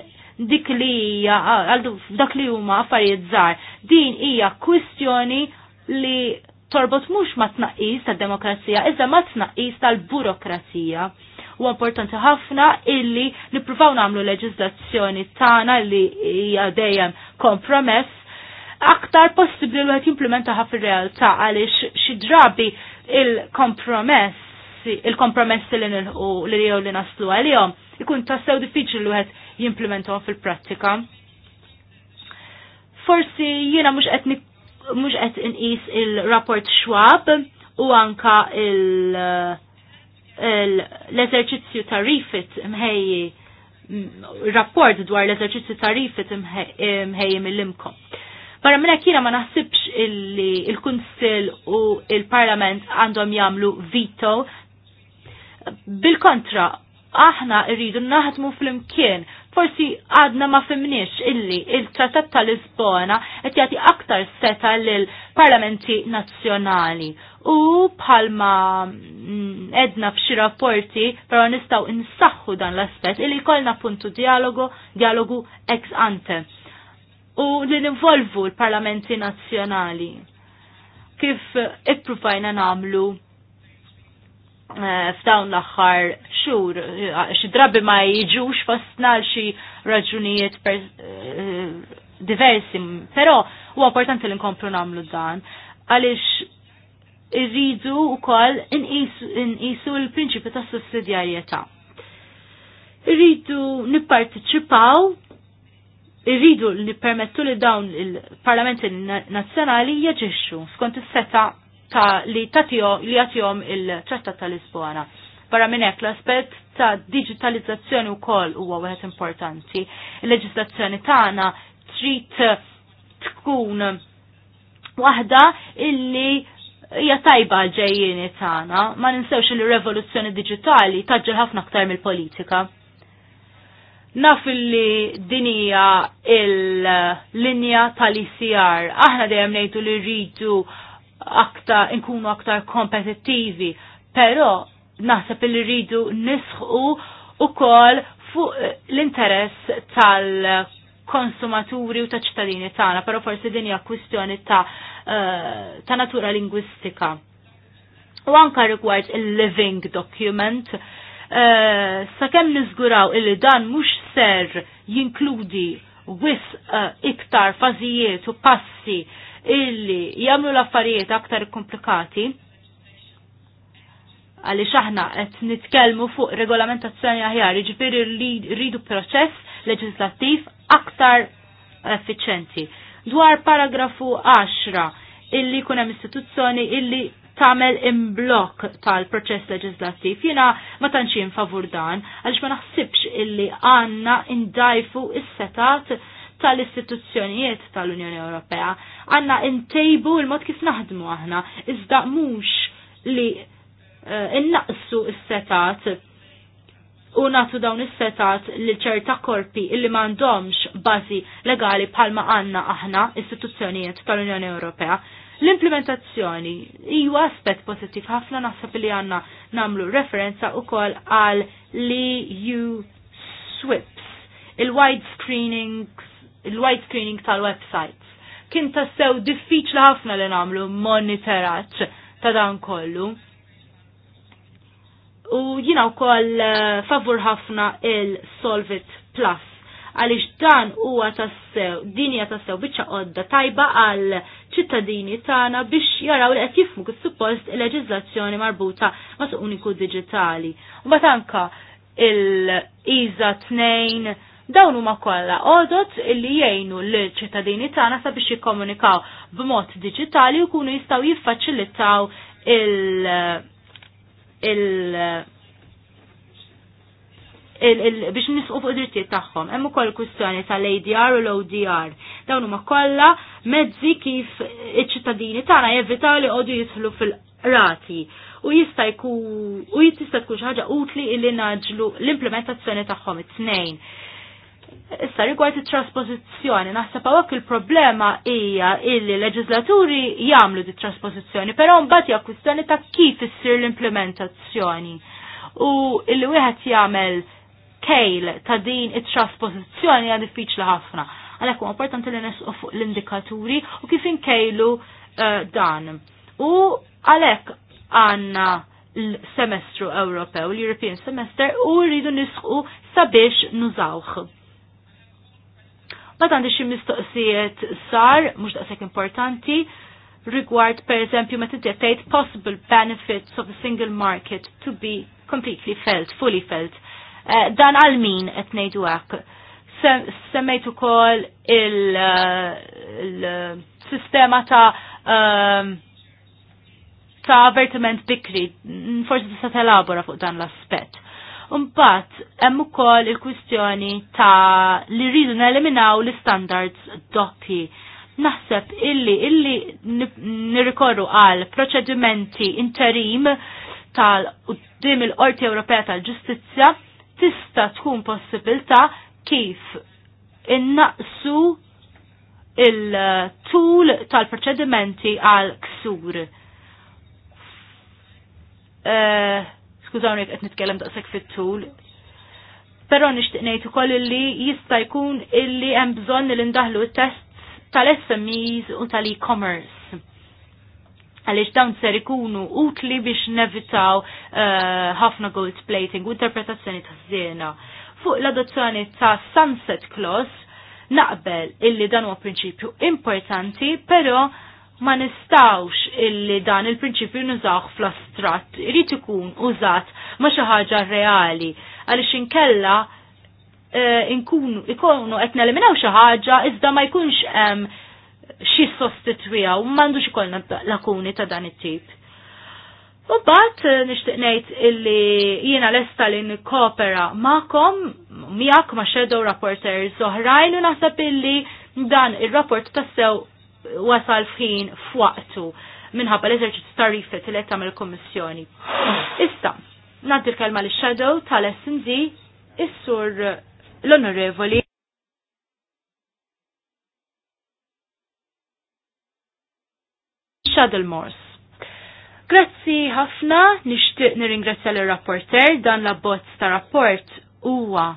Speaker 4: dik li hija għal dak li huma affarijiet żgħar. Din hija kwistjoni li torbot mhux ma tnaqis tad-demokrazija, iżda ma tnaqqis tal-burokrazija. U importanti ħafna illi nippruvaw nagħmlu leġiżlazzjoni tagħna li hija dejjem kompromess aktar possibbli li qed jimplementa ħaf realtà għaliex xi drabi il-kompromess il kompromess li nilħu li jew li naslu għalihom ikun tassew diffiċli li wieħed jimplementahom fil-prattika. Forsi jiena mhux qed mhux qed inqis il-rapport Schwab u anka l-eżerċizzju tarifit mħejji mm, rapport dwar l-eżerċizzju tarifit mħejji mill-imkom. Barra minna kina ma naħsibx illi il-Kunsil u il-Parlament għandhom jamlu veto. Bil-kontra, aħna rridu naħdmu fl-imkien forsi għadna ma fimniex illi il-Trattat tal-Lisbona qed jagħti aktar seta lill parlamenti nazzjonali. U bħalma mm, edna f'xi rapporti, però nistgħu insaħħu dan l-aspett illi jkollna puntu dialogu, dialogu ex ante. U li nivolvu l-parlamenti nazzjonali. Kif ippruvajna namlu Eh, f'dawn l-axħar xur, eh, xi drabi ma jiġux fostna xi raġunijiet eh, diversi, però huwa importanti li nkomplu nagħmlu dan għaliex irridu wkoll inqisu l-prinċipju ta' sussidjarjetà. Irridu nipparteċipaw irridu nippermettu li dawn il-parlamenti nazzjonali jaġixxu skont is-seta' ta' li tatio li jatjom il-trattat tal-Lisbona. Barra minn hekk l-aspett ta' digitalizzazzjoni wkoll huwa wieħed importanti. Il-leġislazzjoni tagħna trid tkun waħda illi hija tajba l-ġejjini tagħna, ma ninsewx li revoluzzjoni diġitali taġġel ħafna aktar mill-politika. Naf li dinija il-linja tal-ICR, aħna dejjem ngħidu li rridu aktar, nkunu aktar kompetittivi, pero naħseb li rridu nisħu u kol fuq l-interess tal-konsumaturi u ta' ċittadini tagħna, però forsi din hija kwistjoni ta', eh, ta natura lingwistika. U anka rigward il-living document, uh, sakemm niżguraw illi dan mhux ser jinkludi wis uh, iktar fażijiet u passi illi jagħmlu l-affarijiet aktar komplikati għalli xaħna qed nitkellmu fuq regolamentazzjoni aħjar, jiġifieri rridu proċess leġislattiv aktar effiċenti. Dwar paragrafu 10 illi kun hemm istituzzjoni illi tagħmel imblok tal-proċess leġislattiv. Jiena ma tantx favur dan għaliex ma naħsibx illi għandna indajfu is-setat tal-istituzzjonijiet tal-Unjoni Ewropea. Għanna intejbu il-mod kif naħdmu aħna, iżda mhux li eh, innaqsu s-setat u natu dawn is-setat li ċerta korpi illi m'għandhomx bażi legali bħalma għandna aħna istituzzjonijiet tal-Unjoni Ewropea. L-implementazzjoni hija aspett pożittiv ħafna naħseb li għandna namlu referenza wkoll għal li ju swips il-wide screening il-white screening tal-websites. Kien tassew diffiċli ħafna li nagħmlu monitoraġġ ta' dan kollu. U jina wkoll eh, favur ħafna il-Solvit Plus għaliex dan huwa tassew, din hija tassew biċċa qodda tajba għal ċittadini tagħna biex jaraw li qed jifmu suppost il leġizlazzjoni marbuta ma' suqniku digitali. diġitali. U anka il iza tnejn Dawn huma kollha għodot li jgħinu l-ċittadini tagħna sabiex jikkomunikaw b'mod diġitali u jkunu jistgħu jiffaċilitaw il- il- biex nisqu fuq drittijiet tagħhom. Hemm ukoll kwistjoni tal-ADR u l-ODR. Dawn huma kollha mezzi kif iċ-ċittadini tagħna jevitaw li qogħdu jidħlu fil-rati u jista' jkun u jista' tkun xi ħaġa utli illi naġlu l-implementazzjoni tagħhom it-tnejn. Issa rigward it-trasposizzjoni, naħseb hawnhekk il-problema hija illi leġislaturi jagħmlu di trasposizzjoni, però mbagħad hija kwistjoni ta' kif issir l-implementazzjoni. U illi wieħed jagħmel kejl ta' din it-trasposizzjoni hija diffiċli ħafna. Għalhekk huwa importanti li nesqu fuq l-indikaturi u kif inkejlu uh, dan. U għalhekk għandna l-semestru Ewropew, l-European Semester, u rridu nisqu sabiex nużawh Bat għandi xie mistoqsijiet sar, mhux daqshekk importanti, rigward per eżempju meta tgħid possible benefits of the single market to be completely felt, fully felt. Uh, dan għal min qed ngħidu hekk. Semmejt ukoll il-sistema il eh, ta' um, ta' avvertiment bikri, forsi tista' telabora fuq dan l-aspett. Mbagħad hemm ukoll il-kwistjoni ta' li rridu neliminaw l-standards doppi. Naħseb illi illi nirrikorru għal proċedimenti interim tal-qudiem il-Qorti Ewropea tal-Ġustizzja tista' tkun possibilità kif innaqsu il-tul tal-proċedimenti għal ksur. Uh, Skużawni qed nitkellem daqsek fit-tul. Però nixtieq ngħid ukoll illi jista' jkun illi hemm bżonn li ndaħlu t-test tal-SMEs u tal-e-commerce għaliex dawn ser ikunu utli biex nevitaw eh, ħafna uh, gold plating u interpretazzjoni ta' żiena. Fuq l-adozzjoni ta' sunset clause naqbel illi dan huwa prinċipju importanti, però ma nistawx illi dan il-prinċipju nużawh fl-astrat, irid ikun użat ma xi ħaġa reali għaliex inkella e, inkunu ikunu qed neliminaw xi ħaġa iżda ma jkunx hemm xi sostitwija u m'għandux ikollna lakuni ta' dan it-tip. U bat eh, nixtieq ngħid illi jiena lesta li nikkopera ma'kom miegħek ma' shadow rapporters oħrajn u naħseb illi dan ir-rapport tassew wasal fin fwaqtu minħabba l-eżerċizzju ta' rifet li qed tagħmel kummissjoni. Issa, nagħti l-kelma lix-shadow tal-SND is-sur l-onorevoli Shadow Morse. Grazzi ħafna, nixtieq nirringrazzja l-rapporter dan l-abbozz ta' rapport huwa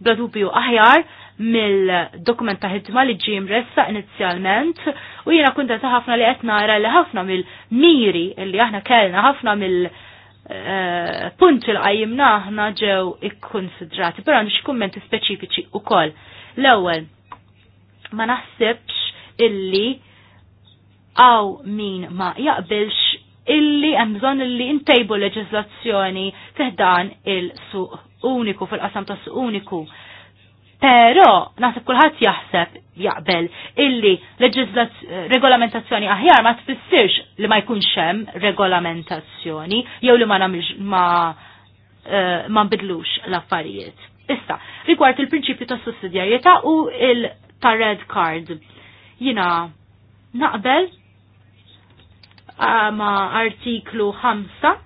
Speaker 4: bla dubju aħjar mill dokumenta ta' ħidma li ġie mressa inizjalment u jiena kunta ħafna li qed nara li ħafna mill-miri li aħna kellna ħafna mill- eh, punti l għajimna aħna ġew ikkonsidrati, però għandu kummenti speċifiċi wkoll. L-ewwel, ma naħsibx illi għaw min ma jaqbilx illi hemm bżonn illi ntejbu leġizlazzjoni teħdan il-suq uniku fil-qasam ta' suq uniku. Pero, nasib kullħat jaħseb jaqbel illi regolamentazzjoni aħjar ma tfissirx li ma jkunx hemm regolamentazzjoni jew li ma namilx ma eh, ma nbidlux l-affarijiet. Issa, rigward il-prinċipju ta' sussidjarjetà u il ta' red card. Jina naqbel eh, ma artiklu 5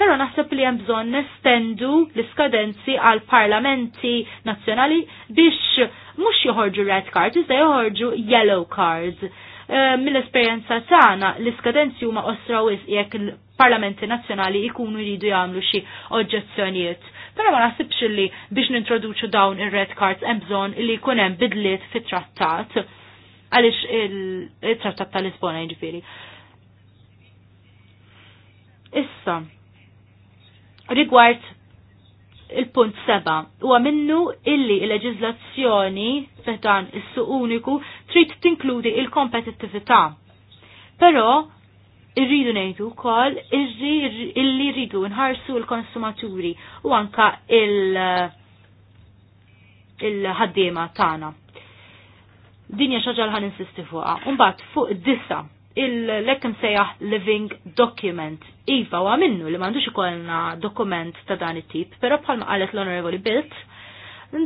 Speaker 4: Pero naħseb li hemm bżonn nestendu l-iskadenzi għal parlamenti nazzjonali biex mhux joħorġu red cards iżda joħorġu yellow cards. Eh, mill-esperjenza tagħna l-iskadenzi huma osra wisq jekk il-parlamenti nazzjonali jkunu jridu jagħmlu xi oġġezzjonijiet. Però ma naħsibx li biex nintroduċu dawn ir-red cards hemm bżonn li jkun hemm bidliet fit-trattat għaliex il-trattat tal-Lisbona jiġifieri. Issa, rigward il-punt seba' huwa minnu illi il-leġiżlazzjoni fetan is-suq uniku trid tinkludi il-kompetittività. Però irridu ngħidu wkoll illi rridu nħarsu l-konsumaturi u anka il-ħaddiema il tagħna. Dinja xaġal ħan insisti fuqha. Mbagħad fuq disa il-lekkim sejjaħ living document Iva u għaminnu li mandux ikollna dokument ta' dan it-tip, pero bħalma qalet l-Honorable Bilt,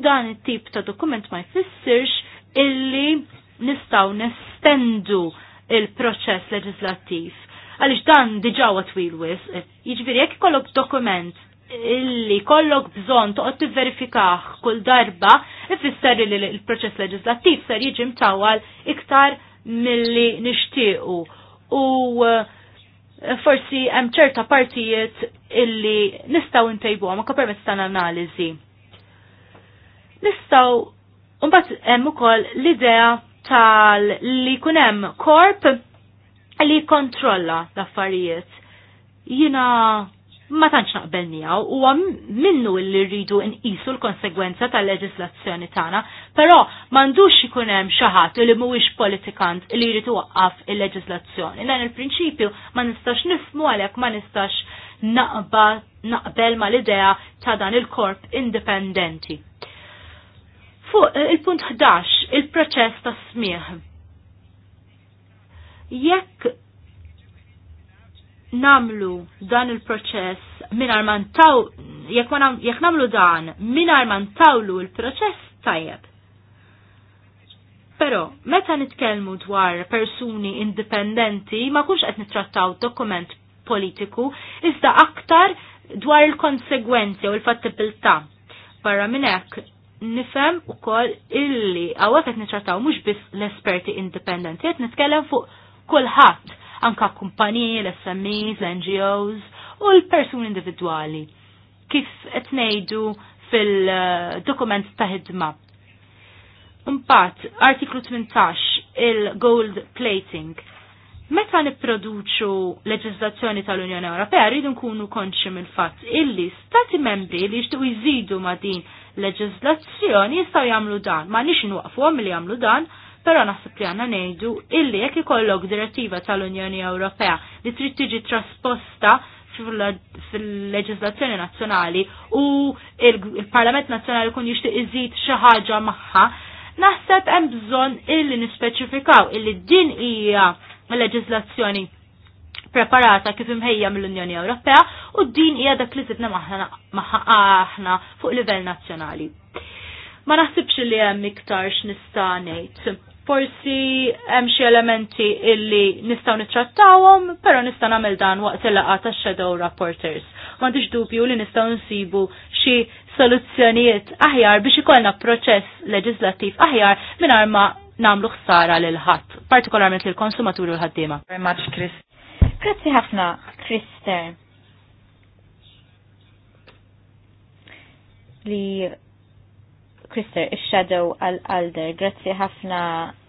Speaker 4: dan it-tip ta' dokument ma jfissirx illi nistaw nestendu il-proċess leġislattiv. Għalix dan diġawa twil wis, jġviri jek kollok dokument illi kollok bżon toqgħod tivverifikaħ kull darba jfisser li l-proċess leġislattiv ser jiġi mtawal iktar milli nixtiequ. U uh, forsi hemm ċerta partijiet illi nistgħu ntejbuhom anke permezz tal-analiżi. Nistgħu mbagħad hemm ukoll l-idea tal li jkun hemm korp li kontrolla l-affarijiet. Jina ma tantx naqbel miegħu huwa minnu li rridu nqisu l-konsegwenza tal-leġislazzjoni tagħna, però m'għandux ikun hemm xi ħadd li mhuwiex politikant li jrid iwaqqaf il-leġislazzjoni. Dan il-prinċipju ma nistax nifmu għalhekk ma nistax naqba naqbel mal-idea ta' dan il-korp indipendenti. Fuq eh, il-punt 11, il-proċess ta' smieħ. Jekk namlu dan il-proċess minar man taw, jek, jek namlu dan minar man tawlu il-proċess tajjeb. Pero, meta nitkellmu dwar persuni indipendenti, ma kux qed nittrattaw dokument politiku, iżda aktar dwar il-konsegwenzi u l-fattibilità. Barra minn hekk nifhem ukoll illi hawnhekk qed nittrattaw mhux biss l-esperti indipendenti, qed nitkellem fuq kulħadd anka kumpaniji, l-SMEs, l-NGOs u l-persuni individuali. Kif qed ngħidu fil-dokument ta' ħidma. Mbagħad artiklu 18 il-gold plating. Meta nipproduċu leġislazzjoni tal-Unjoni Ewropea rridu nkunu konxi mill-fatt illi stati membri li jixtiequ jżidu ma' din leġislazzjoni jistgħu jagħmlu dan, ma nix nwaqfuhom li jagħmlu dan, Però naħseb li għanna ngħidu illi jekk ikollok direttiva tal-Unjoni Ewropea li trid tiġi trasposta fil-leġislazzjoni nazzjonali u il-Parlament Nazzjonali kun jixtieq iżid xi ħaġa magħha, naħseb hemm bżonn illi nispeċifikaw illi din hija leġislazzjoni preparata kif imħejja mill-Unjoni Ewropea u din hija dak li sibna magħha aħna fuq livell nazzjonali. Ma naħsibx li hemm iktarx nista' ngħid forsi hemm xi elementi illi nistgħu nittrattawhom, però nista' nagħmel dan waqt il-laqgħa tax-shadow rapporters. M'għandix dubju li nistgħu nsibu xi soluzzjonijiet aħjar biex ikollna proċess leġislattiv aħjar mingħajr ma nagħmlu ħsara lil ħadd, partikolarment lil konsumaturi u l-ħaddiema. Very much, Chris. Grazzi ħafna, Krister.
Speaker 5: Li Krister, il-shadow għal-alder. Grazzi ħafna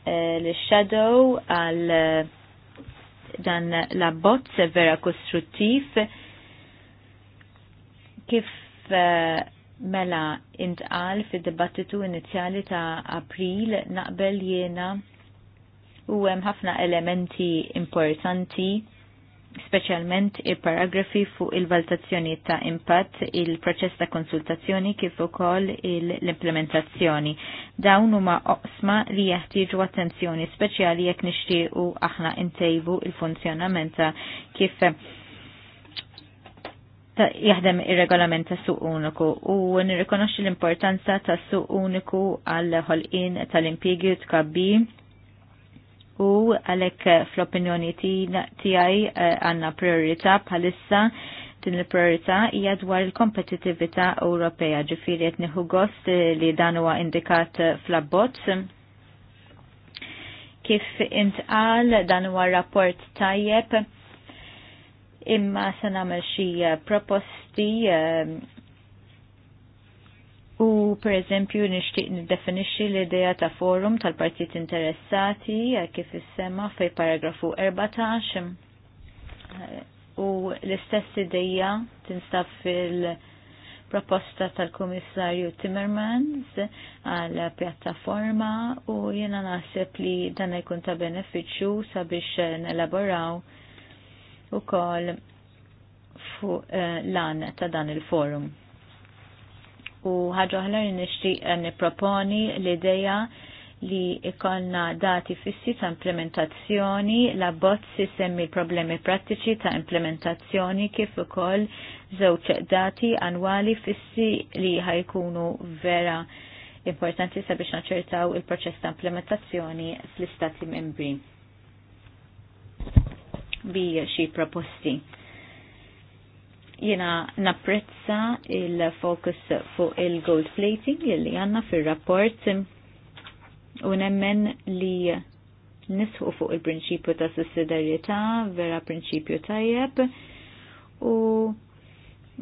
Speaker 5: eh, l-shadow għal eh, dan la bozz vera kostruttiv. Kif eh, mela intqal fid dibattitu inizjali ta' april naqbel jena u hemm ħafna elementi importanti specialment il-paragrafi fuq il-valutazzjoni ta' impatt, il-proċess ta' konsultazzjoni kif ukoll l-implementazzjoni. Dawn huma oqsma li jeħtieġu attenzjoni speċjali jekk nixtiequ aħna intejbu il-funzjonament ta' kif jaħdem ir-regolament ta' suq uniku u nirrikonoxxi l-importanza ta' suq uniku għall ħolqien tal-impjegi u tkabbi u għalek eh, fl-opinjoni għaj eh, għanna priorita bħalissa din il-priorità hija dwar il-kompetitività Ewropea ġifieri qed nieħu gost eh, li dan huwa indikat fl-abbozz. Kif intqal dan huwa rapport tajjeb imma se nagħmel xi proposti U per eżempju nixtieq niddefinixxi l-idea ta' forum tal-partit interessati għal kif issema fej paragrafu 14 u l-istess ideja tinstab fil-proposta tal-Kummissarju Timmermans għal pjattaforma u jiena naħseb li dan jkun ta' benefiċċju sabiex nelaboraw ukoll fuq eh, lan ta' dan il-forum. U ħagħa ħna nishtiq niproponi l-ideja li eh, ikonna dati fissi ta' implementazzjoni, la bozzi semmi problemi prattiċi ta' implementazzjoni kif ukoll żewġ dati annwali fissi li ħajkunu vera importanti sabiex naċertaw il-proċess ta' implementazzjoni fl-istati membri bi xi proposti. Jena napprezza il-fokus fuq il-gold plating li għanna fil-rapport u nemmen li nisħu fuq il-prinċipju ta' sussidarietà, vera prinċipju tajjeb u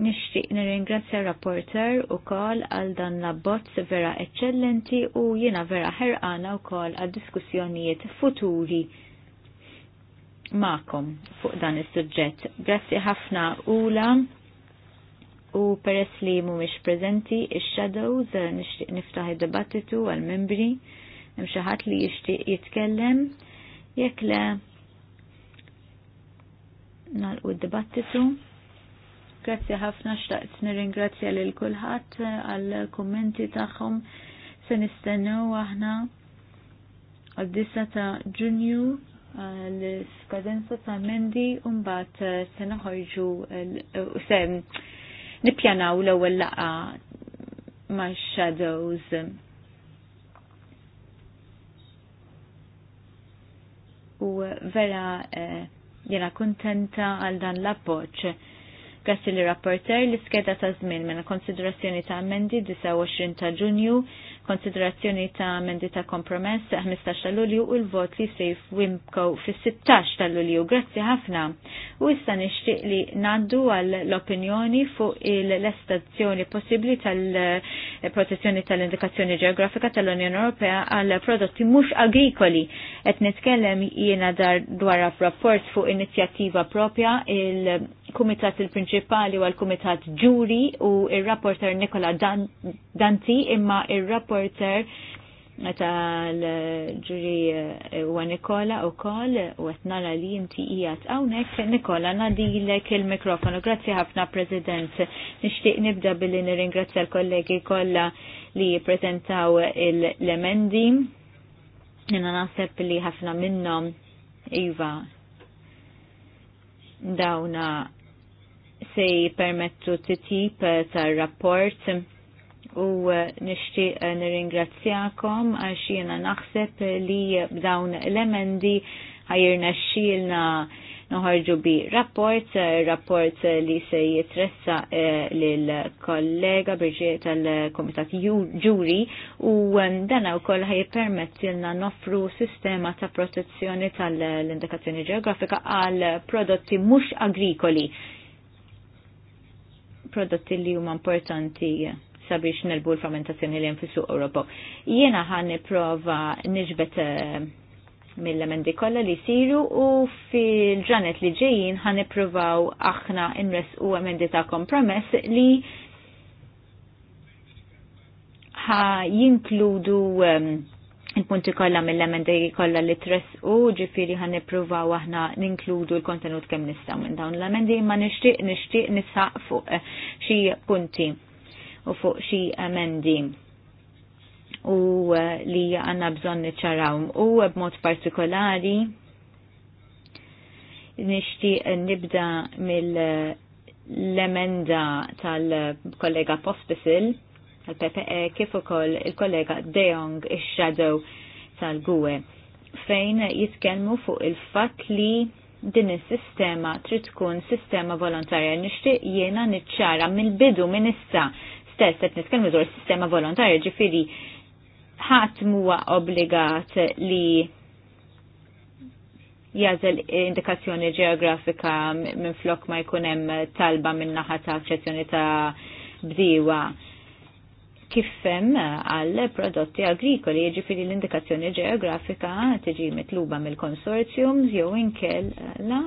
Speaker 5: nixtieq nirringrazzja rapporter u kol għal dan l vera eccellenti u jiena vera ħerqana u kol għad diskussjonijiet futuri ma'kom fuq dan is-suġġett. Grazzi ħafna ula u peress li mhumiex preżenti ix-shadows eh, nixtieq niftaħ id-dibattitu għall-membri hemm xi ħadd li jixtieq jitkellem jekk le nagħlqu d-dibattitu. Grazzi ħafna xtaqt nirringrazzja lil kulħadd eh, għall kummenti tagħhom se nistennew aħna għad-disa ta' Ġunju l-skadenza ta' mendi unbat eh, se naħorġu eh, se nipjanaw l-ewwel laqa ma' shadows. U vera eh, jena kontenta għal dan l-appoċ. għassi li rapporter l skeda ta' żmien minn konsiderazzjoni ta' ammendi 29 ta' ġunju konsiderazzjoni ta' mendi ta' kompromess 15 ta' lulju u l-vot li sejf Wimko fis 16 ta' lulju. Grazzi ħafna. U issa nixtieq li naddu għal l-opinjoni fuq l-estazzjoni possibbli tal-protezzjoni tal-indikazzjoni ġeografika tal-Unjoni Ewropea għal prodotti mhux agrikoli. Qed nitkellem jiena dar dwar rapport fuq inizjattiva propja il- il-kumitat il-prinċipali u għal-kumitat ġuri u il-rapporter Nikola Dan Danti imma il-rapporter tal-ġuri eh, u Nikola u kol u għetnara li jinti ijat għawnek Nikola nadilek il-mikrofonu grazzi ħafna President nishtiq nibda billi nirringrazzja l-kollegi kolla li prezentaw il-lemendi jena naħseb li ħafna minnom Iva dawna se jipermettu titip eh, tar-rapport u eh, nishtiq eh, nirringrazzjakom għax jiena naħseb li b'dawn l-emendi ħajirna xilna noħarġu bi rapport, rapport li se jitressa l-kollega birġi tal-Komitat Ġuri u dana u koll ħaj permettilna nofru sistema ta' protezzjoni tal-indikazzjoni ġeografika għal prodotti mux agrikoli prodotti li huma importanti sabiex nelbu l-fermentazzjoni li fis-suq Ewropa. Jiena ħa nipprova niġbet eh, mill-emendi kollha li siru u fil-ġanet li ġejjin ħa nippruvaw aħna imres u emendi ta' kompromess li ħa jinkludu um, il-punti kollha mill-emendi kollha li tress u ġifiri niprufa u aħna ninkludu l-kontenut kemm nistaw minn dawn l-emendi ma nixtieq nixtieq nisa fuq eh, xi punti u fuq xi emendi u eh, li għanna bżonn niċċaraw u eh, b'mod partikolari nixtieq nibda mill-emenda tal-kollega Pospisil tal-PPE eh, kif ukoll il-kollega Deong ix-Shadow tal gue fejn jitkellmu fuq il-fatt li din is-sistema trid tkun sistema volontarja nixtieq jiena niċċara mill-bidu minn issa stess qed nitkellmu dwar sistema volontarja ġifieri ħadd huwa obbligat li jażel indikazzjoni ġeografika minn flok ma jkun hemm talba minn naħa ta' ċezzjoni ta' bdiewa kif fem għal prodotti agrikoli, jiġifieri l-indikazzjoni ġeografika tiġi mitluba mill-konsorzjums jew inkel la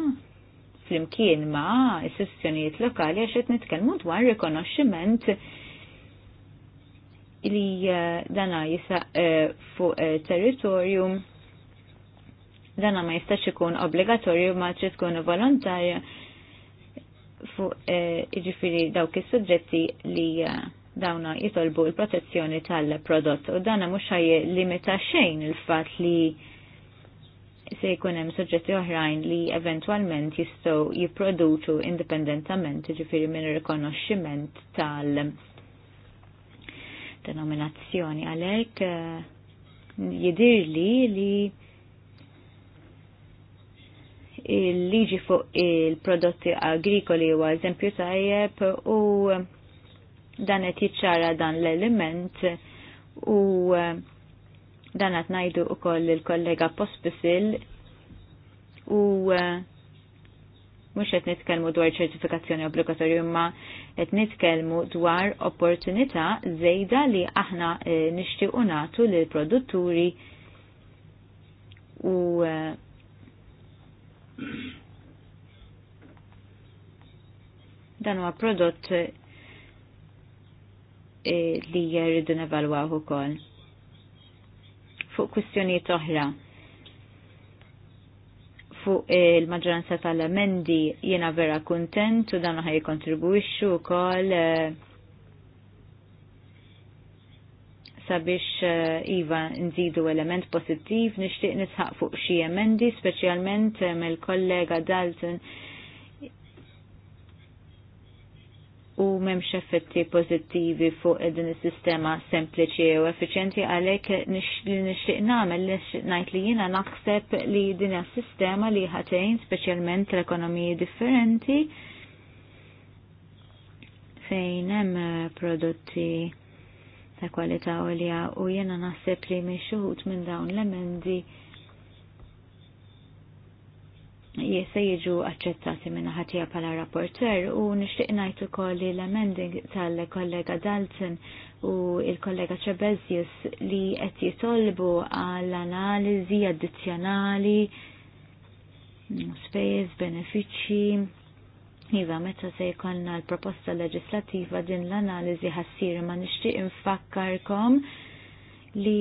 Speaker 5: flimkien ma' istituzzjonijiet lokali għax qed nitkellmu dwar rikonoxximent li eh, dana jisa eh, fuq eh, territorju dana ma jistax ikun obbligatorju ma trid tkun volontarja fuq iġifiri dawk is-suġġetti li dawna jitolbu il-protezzjoni tal-prodott u dana mhux ħaj limita xejn il-fatt li se jkun hemm soġġetti oħrajn li eventwalment jistgħu jipproduċu indipendentament, ġifieri minn rikonoxximent tal- denominazzjoni għalhekk eh, jidirli li il-liġi fuq il-prodotti agrikoli u eżempju tajjeb u dan qed jiċċara dan l-element u eh, dan qed ngħidu wkoll il-kollega Pospisil u eh, mhux qed nitkellmu dwar ċertifikazzjoni obbligatorju imma qed nitkellmu dwar opportunità żejda li aħna eh, nixtiequ nagħtu lil produtturi u dan huwa prodott Eh, li jridu nevalwaħu ukoll. Fuq kwistjonijiet oħra fuq eh, il-maġranza tal-emendi jiena vera kontent u dan ħaj kontribuixxu wkoll eh, sabiex iva nżidu element pozittiv nixtieq nisħaq fuq xi emendi speċjalment mill-kollega Dalton u memx effetti pozittivi fuq din is-sistema sempliċi u effiċenti għalhekk li nixtieq nagħmel ngħid li jiena naħseb li din is-sistema li ħatejn speċjalment l-ekonomiji differenti fejn hemm prodotti ta' kwalità għolja u jiena naħseb li minn minn dawn l-emendi se jiġu aċċettati minna ħatija pala rapporter u nishtiq najtu li l-amending tal-kollega Dalton u il-kollega Trebezius li qed jitolbu għall-analiżi addizzjonali spejjeż benefiċċji. Iva, meta se jkollna l-proposta leġislativa din l-analiżi ħassir ma nixtieq infakkarkom li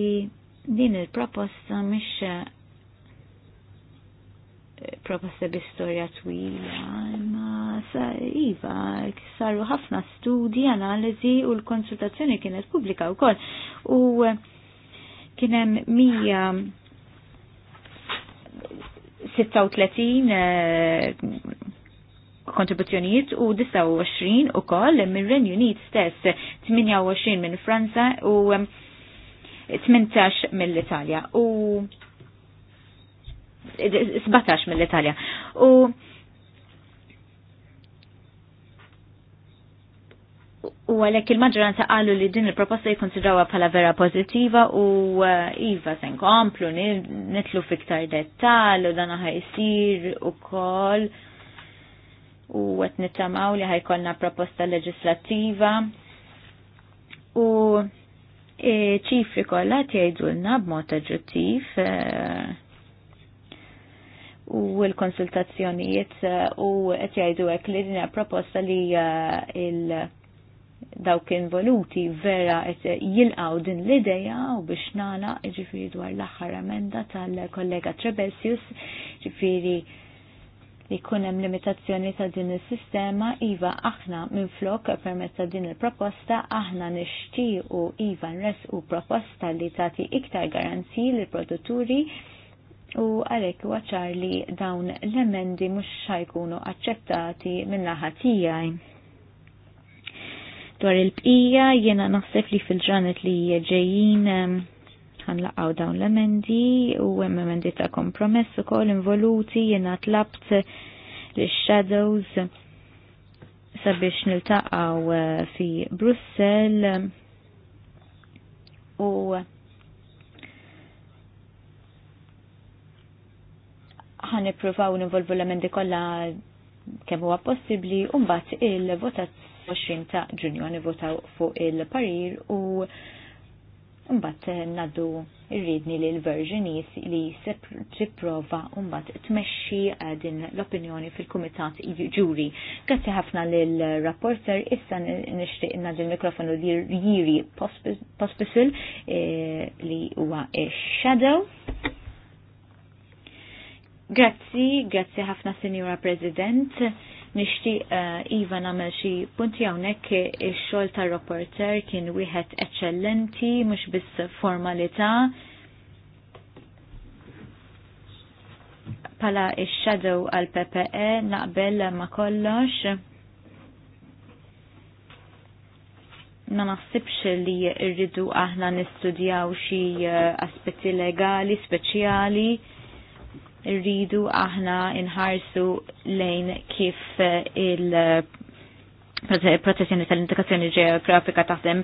Speaker 5: din il-proposta mhix proposta bi twila, imma sa iva, saru ħafna studi, analizi u l-konsultazzjoni kienet pubblika u kol. U eh, kienem mija 36 eh, kontribuzzjonijiet u 29 u kol mir-Renju Unit stess, 28 minn Franza u 18 eh, mill-Italja. U 17 mill-Italja. U U għalek il-maġġoranza għallu li din il-proposta jikonsidrawa bħala vera pozittiva u uh, Iva sen komplu nitlu fiktar dettal u dan ħaj jisir u kol u għet nittamaw li ħajkonna proposta leġislativa u e, ċifri kollha tgħidulna b'mod aġġuttiv eh, u l-konsultazzjonijiet eh, u qed jgħidu hekk li dinja proposta li eh, il dawk involuti vera qed jilqgħu din l-idea u biex nagħla ġifieri dwar l-aħħar emenda tal-kollega Trebelsius ġifieri li jkun hemm limitazzjoni ta' din is-sistema iva aħna minflok permezz ta' din il-proposta aħna nixtiequ iva nresqu proposta li tagħti iktar garanzi lill produtturi u għalek waċar li dawn l-emendi mux xajkunu accettati minna ħatijaj. Dwar il-bqija jena naħseb li fil-ġranet li ġejjin laqaw dawn l-emendi u hemm emendi ta' kompromess ukoll involuti jena tlabt li shadows sabiex niltaqgħu eh, fi Brussell u ħan ippruvaw nivolvu l amendi kollha kemm huwa possibbli u mbagħad il votat 20 ta' Ġunju għan votaw fuq il-parir u mbagħad naddu irridni li l-Virginis li tipprova mbagħad tmexxi eh, din l-opinjoni fil-Kumitat Ġuri. Grazzi ħafna lil rapporter issa nixtieq nagħdi l-mikrofonu li jiri Pospisil eh, li huwa shadow Grazzi, grazzi ħafna Signora President. Nishti uh, Iva namel xi punti hawnhekk ix-xogħol tar-rapporter kien wieħed eċċellenti mhux biss formalità. Pala ix-shadow għal PPE naqbel ma kollox. Ma naħsibx li rridu aħna nistudjaw xi uh, aspetti legali speċjali rridu aħna inħarsu lejn kif eh, il- eh, protezzjoni tal-indikazzjoni ġeografika taħdem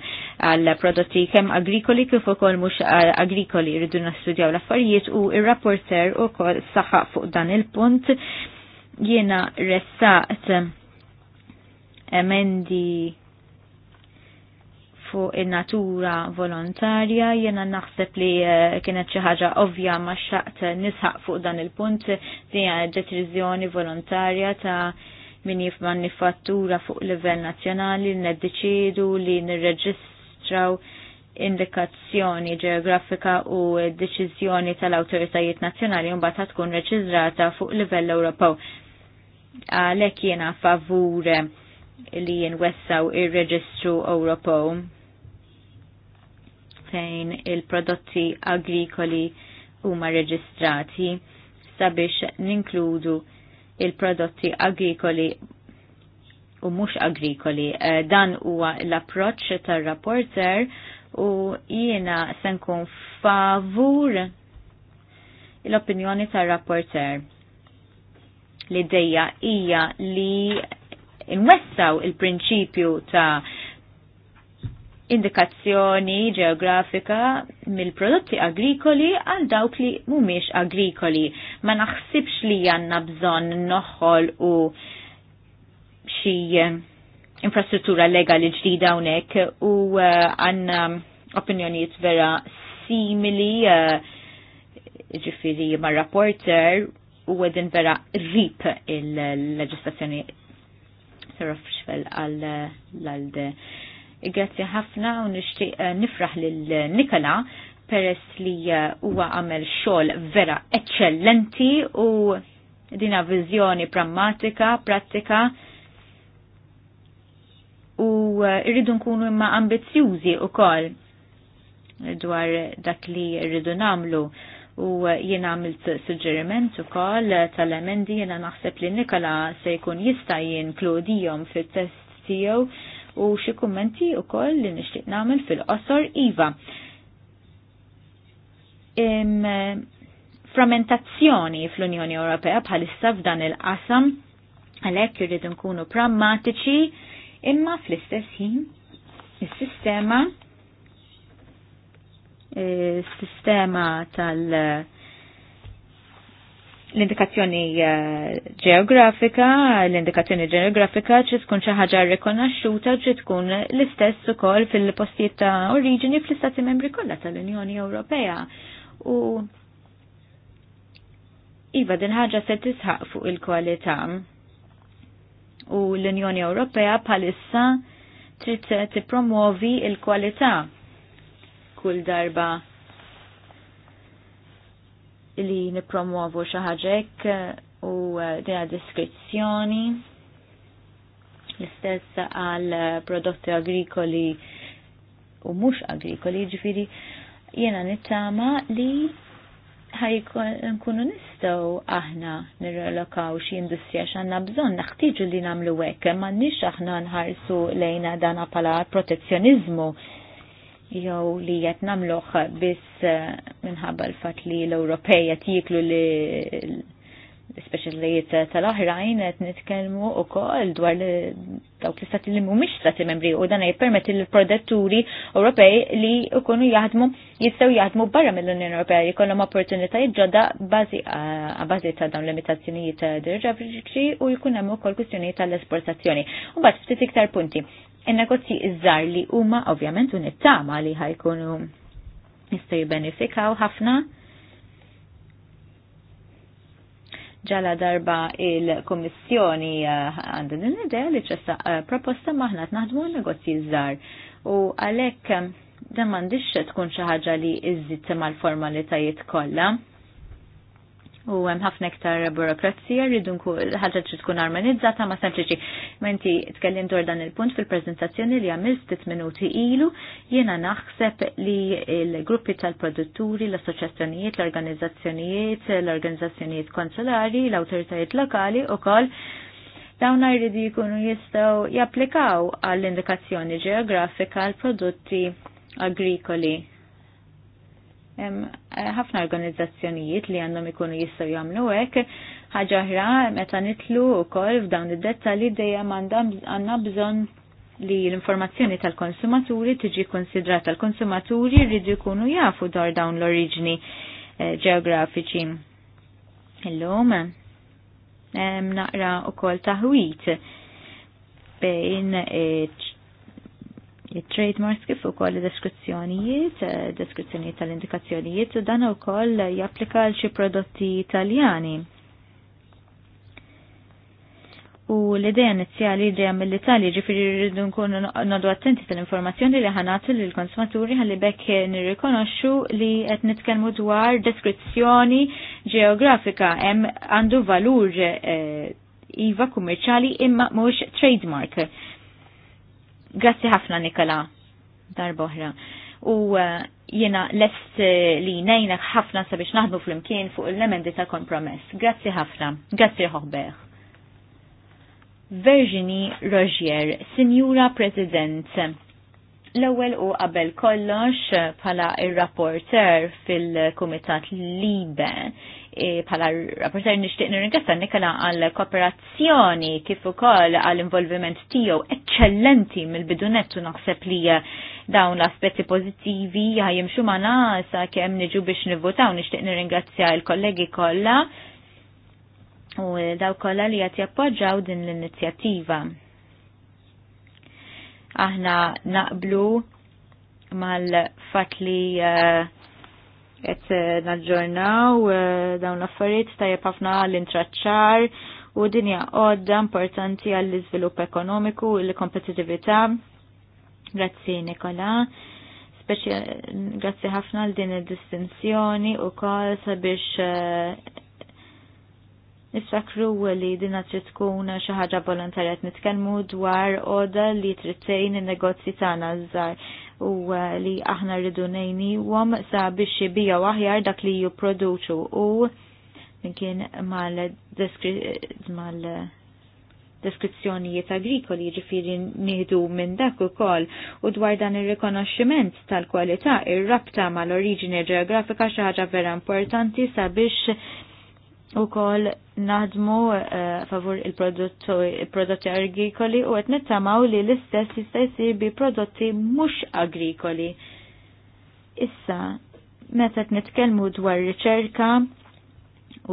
Speaker 5: għal prodotti kemm agrikoli kif ukoll mhux agrikoli rridu nastudjaw l-affarijiet u ir-rapporter ukoll saħaq fuq dan il-punt jiena ressaqt emendi fuq in-natura volontarja jena naħseb li eh, kienet xi ħaġa ovvja ma xaqt nisħaq fuq dan il-punt li deċiżjoni volontarja ta' min jifmanifattura fuq livell nazzjonali neddeċidu li nirreġistraw indikazzjoni ġeografika u deċiżjoni tal-awtoritajiet nazzjonali mbagħad tkun reċiżrata fuq livell Ewropew. Għalhekk jiena favur li jinwessaw ir-Reġistru Ewropew fejn il-prodotti agrikoli huma reġistrati sabiex ninkludu il-prodotti agrikoli u mhux agrikoli. Eh, dan huwa l-approċċ tar-rapporter u jiena se nkun favur l-opinjoni tar-rapporter. L-ideja hija li nwessaw il-prinċipju ta' indikazzjoni ġeografika mill-prodotti agrikoli għal dawk li mhumiex agrikoli. Ma naħsibx li għandna bżonn noħol u xi infrastruttura legali ġdida hawnhekk u uh, opinjonijiet vera simili eh, ġifiri ma' rapporter u għedin vera rip il-leġislazzjoni Saraf fel għal eh, lalde Uh, Grazzi ħafna u nixtieq eh, nifraħ lil Nikola peress li eh, huwa għamel xogħol vera eċċellenti u dina viżjoni prammatika, prattika u eh, rridu nkunu imma ambizzjużi wkoll dwar dak li rridu namlu u jiena għamilt suġġeriment ukoll tal-emendi jiena naħseb li Nikola se jkun jista' jinkludihom fit-test tiegħu u xi kummenti wkoll li nixtieq nagħmel fil-qosor iva. Im, frammentazzjoni fl-Unjoni Ewropea bħalissa f'dan il-qasam għalhekk irridu nkunu prammatiċi imma fl-istess ħin is-sistema is-sistema eh, tal- l-indikazzjoni eh, ġeografika, l-indikazzjoni ġeografika ċi tkun xi ħaġa rikonoxxuta ċi tkun l-istess ukoll fil-postijiet ta' oriġini fl-Istati Membri kollha tal-Unjoni Ewropea. U iva din ħaġa se tisħaq fuq il-kwalità. U l-Unjoni Ewropea bħalissa trid tippromovi il-kwalità kull darba li nipromuovu xi u eh, dina diskrizzjoni l-istess għal prodotti agrikoli u mhux agrikoli ġifiri jena nittama li ħajkunu nistaw aħna nirrelokaw xi industrija x'għandna bżonn naħtieġu li nagħmlu hekk m'għandniex aħna nħarsu lejna dana pala protezzjonizmu jew li qed nagħmluh biss eh, minħabba l-fatt li l-Ewropej qed jiklu li speċjalijiet tal-oħrajn qed nitkellmu wkoll dwar dawk l-istati li mhumiex stati membri u dan jippermetti lill produtturi Ewropej li jkunu jaħdmu jistgħu jaħdmu barra mill-Unjoni Ewropea jkollhom opportunitajiet ġodda bażi eh, ta' dawn limitazzjonijiet eh, dirġa u jkun hemm ukoll kwistjonijiet tal-esportazzjoni. U mbagħad ftit iktar punti il-negozji iż-żar li huma ovvjament unittama nittama li ħajkunu jista' jibbenefikaw ħafna ġala darba il-Komissjoni eh, għandha din idea li ċessa eh, proposta maħna naħdmu negozji żgħar. U għalhekk eh, dan m'għandix tkun xi ħaġa li iżid mal-formalitajiet kollha u hemm ħafna iktar burokrazija rridu nkun ħaġa trid tkun armonizzata ma sempliċi. Ma inti tkellim dwar dan il-punt fil-preżentazzjoni li għamil stit minuti ilu, jiena naħseb li l-gruppi tal-produtturi, l-assoċjazzjonijiet, l-organizzazzjonijiet, l-organizzazzjonijiet konsolari, l-awtoritajiet lokali wkoll dawna jridu jkunu jistgħu japplikaw għall-indikazzjoni ġeografika għall prodotti agrikoli Eh, ħafna organizzazzjonijiet li għandhom ikunu jistgħu jagħmlu hekk. Ħaġa oħra meta nitlu wkoll f'dawn id-dettalji dejjem għandna bżonn li l-informazzjoni tal-konsumaturi tiġi konsidrata l-konsumaturi rridu jkunu jafu dwar dawn l-oriġni eh, ġeografiċi. Illum eh, naqra kol taħwit bejn trademarks kif ukoll deskrizzjonijiet, eh, deskrizzjonijiet tal-indikazzjonijiet u dan ukoll japplika għal xi prodotti Italjani. U l-idea inizjali ġeja mill-Italja ġifieri rridu nkunu nodu attenti tal-informazzjoni li ħanatu lil konsumaturi ħalli bekk nirrikonoxxu li qed nitkellmu dwar deskrizzjoni ġeografika hemm għandu valur eh, iva kummerċali imma mhux trademark Grazzi ħafna Nikola, darboħra. U eh, jena lest eh, li nejnek ħafna sabiex naħdmu fl-imkien fuq l-emendi ta' kompromess. Grazzi ħafna, grazzi ħoħbeħ. Virginie Rogier, Signora President, l-ewwel u qabel kollox eh, bħala ir-rapporter fil-Kumitat Libe bħala e, rapporter nixtieq nirringrazzja nikala għal kooperazzjoni kif ukoll għal involviment tiegħu eċċellenti mill bidunettu u naħseb li e, dawn l-aspetti pożittivi ħajjimxu ma nasa kemm niġu biex nivvotaw nixtieq nirringrazzja l-kollegi kollha u daw kollha li qed jappoġġaw din l-inizjattiva. Aħna naqblu mal-fat li uh, qed eh, naġġornaw eh, dawn l-affarijiet tajjeb ħafna l-intraċċar u dinja għodda importanti għall-iżvilupp ekonomiku u l-kompetitività. Grazzi Nikola. Speċi grazzi ħafna għal din id-distinzjoni u kol sabiex eh, nifsakru li dina trid tkun xi ħaġa volontarja nitkellmu dwar oda li trid tgħin in-negozji tagħna żgħar u eh, li aħna rridu ngħinihom sa biex bija aħjar dak li jipproduċu u minkien mal deskrizzjonijiet agrikoli ġifiri nieħdu minn dak ukoll u dwar dan ir-rikonoxximent tal-kwalità ir-rabta mal-oriġini ġeografika xi ħaġa vera importanti sabiex u kol naħdmu eh, favur il-prodotti agrikoli u għet nittamaw li l-istess jista' bi prodotti mhux agrikoli. Issa, meta nitkellmu dwar riċerka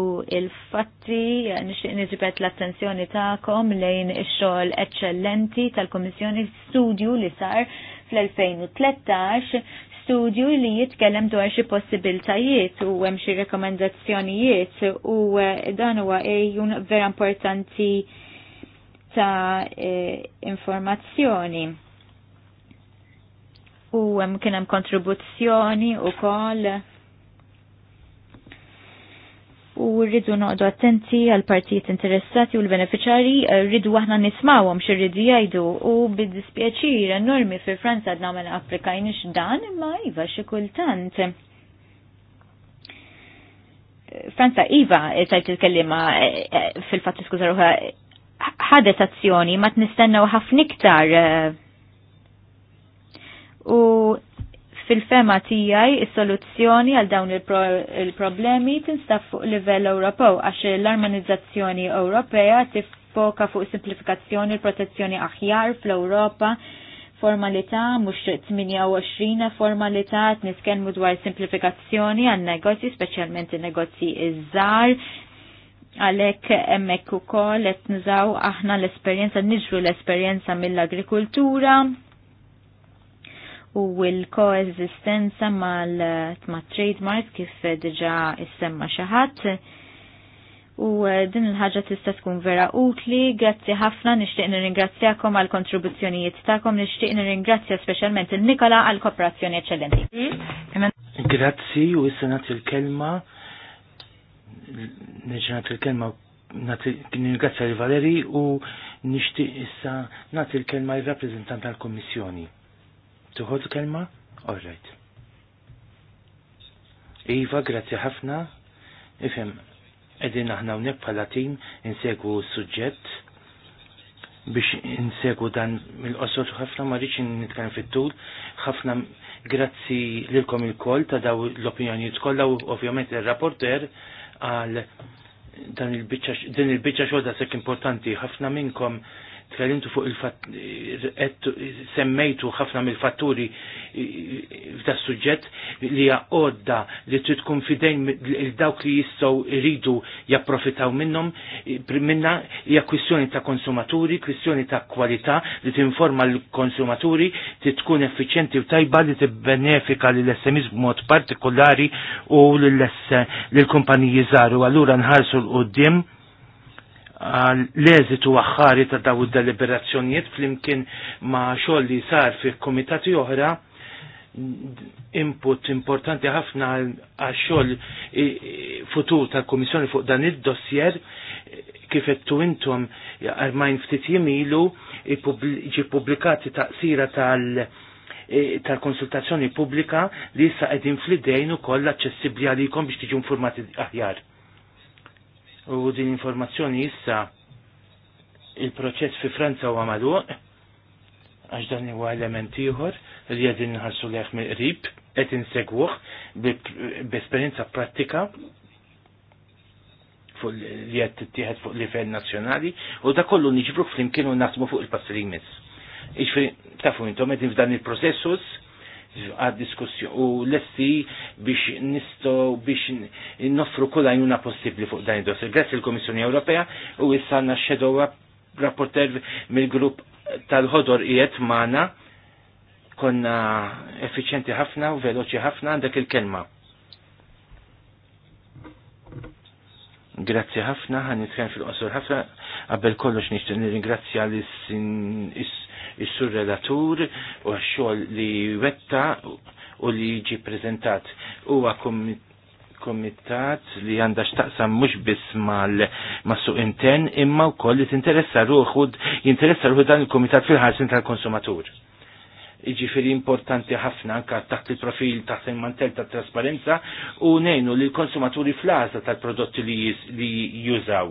Speaker 5: u il-fatti eh, nixtieq nirripet l-attenzjoni tagħkom lejn ix-xogħol eċċellenti tal-Kummissjoni Studju li sar fl-2013 studju li jitkellem dwar xi possibiltajiet u hemm xi rekomendazzjonijiet u eh, dan huwa ejjun vera importanti ta' eh, informazzjoni. U hemm kien hemm kontribuzzjoni ukoll u rridu noqdu attenti għal partijiet interessati u l beneficiari eh, rridu aħna nismawhom rridu jgħidu u bid-dispjaċir enormi fi Franza għadna ma applikajniex dan imma iva xi kultant. Franza iva eh, tajt il-kellima eh, fil-fatt skuża ruħa ħadet azzjoni ma tnistennew ħafna iktar u Fil-fema tijaj, il-soluzzjoni għal dawn il-problemi tinstaff fuq livell Ewropew għax l-armonizzazzjoni Ewropea tiffoka fuq simplifikazzjoni l-protezzjoni aħjar fl-Ewropa formalità mhux 28 formalità niskelmu dwar simplifikazzjoni għan negozji speċjalment in-negozji iż-żgħar għalek emmek u kol et nżaw aħna l-esperienza, nġru l-esperienza mill-agrikultura, u l-koeżistenza mal-trademark kif diġa issemma xaħat u eh, din il-ħagġa tista' tkun vera utli. Grazzi ħafna, nixtieq nirringrazzjakom għal kontribuzzjonijiet tagħkom, nixtieq nirringrazzja speċjalment il-Nikola għal kooperazzjoni
Speaker 4: eċċellenti.
Speaker 2: Grazzi u issa nagħti l-kelma nerġa' nagħti l-kelma nirringrazzja l Valeri u nixtieq issa nagħti l-kelma il-rappreżentant tal-Kummissjoni. Tuħod kelma? All right. Iva, grazzi ħafna. Ifem, edin aħna unek bħala tim insegwu suġġett biex insegu dan mill-qosor ħafna ma rridx nitkellem fit-tul, ħafna grazzi lilkom il-koll ta' daw l-opinjonijiet kollha u ovvjament ir-rapporter għal dan il-biċċa din il-biċċa xogħda sekk importanti ħafna minnkom tkallimtu fuq il semmejtu ħafna mill-fatturi ta' suġġett li hija għodda li trid tkun fidejn dawk li jistgħu jridu japprofitaw minnhom minna hija kwistjoni ta' konsumaturi, kwistjoni ta' kwalità li tinforma l-konsumaturi li tkun effiċjenti u tajba li tibbenefika lil SMEs b'mod partikolari u lill kumpaniji żgħar u allura nħarsu l-qudiem L-eżitu għaxħari ta' daw id-deliberazzjonijiet flimkien ma' xogħol li sar fi komitati oħra input importanti ħafna għal xogħol futur tal-Kummissjoni fuq dan id-dossier kif ettu intom armajn ftit jimilu ġi ta' taqsira tal- tal-konsultazzjoni pubblika li issa qegħdin fl-idejn ukoll aċċessibbli għalikom biex tiġu informati aħjar u din informazzjoni issa il-proċess fi Franza huwa magħluq għax dan huwa element ieħor li qegħdin nħarsu leħ mill-qrib qed insegwuh b'esperjenza prattika li li qed tittieħed fuq livell nazzjonali u da kollu niġbru flimkien u nasmu fuq il-passer jmiss. Iġifieri tafu intom qed f'dan il-processus għad-diskussju u l-essi biex nisto biex nofru kull għajnuna possibli fuq dan id-dossi. Grazzi l-Komissjoni Ewropea u issa għanna xedow rapporter mill-grupp tal-ħodor jiet maħna konna effiċenti ħafna u veloċi ħafna għandek il-kelma. Grazzi ħafna, għan nitkellem fil qosur ħafna, għabbel kollox nishtu nirringrazzja l-is is-sur relatur u x-xogħol li wetta u li jiġi prezentat huwa komitat li għandha xtaqsam mhux biss mas-suq intern imma wkoll li tinteressa ruħud, jinteressa ruħud dan il-komitat fil-ħarsin tal-konsumatur. fil importanti ħafna anka taħt il-profil taħt il-mantel ta' trasparenza u nejnu li l-konsumaturi fl-għaza tal-prodotti li jużaw,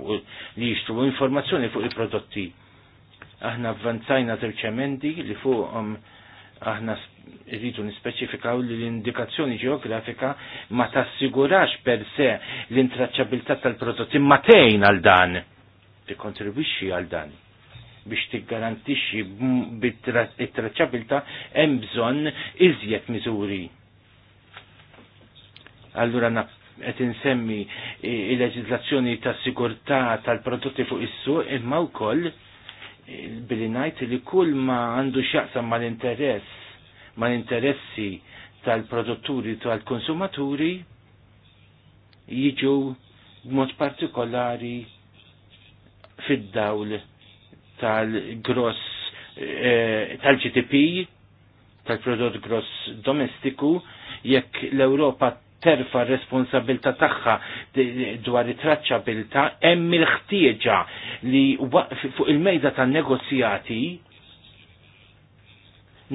Speaker 2: li jixtru informazzjoni fuq il-prodotti aħna avvanzajna żewġ li fuqom aħna rridu nispeċifikaw li l-indikazzjoni ġeografika ma tassigurax per se l-intraċċabilità tal prodotti imma tgħin għal dan tikkontribwixxi għal dan biex tiggarantixxi bit-traċċabilità hemm bżonn iżjed miżuri. Allura qed insemmi il-leġiżlazzjoni tas-sigurtà tal-prodotti fuq is-suq imma wkoll billi ngħid li kull ma għandu x'jaqsam mal-interess mal-interessi tal-produtturi tal-konsumaturi jiġu b'mod partikolari fid-dawl tal-gross eh, tal-GDP tal-prodott gross domestiku jekk l-Ewropa terfa responsabilta tagħha dwar it-traċċabilta hemm il-ħtieġa li fuq il-mejda tan-negozjati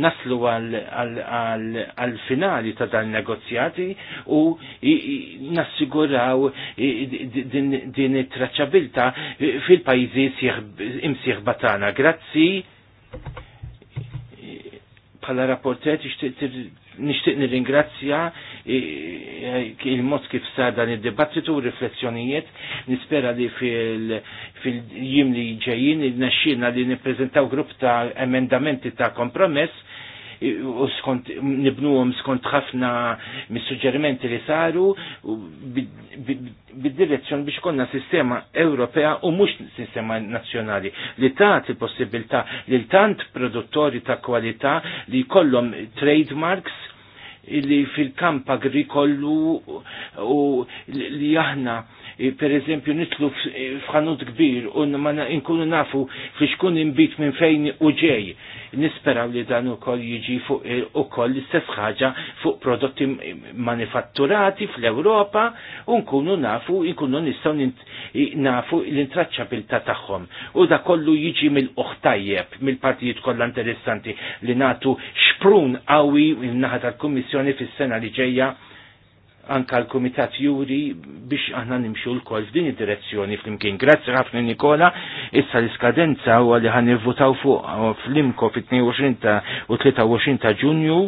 Speaker 2: naslu għal-finali ta' dan negozjati u nassiguraw din it traċċabilta fil-pajzi imsieħ batana. Grazzi pala rapportet nixtieq nirringrazzja eh, eh, il-mod kif sar dan id-dibattitu u riflessjonijiet nispera li fil jim li ġejjin il-naxxina li nippreżentaw grupp ta' emendamenti ta' kompromess u skont nibnuhom skont ħafna mis-suġġerimenti li saru bid-direzzjon biex konna sistema Ewropea u mhux sistema nazzjonali li tagħti possibilità lil tant produttori ta' kwalità li jkollhom trademarks li fil-kamp agrikollu u li aħna per eżempju nitlu f'ħanut kbir u ma nkunu nafu fi xkun imbit minn fejn u ġej nisperaw li dan ukoll jiġi fuq ukoll l-istess ħaġa fuq prodotti manifatturati fl-Ewropa u nkunu nafu nkunu nistgħu nafu l-intraċċabilità tagħhom. U da kollu jiġi mill uħtajjeb tajjeb mill-partijiet kollha interessanti li natu xprun qawwi min-naħa tal-Kummissjoni fis-sena li ġejja anka l-Kumitat Juri biex aħna nimxu l-kol f'din id-direzzjoni fl-imkien. Grazzi ħafna Nikola, issa l-iskadenza u għalli ħan nivvotaw fuq uh, fl-imko fit-22 u 23 ta' ġunju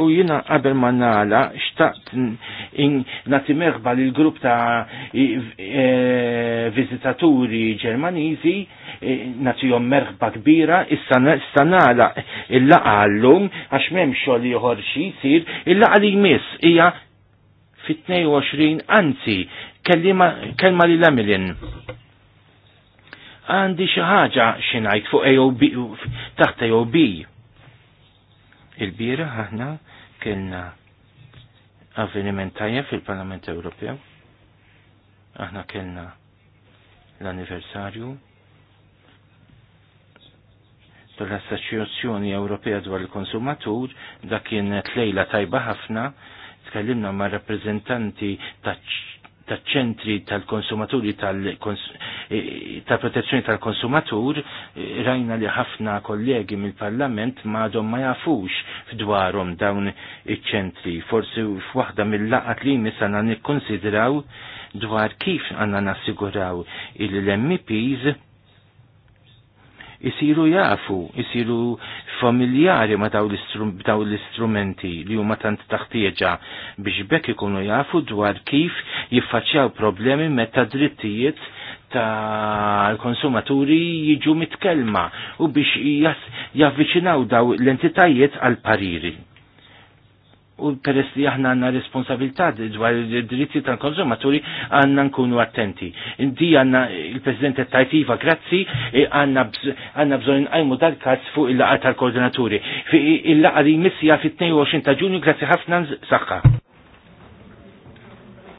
Speaker 2: u jina qabel ma nala xtaqt nati merħba li l-grupp ta' e, vizitaturi ġermanizi jom e, merħba kbira issa nala illa għallum għax memxol li jħorxi sir il għalli li jmiss ija fit-22, anzi, kelma li l Għandi xi ħaġa xinajt fuq AOB, taħt AOB. Il-bira aħna kellna avveniment tajjeb fil-Parlament Ewropew. Aħna kellna l-anniversarju tal-Assoċjazzjoni Ewropea dwar il-Konsumatur, dak kienet lejla tajba ħafna, tkellimna ma' rappresentanti taċ-ċentri tal-konsumaturi e, tal-protezzjoni tal-konsumatur e, rajna li ħafna kollegi mill-parlament madhom ma jafux f'dwarhom dawn iċ-ċentri. Forsi f'waħda mill-laqat li misana nikkonsidraw dwar kif għanna nassiguraw il-MPs isiru jafu, isiru familjari ma daw l-istrumenti li huma tant taħtieġa biex bekk ikunu jafu dwar kif jiffaċċjaw problemi meta drittijiet tal-konsumaturi jiġu mitkelma u biex jaffiċinaw daw l-entitajiet għal pariri u peress li aħna għanna responsabilità dwar id-dritti tal-konsumaturi għanna nkunu attenti. Inti għanna il-President tajtiva grazzi e għanna bżon għajmu dal-kazz fuq il-laqa tal-koordinaturi. Il-laqa li missija fit-22 ta' ġunju grazzi ħafna saħħa.